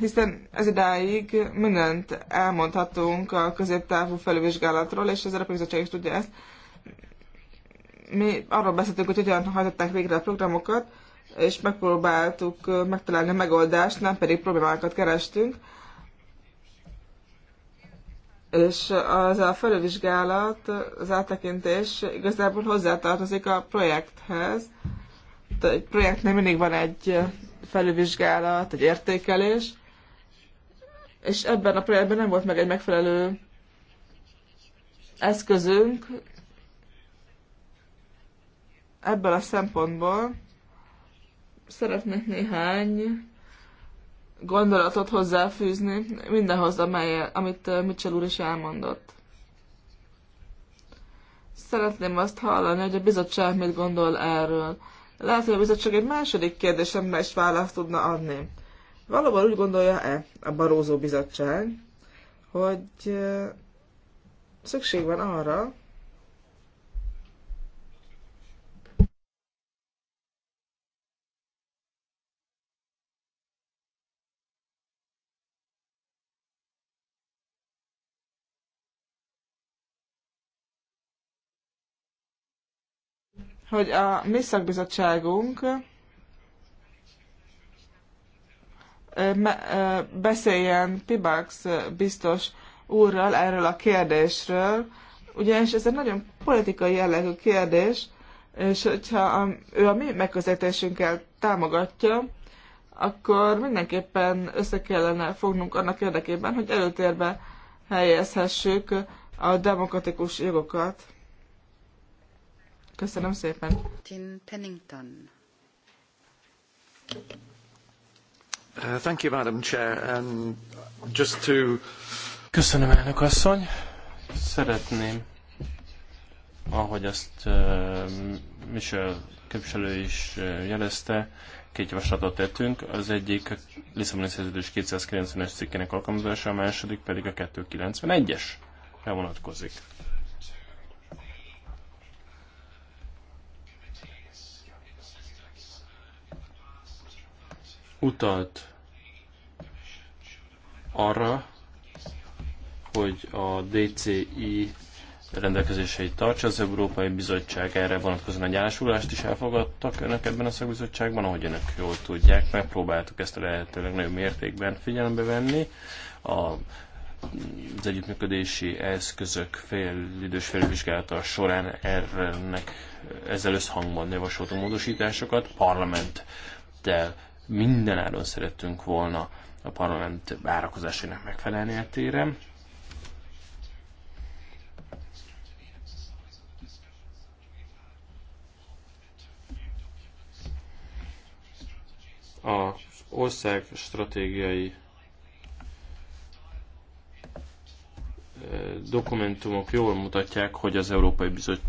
hiszen ez idáig mindent elmondhatunk a középtávú felülvizsgálatról, és az Európai Bizottság is tudja ezt. Mi arról beszéltünk, hogy hogyan hajtották végre a programokat, és megpróbáltuk megtalálni a megoldást, nem pedig problémákat kerestünk és az a felülvizsgálat, az áttekintés igazából hozzátartozik a projekthez. Egy projektnél mindig van egy felülvizsgálat, egy értékelés, és ebben a projektben nem volt meg egy megfelelő eszközünk ebből a szempontból. Szeretnék néhány gondolatot hozzáfűzni mindenhoz, amely, amit Mitchell úr is elmondott. Szeretném azt hallani, hogy a bizottság mit gondol erről. Lehet, hogy a bizottság egy második kérdésemre is választ tudna adni. Valóban úgy gondolja-e a Barózó Bizottság, hogy szükség van arra, hogy a mi szakbizottságunk beszéljen Pibax biztos úrral erről a kérdésről, ugyanis ez egy nagyon politikai jellegű kérdés, és hogyha a, ő a mi megközelítésünkkel támogatja, akkor mindenképpen össze kellene fognunk annak érdekében, hogy előtérbe helyezhessük a demokratikus jogokat. Köszönöm szépen. Tim Pennington. Uh, thank you, Madam Chair. Um, just to... Köszönöm, elnök asszony. Szeretném, ahogy azt uh, Michel képviselő is uh, jelezte, két javaslatot tettünk. Az egyik a Lisszaboni szerződés 290-es cikkének alkalmazása, a második pedig a 291-es. Elvonatkozik. vonatkozik. utalt arra, hogy a DCI rendelkezéseit tartsa. Az Európai Bizottság erre vonatkozóan egy állásulást is elfogadtak önök ebben a szakbizottságban, ahogy önök jól tudják, megpróbáltuk ezt a lehetőleg nagyobb mértékben figyelembe venni. A az együttműködési eszközök idős felvizsgálata során ernek ezzel összhangban javasoltunk módosításokat parlamenttel mindenáron szerettünk volna a parlament várakozásainak megfelelni a téren. Az ország stratégiai dokumentumok jól mutatják, hogy az Európai Bizottság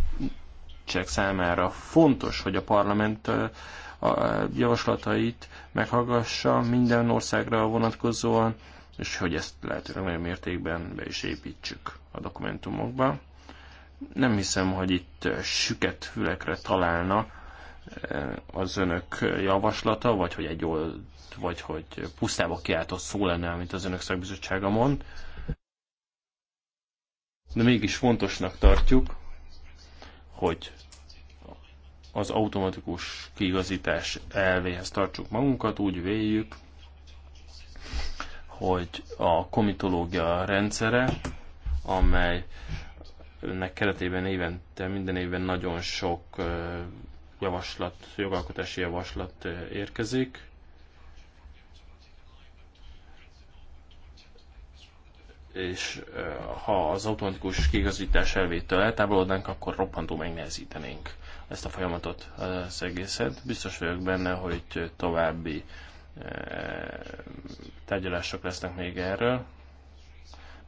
számára fontos, hogy a parlament javaslatait meghallgassa minden országra vonatkozóan, és hogy ezt lehetőleg nagyobb mértékben be is építsük a dokumentumokba. Nem hiszem, hogy itt süket fülekre találna eh, az önök javaslata, vagy hogy egy old, vagy hogy pusztába kiáltott szó lenne, amit az önök szakbizottsága mond. De mégis fontosnak tartjuk, hogy az automatikus kiigazítás elvéhez tartsuk magunkat, úgy véljük, hogy a komitológia rendszere, amely ennek keretében évente, minden évben nagyon sok javaslat, jogalkotási javaslat érkezik. És ha az automatikus kigazítás elvétől eltávolodnánk, akkor roppantó megnehezítenénk ezt a folyamatot, az egészet. Biztos vagyok benne, hogy további tárgyalások lesznek még erről.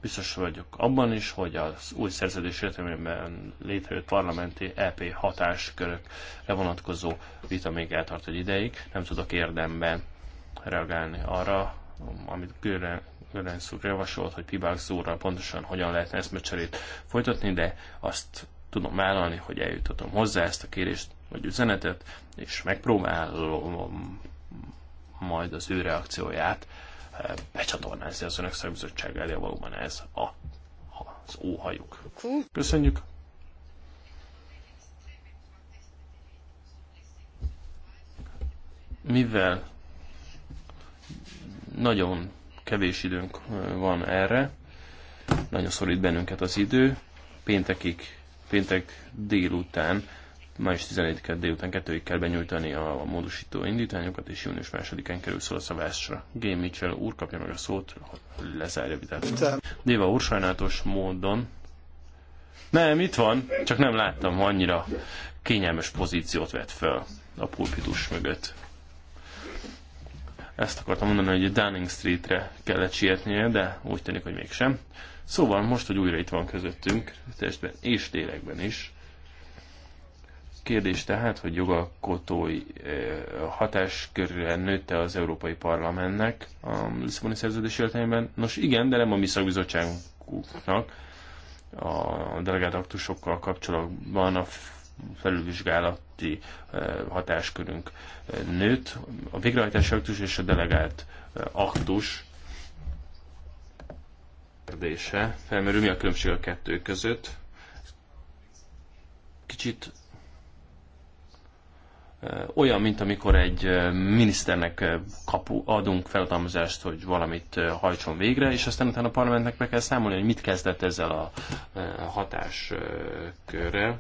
Biztos vagyok abban is, hogy az új szerződés értelmében létrejött parlamenti EP hatáskörökre vonatkozó vita még eltart egy ideig. Nem tudok érdemben reagálni arra, amit Gören, Görenc úr javasolt, hogy Pibák pontosan hogyan lehetne eszmecserét folytatni, de azt tudom vállalni, hogy eljutatom hozzá ezt a kérést vagy üzenetet, és megpróbálom majd az ő reakcióját eh, becsatornázni az önök szakbizottság elé, valóban ez a, az óhajuk. Köszönjük! Mivel nagyon kevés időnk van erre, nagyon szorít bennünket az idő, péntekig péntek délután, május 11-et délután kettőig kell benyújtani a, a módosító indítványokat, és június 2-án kerül szó a szavásra. G. Mitchell úr kapja meg a szót, hogy lezárja vitát. Déva úr sajnálatos módon nem, itt van, csak nem láttam, annyira kényelmes pozíciót vett fel a pulpitus mögött. Ezt akartam mondani, hogy Downing Streetre kellett sietnie, de úgy tűnik, hogy mégsem. Szóval most, hogy újra itt van közöttünk, testben és lélekben is, kérdés tehát, hogy jogalkotói eh, hatáskörűen nőtte az Európai Parlamentnek a Lisszaboni szerződés értelmében. Nos igen, de nem a mi szakbizottságunknak a delegált aktusokkal kapcsolatban a felülvizsgálati eh, hatáskörünk eh, nőtt. A végrehajtási aktus és a delegált aktus kérdése felmerül, mi a különbség a kettő között. Kicsit olyan, mint amikor egy miniszternek kapu, adunk feladalmazást, hogy valamit hajtson végre, és aztán utána a parlamentnek be kell számolni, hogy mit kezdett ezzel a hatáskörrel.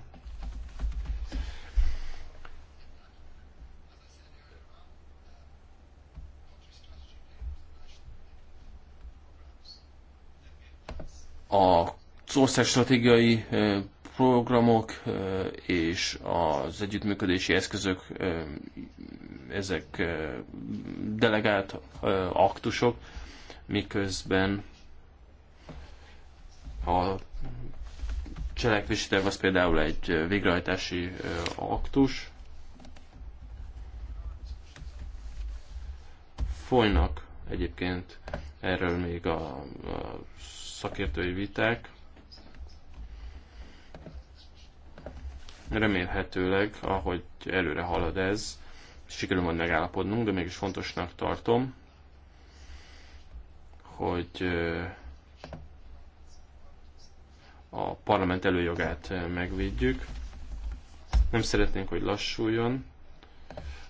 az ország stratégiai programok és az együttműködési eszközök, ezek delegált aktusok, miközben a cselekvési terv az például egy végrehajtási aktus. Folynak egyébként erről még a, a szakértői viták remélhetőleg, ahogy előre halad ez, sikerül majd megállapodnunk, de mégis fontosnak tartom, hogy a parlament előjogát megvédjük. Nem szeretnénk, hogy lassuljon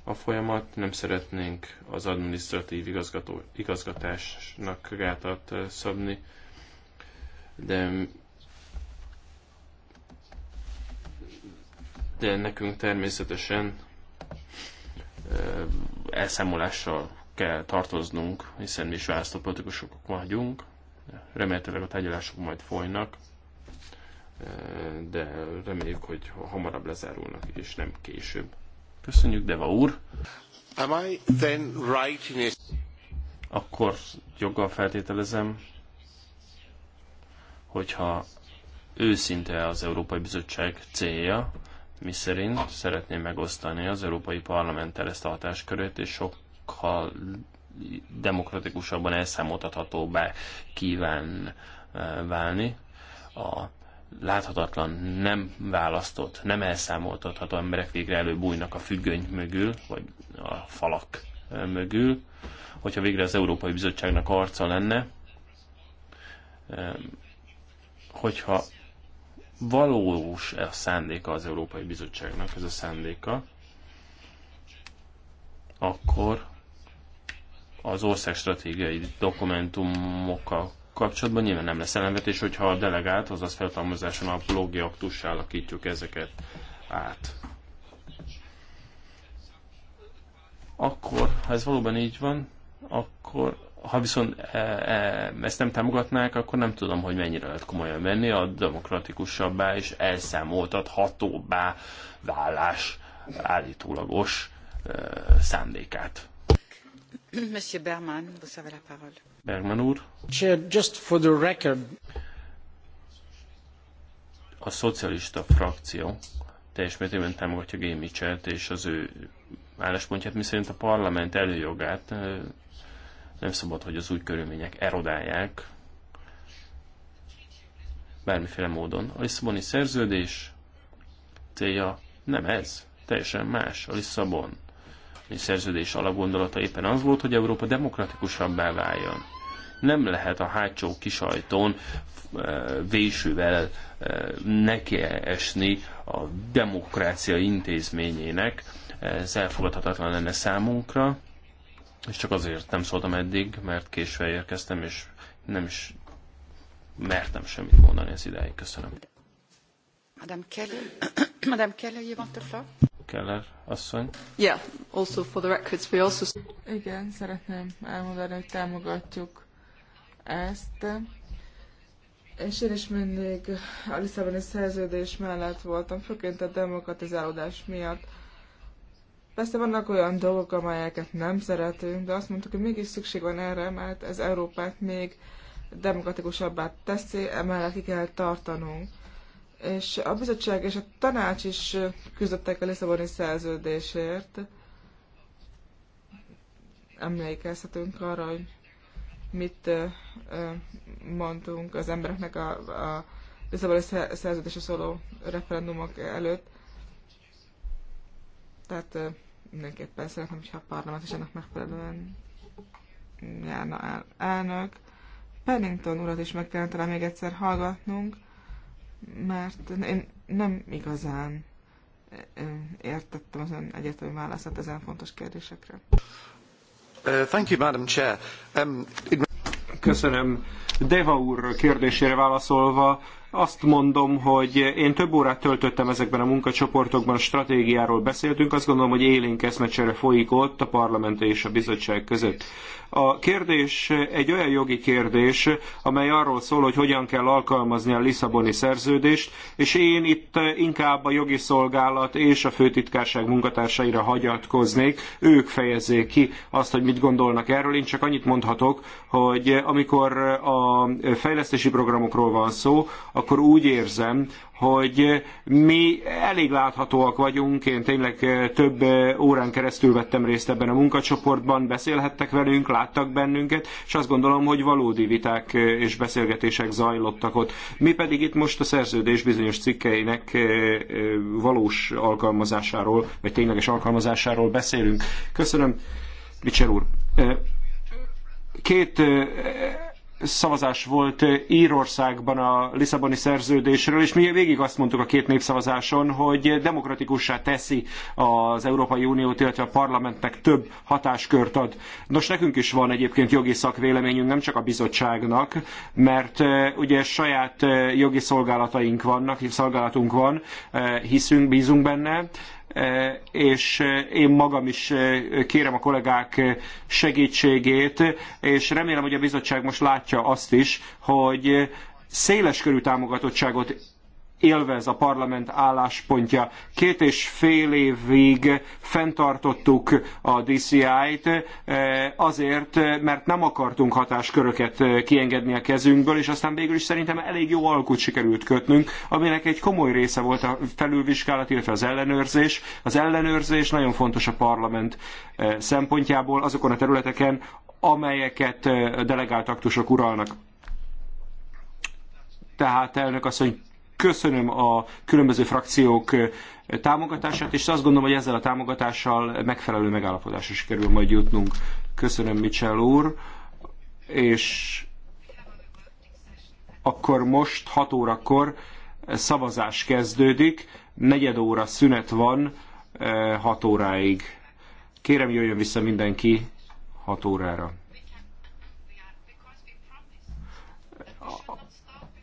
a folyamat, nem szeretnénk az administratív igazgató, igazgatásnak gátat szabni, de de nekünk természetesen elszámolással kell tartoznunk, hiszen mi is választópolitikusok vagyunk. Remélhetőleg a tárgyalások majd folynak, de reméljük, hogy hamarabb lezárulnak, és nem később. Köszönjük, Deva úr! Am I then right in a... Akkor joggal feltételezem, hogyha őszinte az Európai Bizottság célja, miszerint szeretném megosztani az Európai Parlamenttel ezt a hatáskörét, és sokkal demokratikusabban elszámoltathatóbbá kíván eh, válni. A láthatatlan, nem választott, nem elszámoltatható emberek végre előbújnak a függöny mögül, vagy a falak eh, mögül. Hogyha végre az Európai Bizottságnak arca lenne, eh, hogyha valós -e a szándéka az Európai Bizottságnak, ez a szándéka, akkor az ország stratégiai dokumentumokkal kapcsolatban nyilván nem lesz ellenvetés, hogyha a delegált, azaz feltalmazáson a blogi aktussá alakítjuk ezeket át. Akkor, ha ez valóban így van, akkor ha viszont e, e, ezt nem támogatnák, akkor nem tudom, hogy mennyire lehet komolyan venni a demokratikusabbá és elszámoltathatóbbá vállás állítólagos e, szándékát. Monsieur Berman, vous avez la parole. Bergman úr. Chair, just for the record. A szocialista frakció teljes mértékben támogatja Gémicselt és az ő álláspontját, miszerint a parlament előjogát nem szabad, hogy az új körülmények erodálják bármiféle módon. A Lisszaboni szerződés célja nem ez, teljesen más. A Lisszabon a szerződés alapgondolata éppen az volt, hogy Európa demokratikusabbá váljon. Nem lehet a hátsó kisajtón eh, vésővel eh, nekiesni a demokrácia intézményének, ez elfogadhatatlan lenne számunkra, és csak azért nem szóltam eddig, mert késve érkeztem, és nem is mertem semmit mondani ez ideig Köszönöm. Madame Keller, Madame Keller, you want the floor? Keller asszony. Yeah, also for the records we also... Igen, szeretném elmondani, hogy támogatjuk ezt. És én is mindig a Lisszaboni szerződés mellett voltam, főként a demokratizálódás miatt Persze vannak olyan dolgok, amelyeket nem szeretünk, de azt mondtuk, hogy mégis szükség van erre, mert ez Európát még demokratikusabbá teszi, emellett ki kell tartanunk. És a bizottság és a tanács is küzdöttek a Lisszaboni szerződésért. Emlékezhetünk arra, hogy mit mondtunk az embereknek a, a Lisszaboni szerződésre szóló referendumok előtt. Tehát mindenképpen szeretném, hogyha a parlament is ennek megfelelően járna el. Elnök, Pennington urat is meg kellene talán még egyszer hallgatnunk, mert én nem igazán értettem az ön egyetemi válaszát ezen fontos kérdésekre. Uh, thank you, Madam Chair. Um, it... Köszönöm. Deva úr kérdésére válaszolva, azt mondom, hogy én több órát töltöttem ezekben a munkacsoportokban, a stratégiáról beszéltünk, azt gondolom, hogy élénk eszmecsere folyik ott a parlament és a bizottság között. A kérdés egy olyan jogi kérdés, amely arról szól, hogy hogyan kell alkalmazni a Lisszaboni szerződést, és én itt inkább a jogi szolgálat és a főtitkárság munkatársaira hagyatkoznék, ők fejezzék ki azt, hogy mit gondolnak erről. Én csak annyit mondhatok, hogy amikor a fejlesztési programokról van szó, akkor úgy érzem, hogy eh, mi elég láthatóak vagyunk, én tényleg eh, több eh, órán keresztül vettem részt ebben a munkacsoportban, beszélhettek velünk, láttak bennünket, és azt gondolom, hogy valódi viták és beszélgetések zajlottak ott. Mi pedig itt most a szerződés bizonyos cikkeinek valós alkalmazásáról, vagy tényleges alkalmazásáról beszélünk. Köszönöm, Bicser úr. Két szavazás volt Írországban a Lisszaboni szerződésről, és mi végig azt mondtuk a két népszavazáson, hogy demokratikussá teszi az Európai Uniót, illetve a parlamentnek több hatáskört ad. Nos, nekünk is van egyébként jogi szakvéleményünk, nem csak a bizottságnak, mert ugye saját jogi szolgálataink vannak, szolgálatunk van, hiszünk, bízunk benne, Eh, és eh, én magam is eh, kérem a kollégák segítségét, és remélem, hogy a bizottság most látja azt is, hogy széles körű támogatottságot élvez a parlament álláspontja. Két és fél évig fenntartottuk a DCI-t eh, azért, mert nem akartunk hatásköröket eh, kiengedni a kezünkből, és aztán végül is szerintem elég jó alkut sikerült kötnünk, aminek egy komoly része volt a felülvizsgálat, illetve az ellenőrzés. Az ellenőrzés nagyon fontos a parlament eh, szempontjából azokon a területeken, amelyeket delegált aktusok uralnak. Tehát elnök asszony, köszönöm a különböző frakciók támogatását, és azt gondolom, hogy ezzel a támogatással megfelelő megállapodásra sikerül majd jutnunk. Köszönöm, Mitchell úr, és akkor most 6 órakor szavazás kezdődik, negyed óra szünet van 6 eh, óráig. Kérem jöjjön vissza mindenki 6 órára.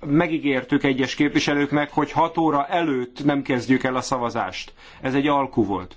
megígértük egyes képviselőknek, hogy 6 óra előtt nem kezdjük el a szavazást. Ez egy alku volt.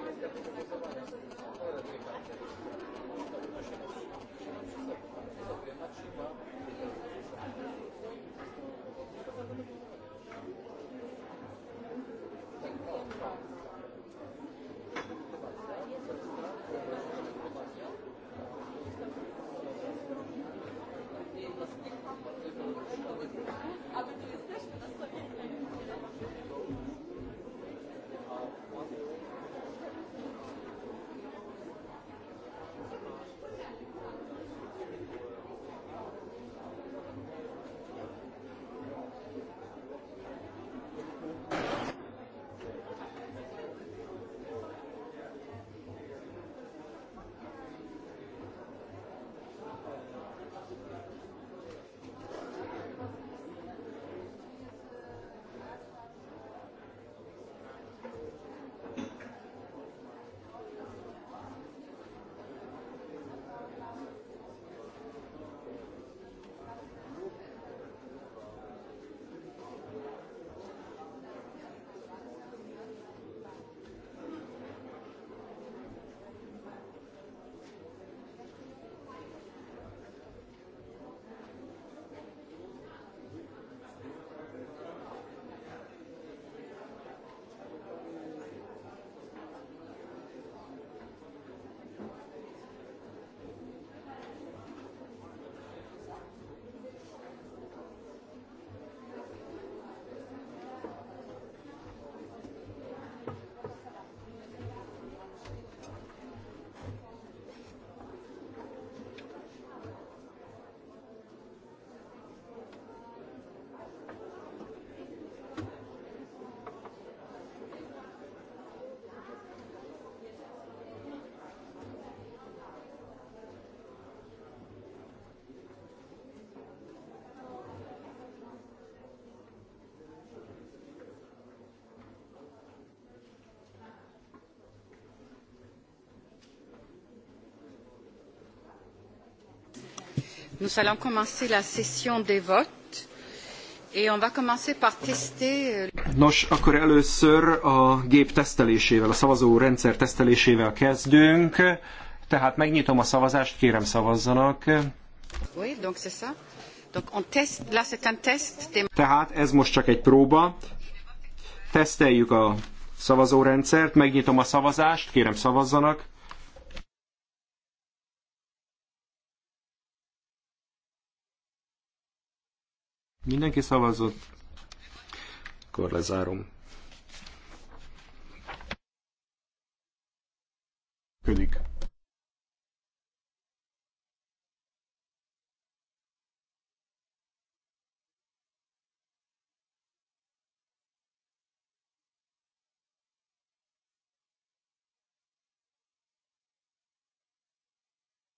Köszönöm szépen! Nous allons commencer la session des votes et on va commencer par tester. Euh, Nos, akkor először a gép tesztelésével, a szavazó rendszer tesztelésével kezdünk. Tehát megnyitom a szavazást, kérem szavazzanak. Oui, donc c'est ça. Donc on teste, là c'est un test. Tehát ez most csak egy próba. Teszteljük a szavazórendszert, megnyitom a szavazást, kérem szavazzanak. Mindenki szavazott? Akkor lezárom. Ködik.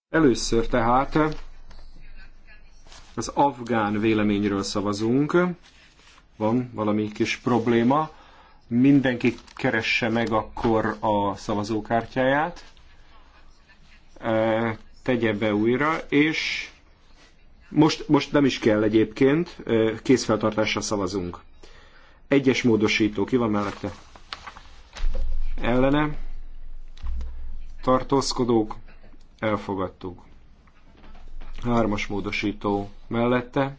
Először tehát az afgán véleményről szavazunk. Van valami kis probléma. Mindenki keresse meg akkor a szavazókártyáját, tegye be újra, és most, most nem is kell egyébként, készfeltartásra szavazunk. Egyes módosító, ki van mellette? Ellene. Tartózkodók. Elfogadtuk. Hármas módosító mellette.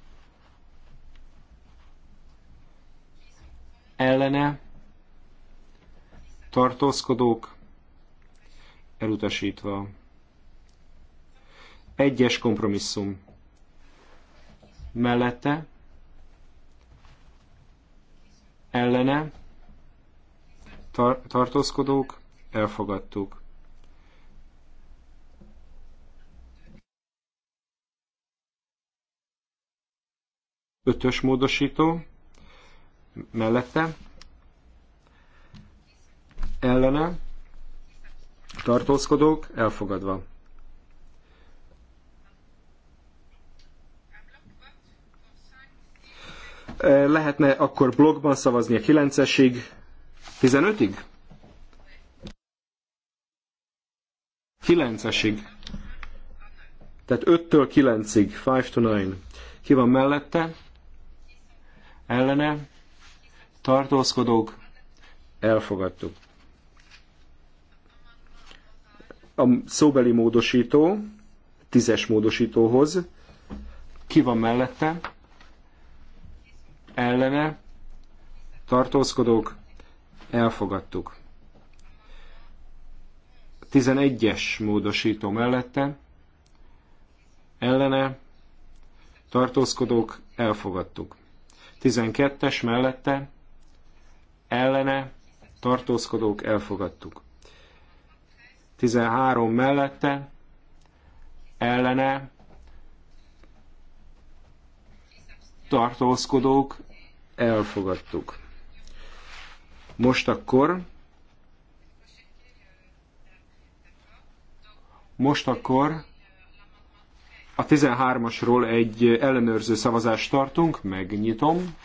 Ellene. Tartózkodók. Elutasítva. Egyes kompromisszum. Mellette. Ellene. Tar tartózkodók. Elfogadtuk. Ötös módosító mellette ellene tartózkodók elfogadva. E, lehetne akkor blogban szavazni a 9-esig, 15-ig? 9-esig. Tehát 5-től 9-ig, 5 to 9. Ki van mellette? ellene tartózkodók elfogadtuk. A szóbeli módosító, tízes módosítóhoz, ki van mellette, ellene tartózkodók elfogadtuk. 11-es módosító mellette ellene tartózkodók elfogadtuk. 12-es mellette ellene tartózkodók elfogadtuk. 13 mellette ellene tartózkodók elfogadtuk. Most akkor most akkor a 13-asról egy ellenőrző szavazást tartunk, megnyitom.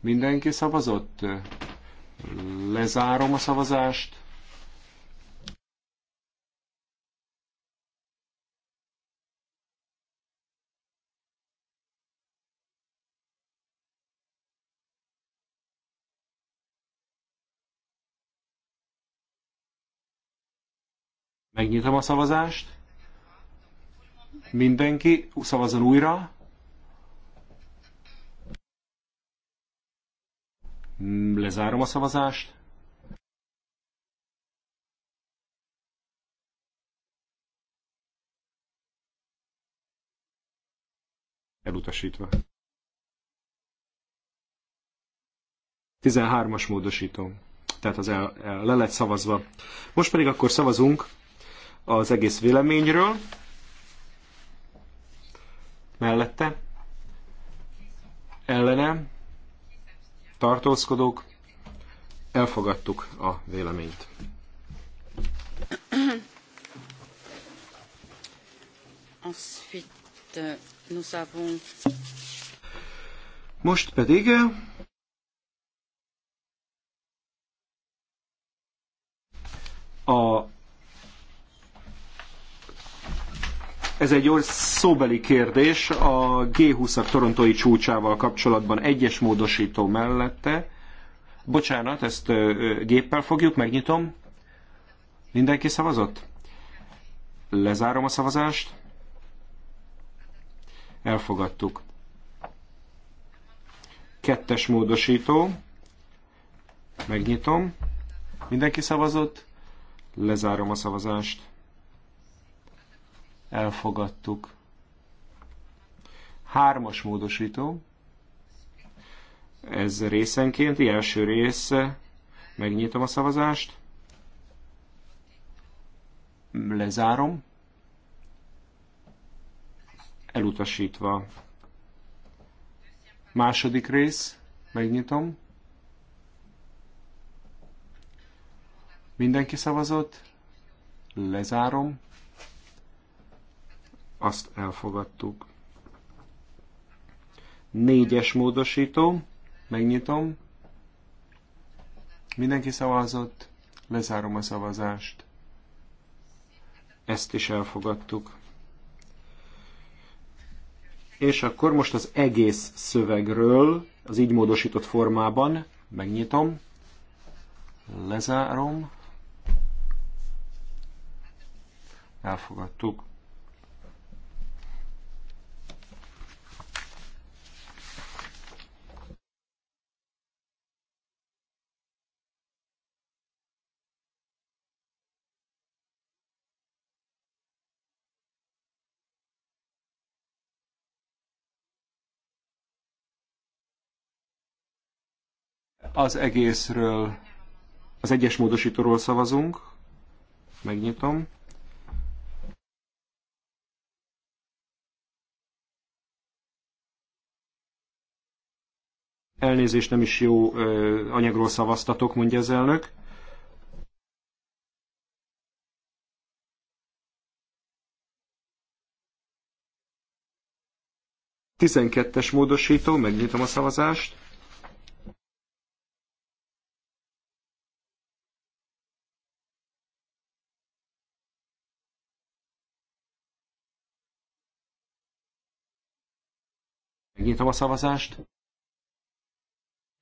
Mindenki szavazott? Lezárom a szavazást. Megnyitom a szavazást. Mindenki szavazzon újra. Lezárom a szavazást. Elutasítva. 13-as módosító. Tehát az el, el, le lett szavazva. Most pedig akkor szavazunk az egész véleményről mellette, ellene, tartózkodók, elfogadtuk a véleményt. Most pedig a Ez egy szóbeli kérdés a G20-ak torontói csúcsával kapcsolatban egyes módosító mellette. Bocsánat, ezt géppel fogjuk, megnyitom. Mindenki szavazott? Lezárom a szavazást. Elfogadtuk. Kettes módosító. Megnyitom. Mindenki szavazott? Lezárom a szavazást elfogadtuk. Hármas módosító, ez részenkénti, első rész, megnyitom a szavazást, lezárom, elutasítva. Második rész, megnyitom. Mindenki szavazott, lezárom, azt elfogadtuk. Négyes módosító, megnyitom. Mindenki szavazott, lezárom a szavazást. Ezt is elfogadtuk. És akkor most az egész szövegről, az így módosított formában, megnyitom, lezárom, elfogadtuk. Az egészről, az egyes módosítóról szavazunk. Megnyitom. Elnézést, nem is jó ö, anyagról szavaztatok, mondja az elnök. Tizenkettes módosító, megnyitom a szavazást. Megnyitom a szavazást.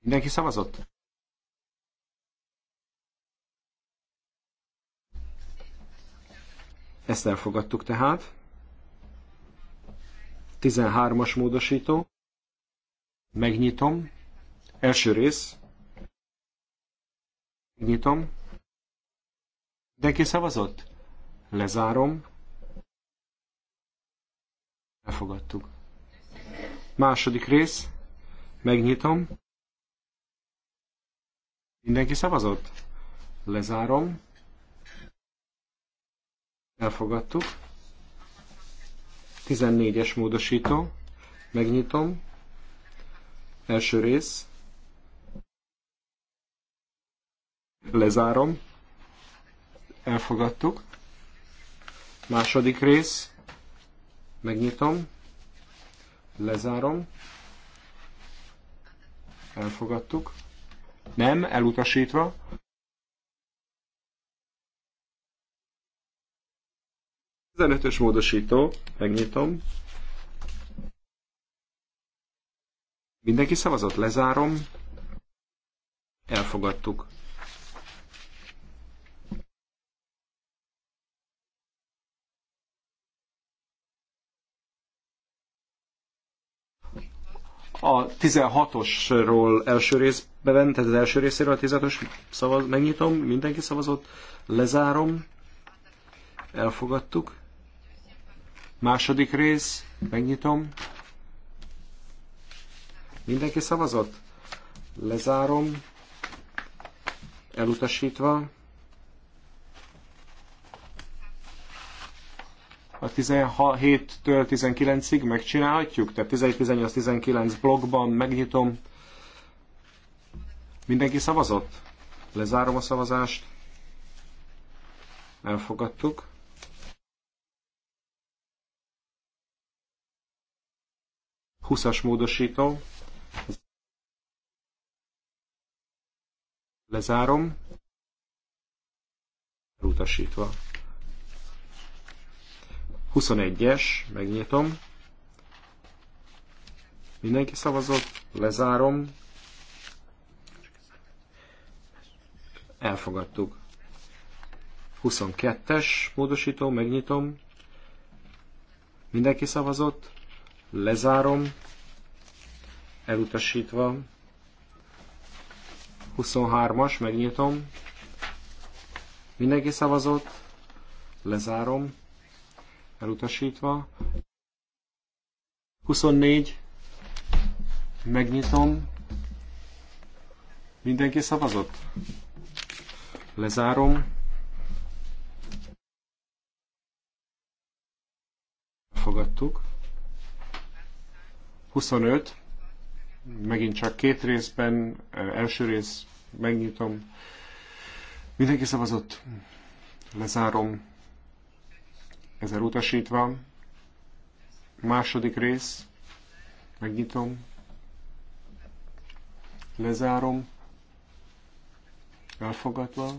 Mindenki szavazott? Ezt elfogadtuk tehát. 13-as módosító. Megnyitom. Első rész. Megnyitom. Mindenki szavazott? Lezárom. Elfogadtuk. Második rész. Megnyitom. Mindenki szavazott? Lezárom. Elfogadtuk. 14-es módosító. Megnyitom. Első rész. Lezárom. Elfogadtuk. Második rész. Megnyitom. Lezárom. Elfogadtuk. Nem, elutasítva. A 15-ös módosító, megnyitom. Mindenki szavazott, lezárom. Elfogadtuk. A 16-osról első részben, tehát az első részéről a 16-os szavaz, megnyitom, mindenki szavazott, lezárom, elfogadtuk. Második rész, megnyitom. Mindenki szavazott? Lezárom. Elutasítva. a 17-től 19-ig megcsinálhatjuk? Tehát 17-18-19 blogban megnyitom. Mindenki szavazott? Lezárom a szavazást. Elfogadtuk. Huszas módosító. Lezárom. Utasítva. 21-es, megnyitom. Mindenki szavazott, lezárom. Elfogadtuk. 22-es módosító, megnyitom. Mindenki szavazott, lezárom. Elutasítva. 23-as, megnyitom. Mindenki szavazott, lezárom elutasítva. 24, megnyitom. Mindenki szavazott? Lezárom. Fogadtuk. 25, megint csak két részben, első rész, megnyitom. Mindenki szavazott? Lezárom ez elutasítva. Második rész, megnyitom, lezárom, elfogadva.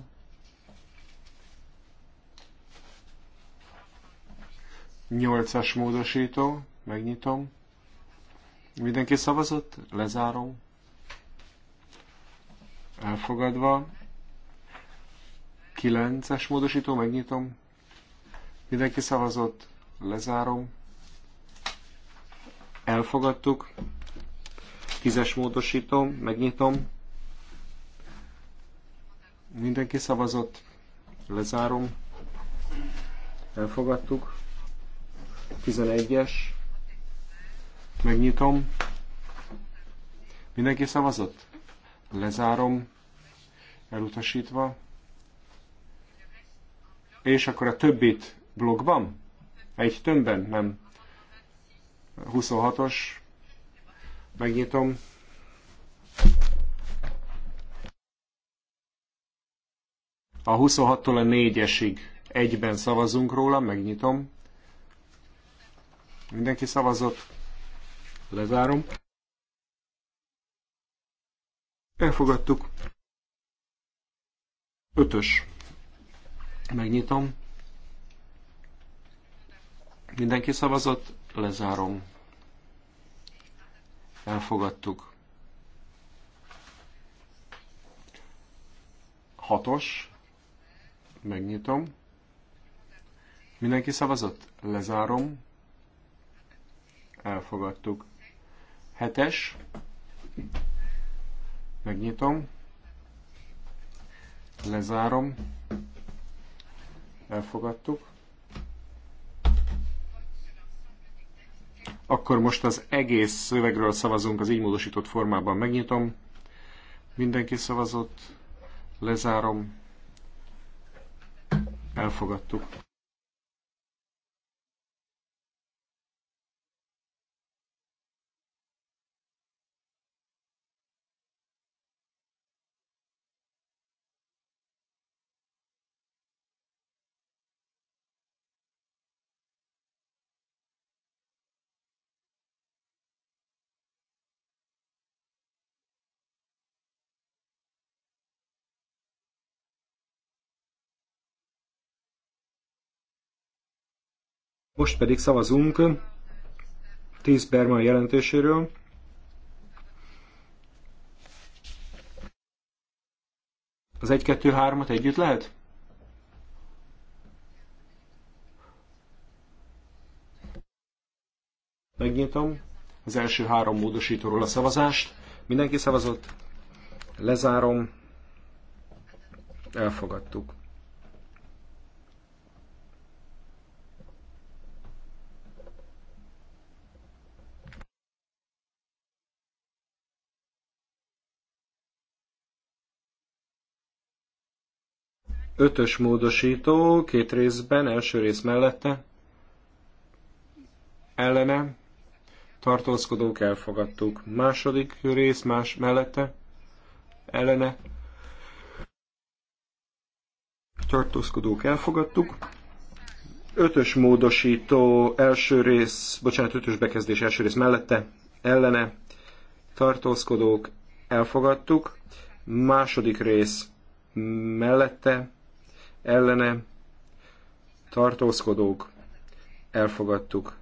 Nyolcas módosító, megnyitom. Mindenki szavazott, lezárom. Elfogadva. Kilences módosító, megnyitom. Mindenki szavazott, lezárom. Elfogadtuk. Tízes módosítom, megnyitom. Mindenki szavazott, lezárom. Elfogadtuk. 11-es. Megnyitom. Mindenki szavazott? Lezárom. Elutasítva. És akkor a többit blogban? Egy tömbben? Nem. 26-os. Megnyitom. A 26-tól a 4-esig egyben szavazunk róla, megnyitom. Mindenki szavazott. Lezárom. Elfogadtuk. Ötös. Megnyitom. Mindenki szavazott, lezárom. Elfogadtuk. Hatos. Megnyitom. Mindenki szavazott? Lezárom. Elfogadtuk. Hetes. Megnyitom. Lezárom. Elfogadtuk. Akkor most az egész szövegről szavazunk az így módosított formában. Megnyitom. Mindenki szavazott. Lezárom. Elfogadtuk. Most pedig szavazunk 10 Berman jelentéséről. Az 1-2-3-at együtt lehet? Megnyitom az első három módosítóról a szavazást. Mindenki szavazott? Lezárom. Elfogadtuk. Ötös módosító, két részben, első rész mellette, ellene, tartózkodók elfogadtuk. Második rész más mellette, ellene, tartózkodók elfogadtuk. Ötös módosító első rész, bocsánat, ötös bekezdés első rész mellette, ellene, tartózkodók elfogadtuk. Második rész mellette, ellene tartózkodók elfogadtuk.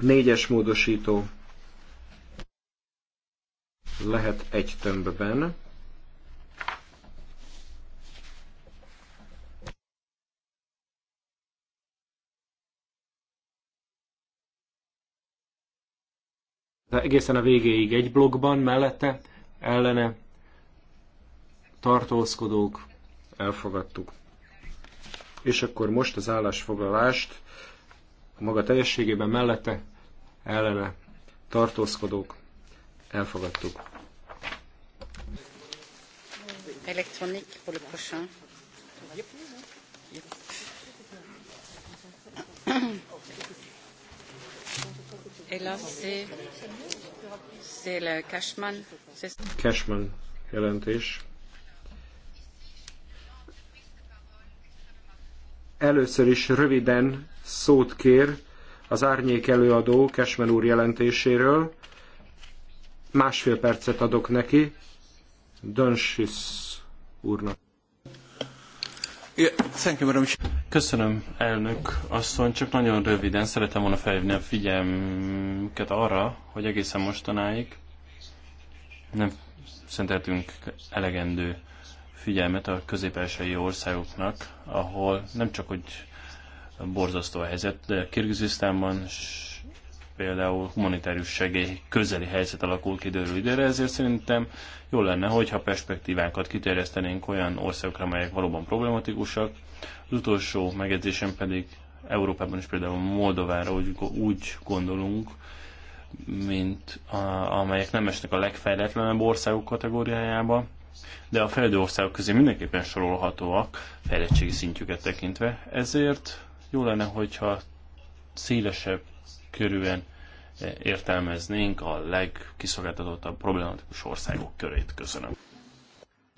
Négyes módosító lehet egy tömbben. De egészen a végéig egy blokkban mellette, ellene tartózkodók, elfogadtuk. És akkor most az állásfoglalást a maga teljességében mellette, ellene, tartózkodók, elfogadtuk. Électronique Et là, c'est le Cashman. Cashman jelentés. Először is röviden szót kér az árnyék előadó Kesmen úr jelentéséről. Másfél percet adok neki. Dönsis úrnak. Köszönöm, elnök asszony. Csak nagyon röviden szeretem volna felhívni a figyelmüket arra, hogy egészen mostanáig nem szenteltünk elegendő figyelmet a közép országoknak, ahol nem csak, hogy borzasztó a helyzet, de Kirgizisztánban például humanitárius segély közeli helyzet alakul ki időről időre, ezért szerintem jó lenne, hogyha perspektívánkat kiterjesztenénk olyan országokra, amelyek valóban problematikusak. Az utolsó megjegyzésem pedig Európában is például Moldovára úgy, úgy gondolunk, mint a, amelyek nem esnek a legfejletlenebb országok kategóriájába, de a fejlődő országok közé mindenképpen sorolhatóak fejlettségi szintjüket tekintve, ezért jó lenne, hogyha szélesebb körülön eh, értelmeznénk a legkiszolgáltatottabb problematikus országok körét. Köszönöm.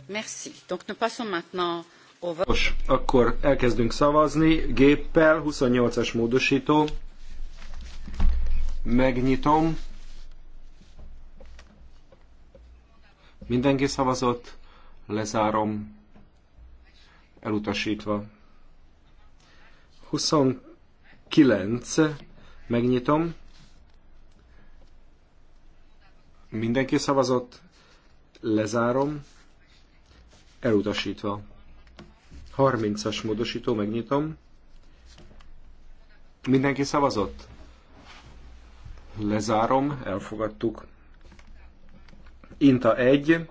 Merci. Donc nous passons maintenant au... Most akkor elkezdünk szavazni géppel, 28-as módosító. Megnyitom. Mindenki szavazott, lezárom, elutasítva. 29, megnyitom. Mindenki szavazott, lezárom, elutasítva. 30-as módosító, megnyitom. Mindenki szavazott? Lezárom, elfogadtuk. Inta 1,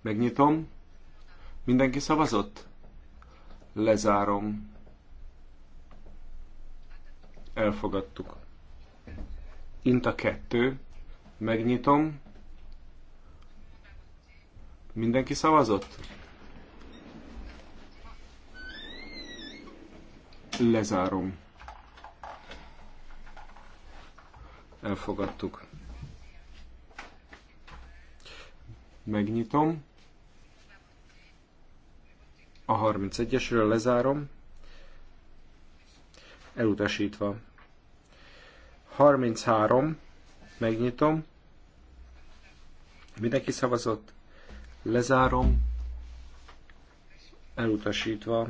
megnyitom. Mindenki szavazott? Lezárom. Elfogadtuk. Inta 2, megnyitom. Mindenki szavazott? Lezárom. Elfogadtuk. megnyitom, a 31-esről lezárom, elutasítva. 33, megnyitom, mindenki szavazott, lezárom, elutasítva.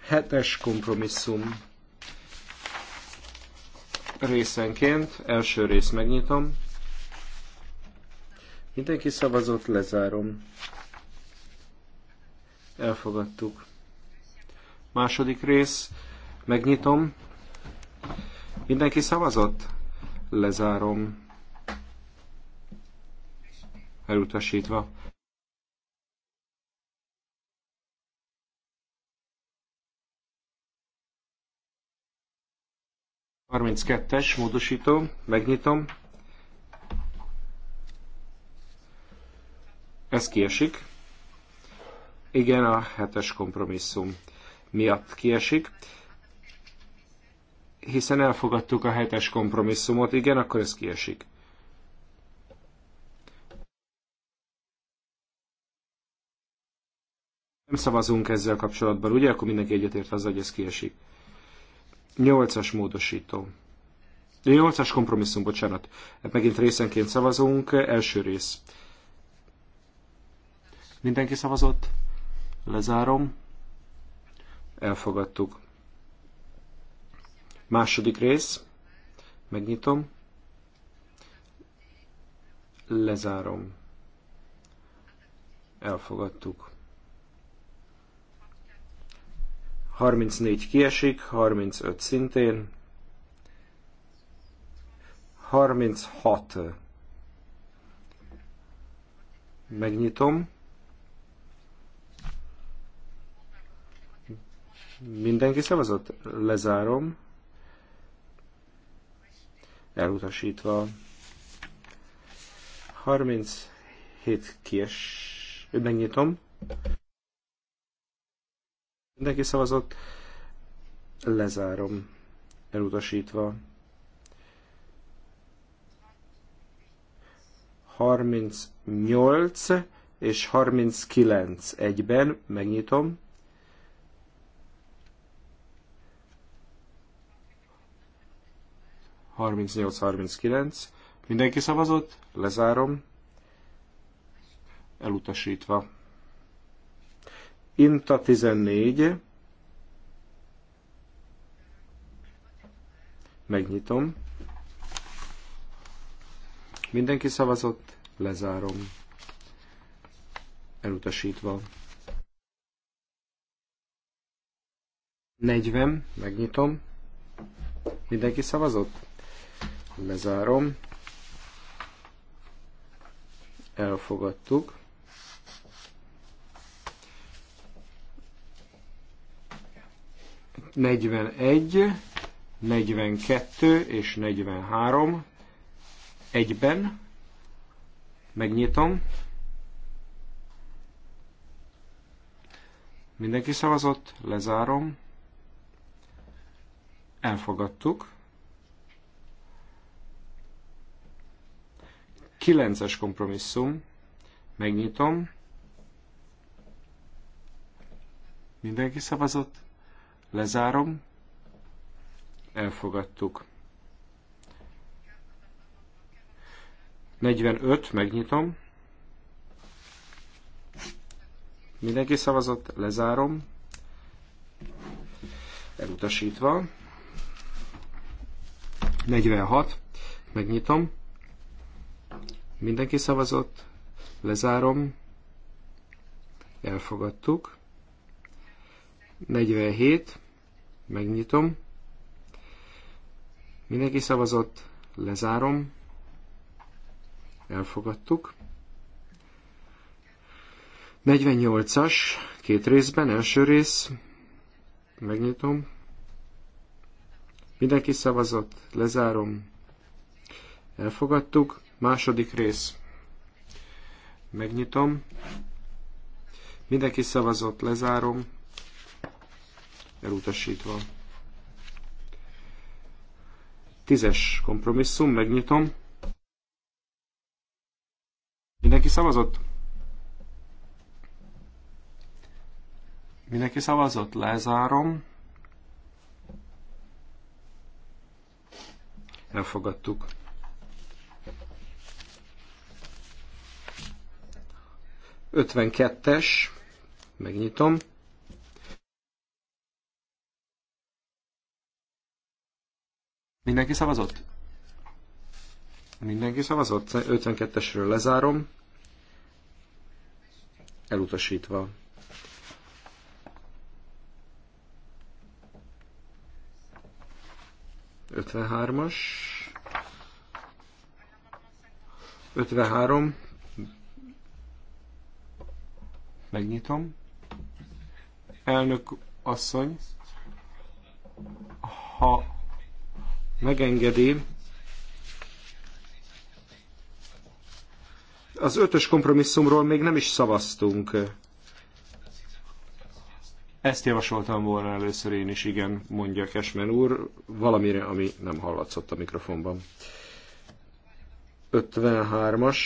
Hetes kompromisszum részenként. Első rész megnyitom. Mindenki szavazott, lezárom. Elfogadtuk. Második rész, megnyitom. Mindenki szavazott? Lezárom. Elutasítva. 32-es módosító, megnyitom. Ez kiesik. Igen, a 7-es kompromisszum miatt kiesik. Hiszen elfogadtuk a 7-es kompromisszumot, igen, akkor ez kiesik. Nem szavazunk ezzel kapcsolatban, ugye? Akkor mindenki egyetért az, hogy ez kiesik. Nyolcas módosító. Nyolcas kompromisszum, bocsánat. Hát megint részenként szavazunk. Első rész. Mindenki szavazott? Lezárom. Elfogadtuk. Második rész. Megnyitom. Lezárom. Elfogadtuk. 34 kiesik, 35 szintén, 36 megnyitom, mindenki szavazott, lezárom, elutasítva, 37 kies, megnyitom, Mindenki szavazott. Lezárom. Elutasítva. 38 és 39 egyben. Megnyitom. Harmincnyolc, harminckilenc. Mindenki szavazott? Lezárom. Elutasítva. Inta 14. Megnyitom. Mindenki szavazott, lezárom. Elutasítva. 40, megnyitom. Mindenki szavazott? Lezárom. Elfogadtuk. 41, 42 és 43 egyben. Megnyitom. Mindenki szavazott, lezárom. Elfogadtuk. 9-es kompromisszum. Megnyitom. Mindenki szavazott. Lezárom. Elfogadtuk. 45, megnyitom. Mindenki szavazott, lezárom. Elutasítva. 46, megnyitom. Mindenki szavazott, lezárom. Elfogadtuk. 47, megnyitom. Mindenki szavazott, lezárom. Elfogadtuk. 48-as, két részben, első rész, megnyitom. Mindenki szavazott, lezárom. Elfogadtuk. Második rész. Megnyitom. Mindenki szavazott, lezárom elutasítva. Tízes kompromisszum, megnyitom. Mindenki szavazott? Mindenki szavazott? Lezárom. Elfogadtuk. Ötvenkettes. Megnyitom. Mindenki szavazott? Mindenki szavazott? 52-esről lezárom. Elutasítva. Ötvenhármas. Ötvenhárom. Megnyitom. Elnök asszony, ha megengedi, az ötös kompromisszumról még nem is szavaztunk. Ezt javasoltam volna először én is, igen, mondja Kesmen úr, valamire, ami nem hallatszott a mikrofonban. 53-as,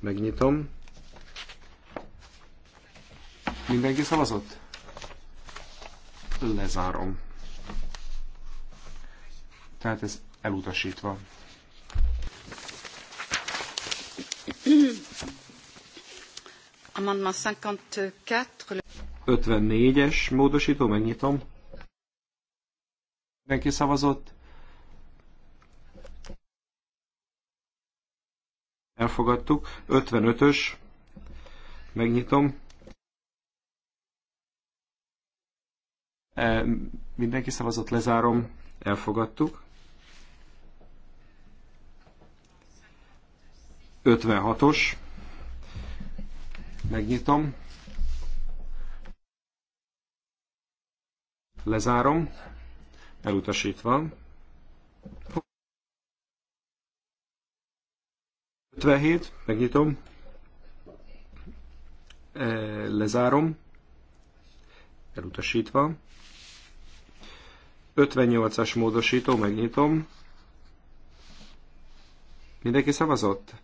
megnyitom. Mindenki szavazott? Lezárom. Tehát ez elutasítva. Amandma 54. 54-es módosító, megnyitom. Mindenki szavazott. Elfogadtuk. 55-ös. Megnyitom. E, mindenki szavazott, lezárom. Elfogadtuk. 56-os. Megnyitom. Lezárom. Elutasítva. 57. Megnyitom. E, lezárom. Elutasítva. 58-as módosító, megnyitom. Mindenki szavazott?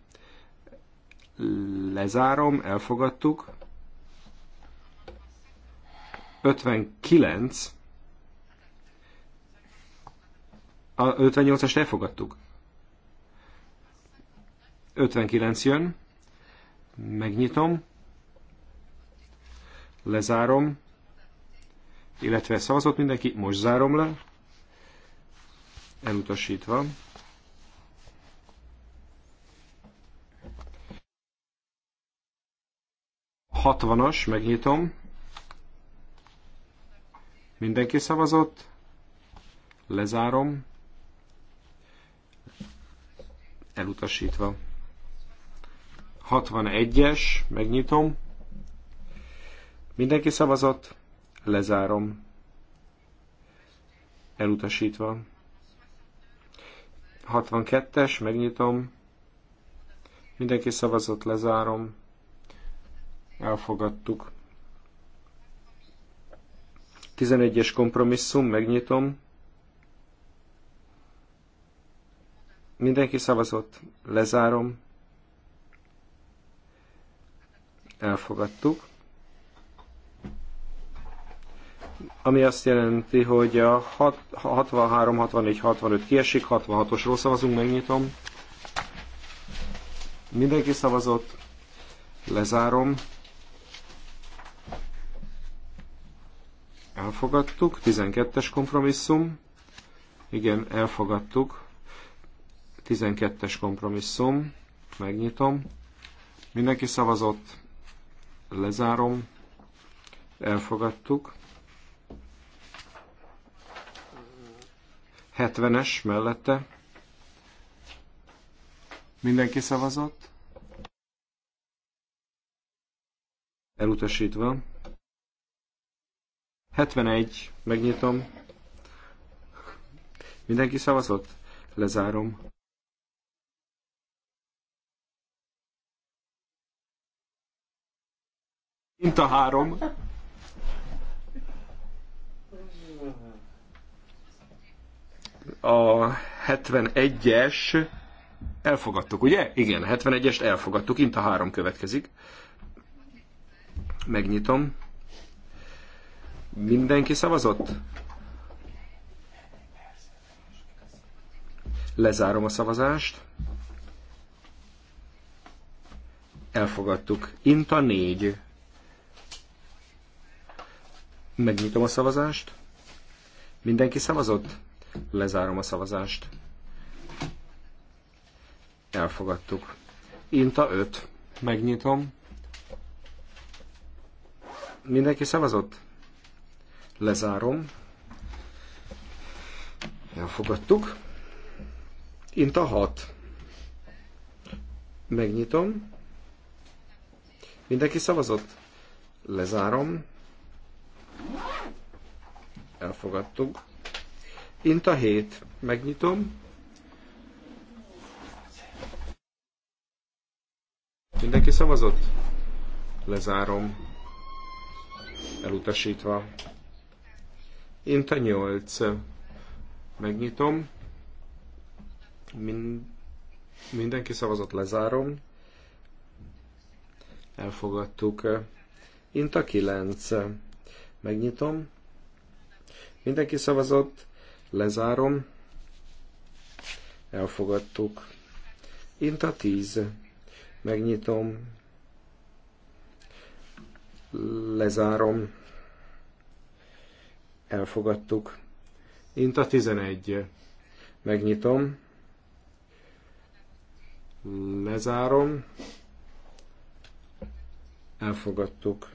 Lezárom, elfogadtuk. 59. A 58 est elfogadtuk. 59 jön. Megnyitom. Lezárom. Illetve szavazott mindenki, most zárom le. Elutasítva. 60-as, megnyitom. Mindenki szavazott. Lezárom. Elutasítva. 61-es, megnyitom. Mindenki szavazott. Lezárom. Elutasítva. 62-es, megnyitom. Mindenki szavazott, lezárom elfogadtuk. 11-es kompromisszum, megnyitom. Mindenki szavazott, lezárom. Elfogadtuk. Ami azt jelenti, hogy a 63, 64, 65 kiesik, 66-osról szavazunk, megnyitom. Mindenki szavazott, lezárom. elfogadtuk. 12-es kompromisszum, igen, elfogadtuk. 12-es kompromisszum, megnyitom. Mindenki szavazott, lezárom, elfogadtuk. 70-es mellette. Mindenki szavazott. Elutasítva. 71, megnyitom. Mindenki szavazott? Lezárom. Mint a három. A 71-es elfogadtuk, ugye? Igen, 71-est elfogadtuk, int a három következik. Megnyitom. Mindenki szavazott? Lezárom a szavazást. Elfogadtuk. Inta 4. Megnyitom a szavazást. Mindenki szavazott? Lezárom a szavazást. Elfogadtuk. Inta 5. Megnyitom. Mindenki szavazott? Lezárom. Elfogadtuk. Inta 6. Megnyitom. Mindenki szavazott? Lezárom. Elfogadtuk. Inta 7. Megnyitom. Mindenki szavazott? Lezárom. Elutasítva. Inta 8. Megnyitom. Mind, mindenki szavazott, lezárom. Elfogadtuk. Inta 9. Megnyitom. Mindenki szavazott, lezárom. Elfogadtuk. Inta 10. Megnyitom. Lezárom elfogadtuk. Inta 11. Megnyitom. Lezárom. Elfogadtuk.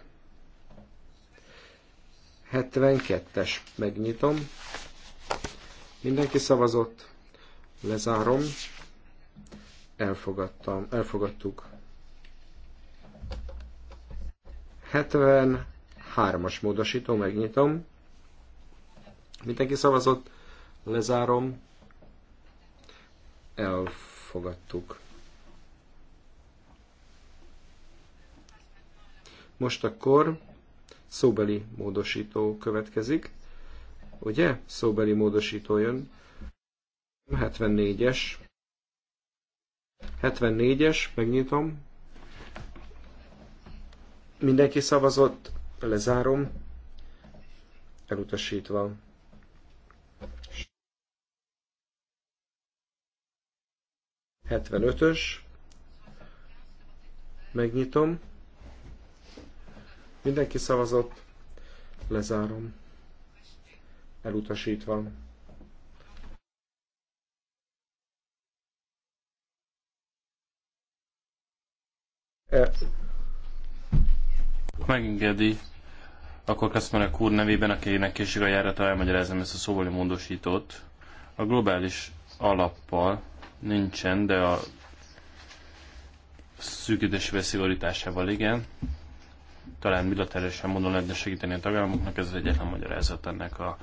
72-es. Megnyitom. Mindenki szavazott. Lezárom. Elfogadtam. Elfogadtuk. 73-as módosító. Megnyitom Mindenki szavazott, lezárom, elfogadtuk. Most akkor szóbeli módosító következik. Ugye? Szóbeli módosító jön. 74-es. 74-es, megnyitom. Mindenki szavazott, lezárom. Elutasítva. 75-ös. Megnyitom. Mindenki szavazott. Lezárom. Elutasítva. E. Megengedi, akkor a kúr nevében, akinek később a járata elmagyarázom ezt a szóvali módosítót. A globális alappal nincsen, de a szűkítés beszigorításával igen. Talán bilaterálisan módon lehetne segíteni a tagállamoknak, ez az egyetlen magyarázat ennek a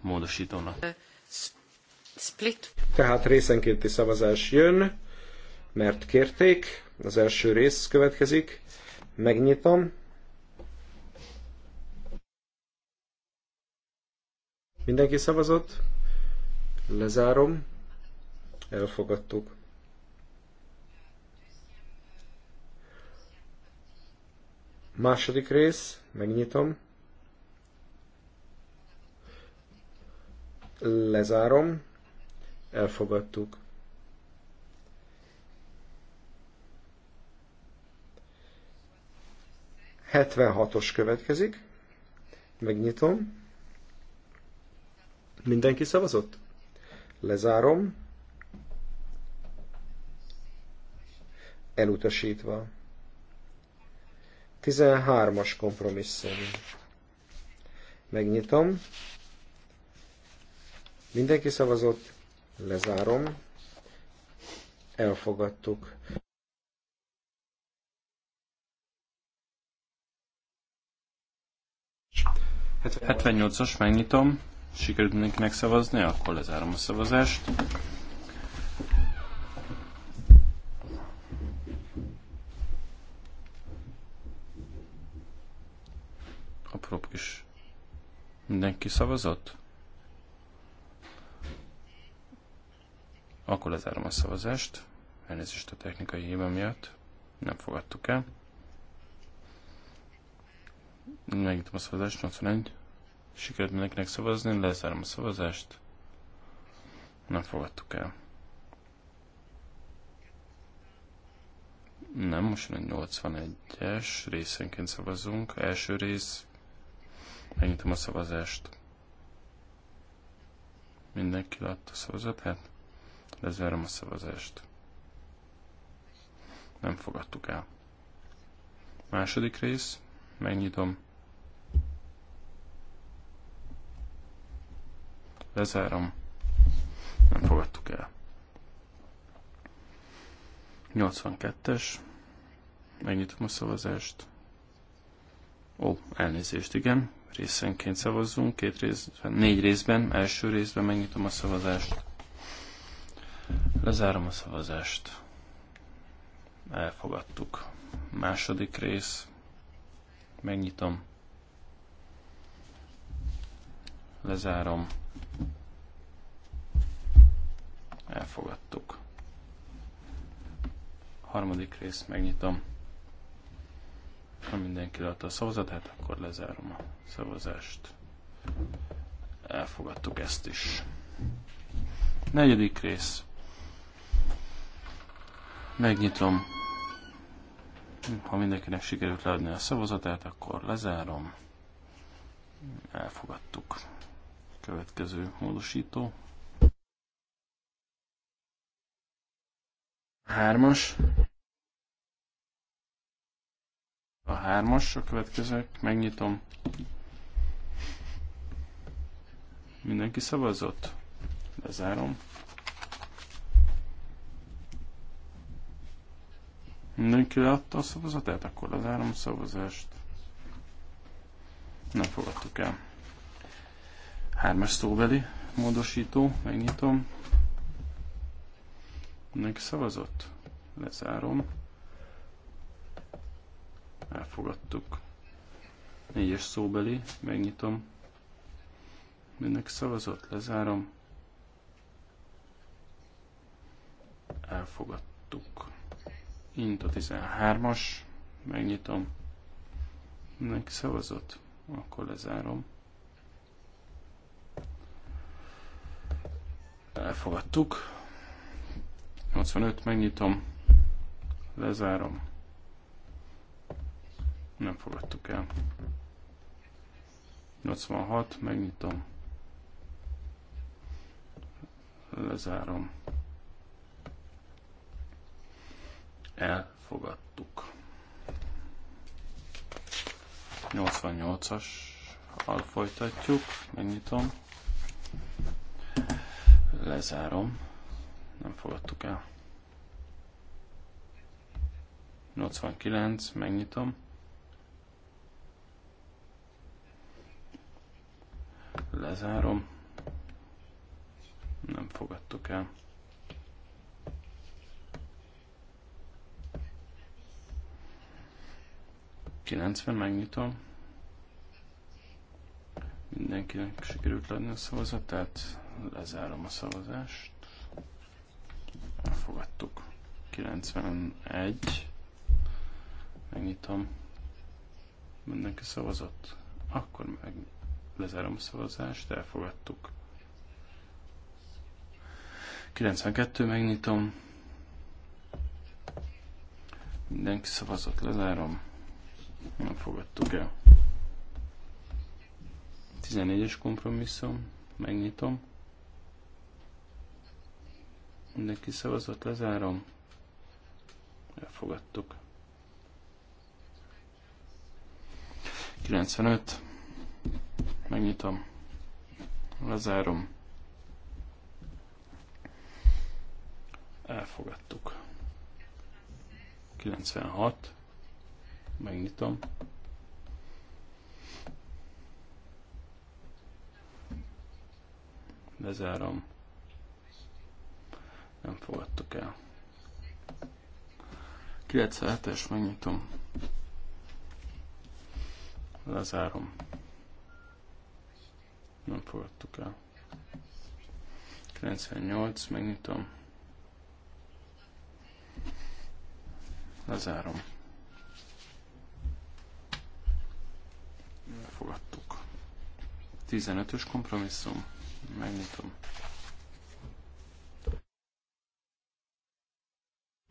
módosítónak. Split. Tehát részenkénti szavazás jön, mert kérték, az első rész következik, megnyitom. Mindenki szavazott, lezárom elfogadtuk. Második rész, megnyitom. Lezárom, elfogadtuk. Hetvenhatos következik, megnyitom. Mindenki szavazott? Lezárom. elutasítva. 13-as kompromisszum. Megnyitom. Mindenki szavazott, lezárom. Elfogadtuk. Hát 78-as, megnyitom. Sikerült mindenkinek szavazni, akkor lezárom a szavazást. Krop is. Mindenki szavazott? Akkor lezárom a szavazást. Elnézést a technikai hiba miatt. Nem fogadtuk el. Megnyitom a szavazást, 81. Sikerült mindenkinek szavazni, lezárom a szavazást. Nem fogadtuk el. Nem, most jön egy 81-es, részenként szavazunk. Első rész Megnyitom a szavazást. Mindenki látta a szavazatát? Lezárom a szavazást. Nem fogadtuk el. Második rész. Megnyitom. Lezárom. Nem fogadtuk el. 82-es. Megnyitom a szavazást. Ó, elnézést, igen részenként szavazzunk, két részben, négy részben, első részben megnyitom a szavazást, lezárom a szavazást, elfogadtuk. Második rész, megnyitom, lezárom, elfogadtuk. Harmadik rész, megnyitom ha mindenki adta a szavazatát, akkor lezárom a szavazást. Elfogadtuk ezt is. Negyedik rész. Megnyitom. Ha mindenkinek sikerült leadni a szavazatát, akkor lezárom. Elfogadtuk. Következő módosító. Hármas. A hármas a következő, megnyitom. Mindenki szavazott? Lezárom. Mindenki leadta a szavazatát, akkor lezárom a szavazást. Nem fogadtuk el. Hármas szóbeli módosító, megnyitom. Mindenki szavazott? Lezárom elfogadtuk. Négyes szóbeli, megnyitom. Mindenki szavazott, lezárom. Elfogadtuk. Int a 13-as, megnyitom. Mindenki szavazott, akkor lezárom. Elfogadtuk. 85, megnyitom, lezárom nem fogadtuk el. 86, megnyitom. Lezárom. Elfogadtuk. 88-as folytatjuk, megnyitom. Lezárom. Nem fogadtuk el. 89, megnyitom lezárom. Nem fogadtuk el. Kilencven, megnyitom. Mindenkinek sikerült lenni a szavazatát. Lezárom a szavazást. Elfogadtuk. 91. Megnyitom. Mindenki szavazott. Akkor meg Lezárom a szavazást, elfogadtuk. 92 megnyitom. Mindenki szavazott, lezárom. Nem fogadtuk el. 14-es kompromisszum, megnyitom. Mindenki szavazott, lezárom. Elfogadtuk. 95 megnyitom, lezárom. Elfogadtuk. 96, megnyitom. Lezárom. Nem fogadtuk el. 97-es, megnyitom. Lezárom nem fogadtuk el. 98, megnyitom. Lezárom. Fogadtuk. 15-ös kompromisszum. Megnyitom.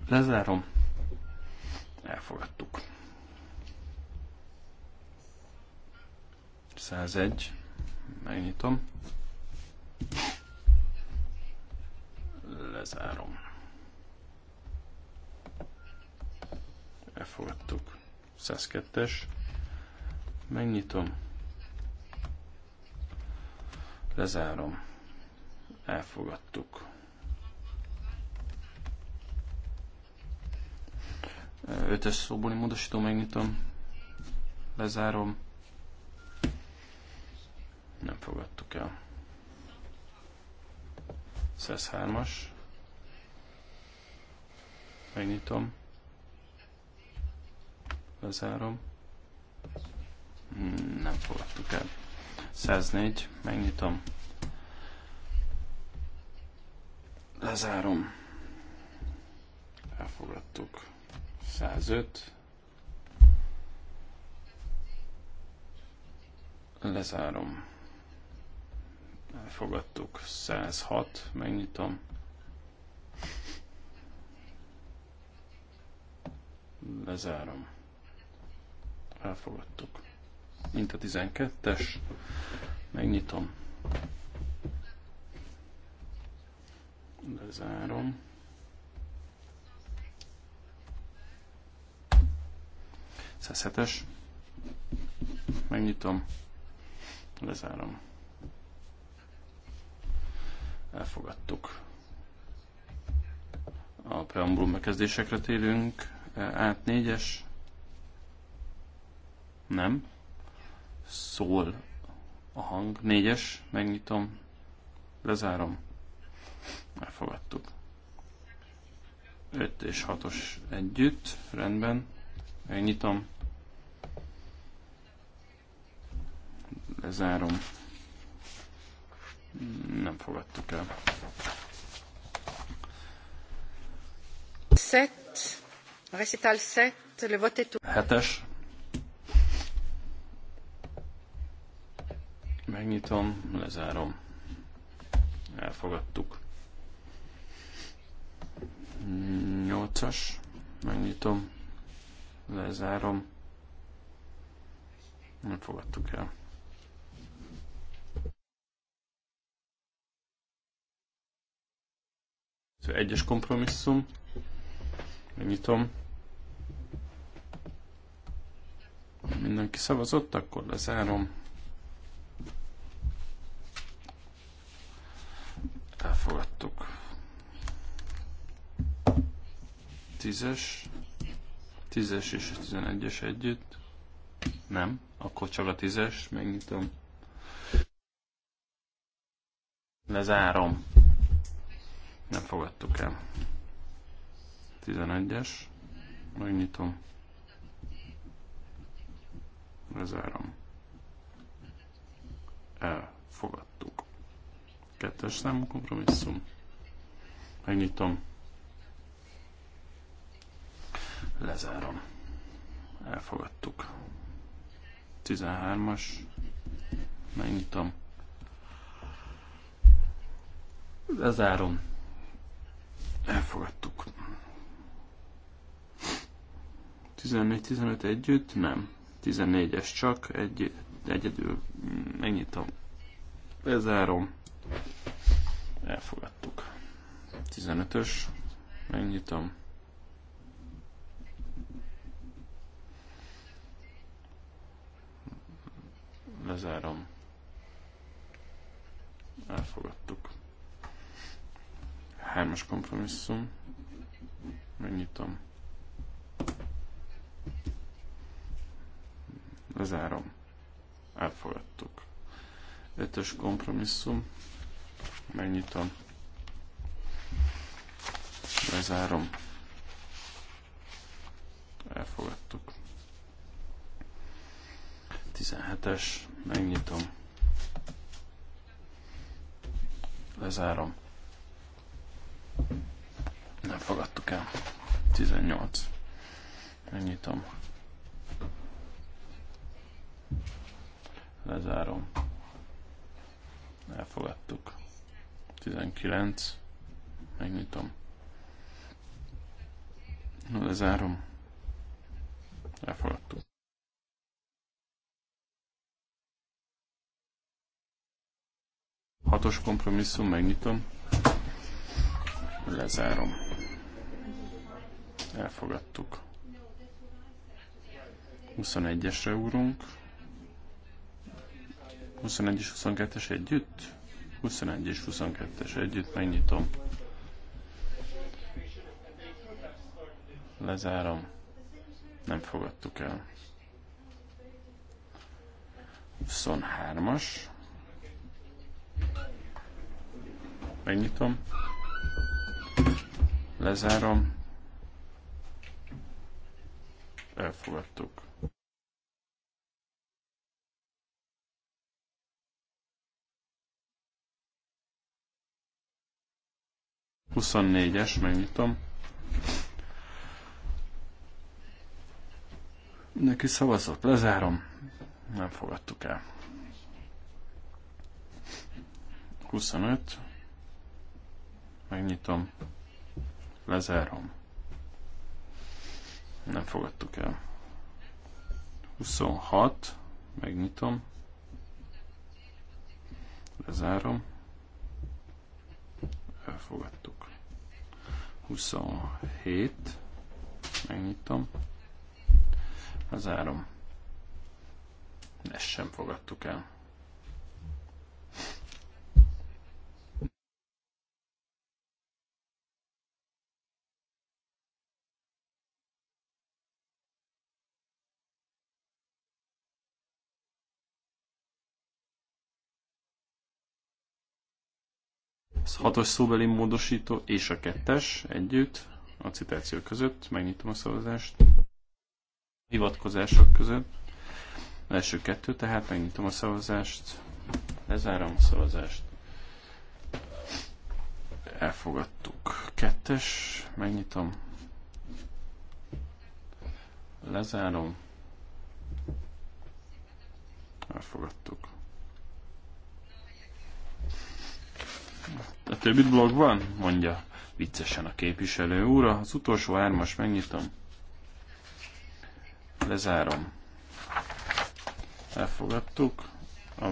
Lezárom. Elfogadtuk. 101. Megnyitom. Lezárom. Elfogadtuk. 102-es. Megnyitom. Lezárom. Elfogadtuk. Ötös szóbóli módosító megnyitom. Lezárom nem fogadtuk el. 103-as. Megnyitom. Lezárom. Nem fogadtuk el. 104. Megnyitom. Lezárom. Elfogadtuk. 105. Lezárom. Elfogadtuk. 106. Megnyitom. Lezárom. Elfogadtuk. Mint a 12-es. Megnyitom. Lezárom. Szeszetes. Megnyitom. Lezárom elfogadtuk. A preambulum bekezdésekre térünk e, át négyes. Nem. Szól a hang. Négyes. Megnyitom. Lezárom. Elfogadtuk. 5 és 6-os együtt. Rendben. Megnyitom. Lezárom nem fogadtuk el. Set, recital set, le vote Hetes. Megnyitom, lezárom. Elfogadtuk. Nyolcas. Megnyitom, lezárom. Nem fogadtuk el. Egyes kompromisszum. Megnyitom. Mindenki szavazott, akkor lezárom. Elfogadtuk. Tízes. Tízes és a tizenegyes együtt. Nem, akkor csak a tízes, megnyitom. Lezárom nem fogadtuk el. 11-es, megnyitom, lezárom, elfogadtuk. Kettes számú kompromisszum, megnyitom, lezárom, elfogadtuk. 13-as, megnyitom, lezárom, Elfogadtuk. 14-15 együtt? Nem. 14-es csak, egy, egyedül megnyitom. Bezárom. Elfogadtuk. 15-ös, megnyitom. Lezárom. Elfogadtuk. Hármas kompromisszum. Megnyitom. Lezárom. Elfogadtuk. Ötös kompromisszum. Megnyitom. Lezárom. Elfogadtuk. 17-es, megnyitom, lezárom, nem fogadtuk el. 18. Megnyitom. Lezárom. Elfogadtuk. 19. Megnyitom. Lezárom. Elfogadtuk. Hatos kompromisszum, megnyitom. Lezárom. Elfogadtuk. 21-esre ugrunk. 21 és 22-es együtt? 21 és 22-es együtt megnyitom. Lezárom. Nem fogadtuk el. 23-as. Megnyitom. Lezárom. Elfogadtuk. Huszonnégyes, megnyitom. Neki szavazott, lezárom. Nem fogadtuk el. 25 megnyitom, lezárom. Nem fogadtuk el. 26, megnyitom, lezárom, elfogadtuk. 27, megnyitom, lezárom. Ezt sem fogadtuk el. hatos szóbeli módosító és a kettes együtt a citáció között. Megnyitom a szavazást. Hivatkozások között. első kettő, tehát megnyitom a szavazást. Lezárom a szavazást. Elfogadtuk. Kettes, megnyitom. Lezárom. Elfogadtuk. A többit blogban? Mondja viccesen a képviselő úr. Az utolsó hármas megnyitom. Lezárom. Elfogadtuk. A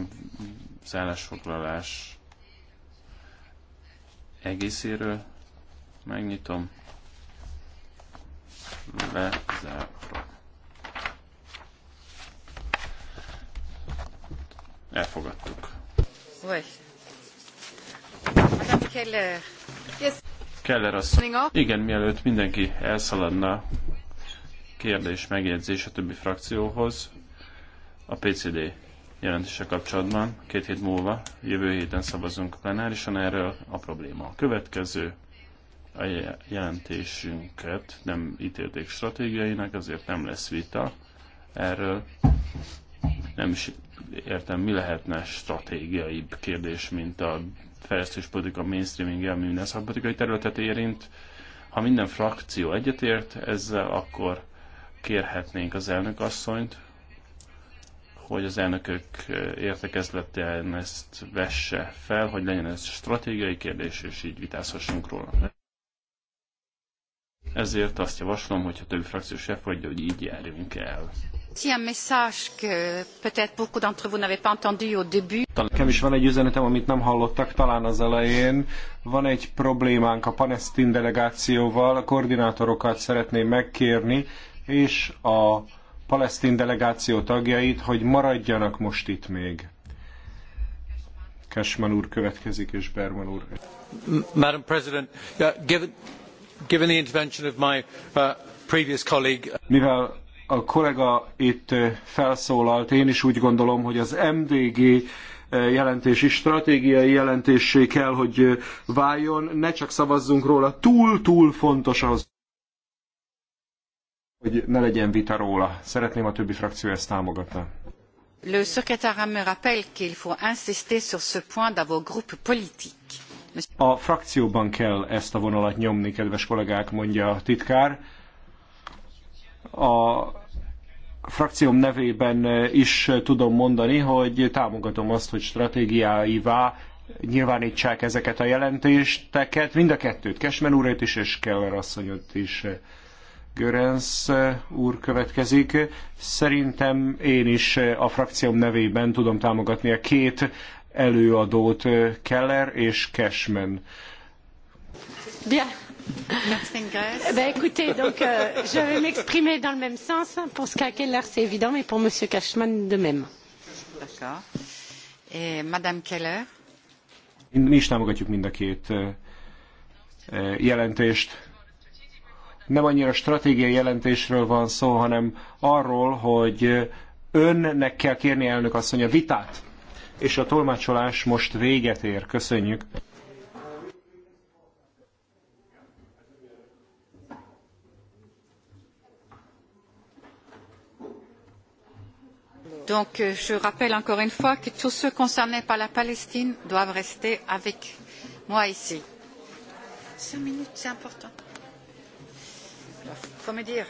szállásfoglalás egészéről megnyitom. Lezárom. Elfogadtuk. Vagy. Keller. Yes. Keller asszony. Igen, mielőtt mindenki elszaladna kérdés, megjegyzés a többi frakcióhoz a PCD jelentése kapcsolatban. Két hét múlva, jövő héten szavazunk plenárisan erről a probléma. A következő a jelentésünket nem ítélték stratégiainak, azért nem lesz vita erről. Nem is értem, mi lehetne stratégiaibb kérdés, mint a politika, mainstreaming, ami minden szakpolitikai területet érint. Ha minden frakció egyetért ezzel, akkor kérhetnénk az elnök asszonyt, hogy az elnökök értekezletén ezt vesse fel, hogy legyen ez stratégiai kérdés, és így vitázhassunk róla. Ezért azt javaslom, hogyha több frakció se fogadja, hogy így járjunk el. Nekem is van egy üzenetem, amit nem hallottak talán az elején. Van egy problémánk a palesztin delegációval, a koordinátorokat szeretném megkérni, és a palesztin delegáció tagjait, hogy maradjanak most itt még. Cashman úr következik, és Berman úr. Madam President, given, given the intervention of my uh, previous colleague... Uh, Mivel a kollega itt felszólalt, én is úgy gondolom, hogy az MDG jelentés is stratégiai jelentéssé kell, hogy váljon, ne csak szavazzunk róla, túl-túl fontos az, hogy ne legyen vita róla. Szeretném a többi frakció ezt támogatni. Le me rappelle qu'il faut insister sur ce point dans vos groupes politiques. A frakcióban kell ezt a vonalat nyomni, kedves kollégák, mondja a titkár. A frakcióm nevében is tudom mondani, hogy támogatom azt, hogy stratégiáivá nyilvánítsák ezeket a jelentéseket, mind a kettőt, Kesmen úrét is, és Keller asszonyot is. Görenc úr következik. Szerintem én is a frakcióm nevében tudom támogatni a két előadót, Keller és Cashman. Bien. Eh ben, écoutez, donc, euh, je vais m'exprimer dans le même sens. Pour c'est évident, mais pour Cashman, de même. D'accord. Et Madame Keller Mi is támogatjuk mind a két jelentést. Nem annyira stratégiai jelentésről van szó, hanem arról, hogy önnek kell kérni elnök asszony a vitát. És a tolmácsolás most véget ér. Köszönjük. Donc euh, je rappelle encore une fois que tous ceux concernés par la Palestine doivent rester avec moi ici. Cinq minutes, c'est important. Il dire.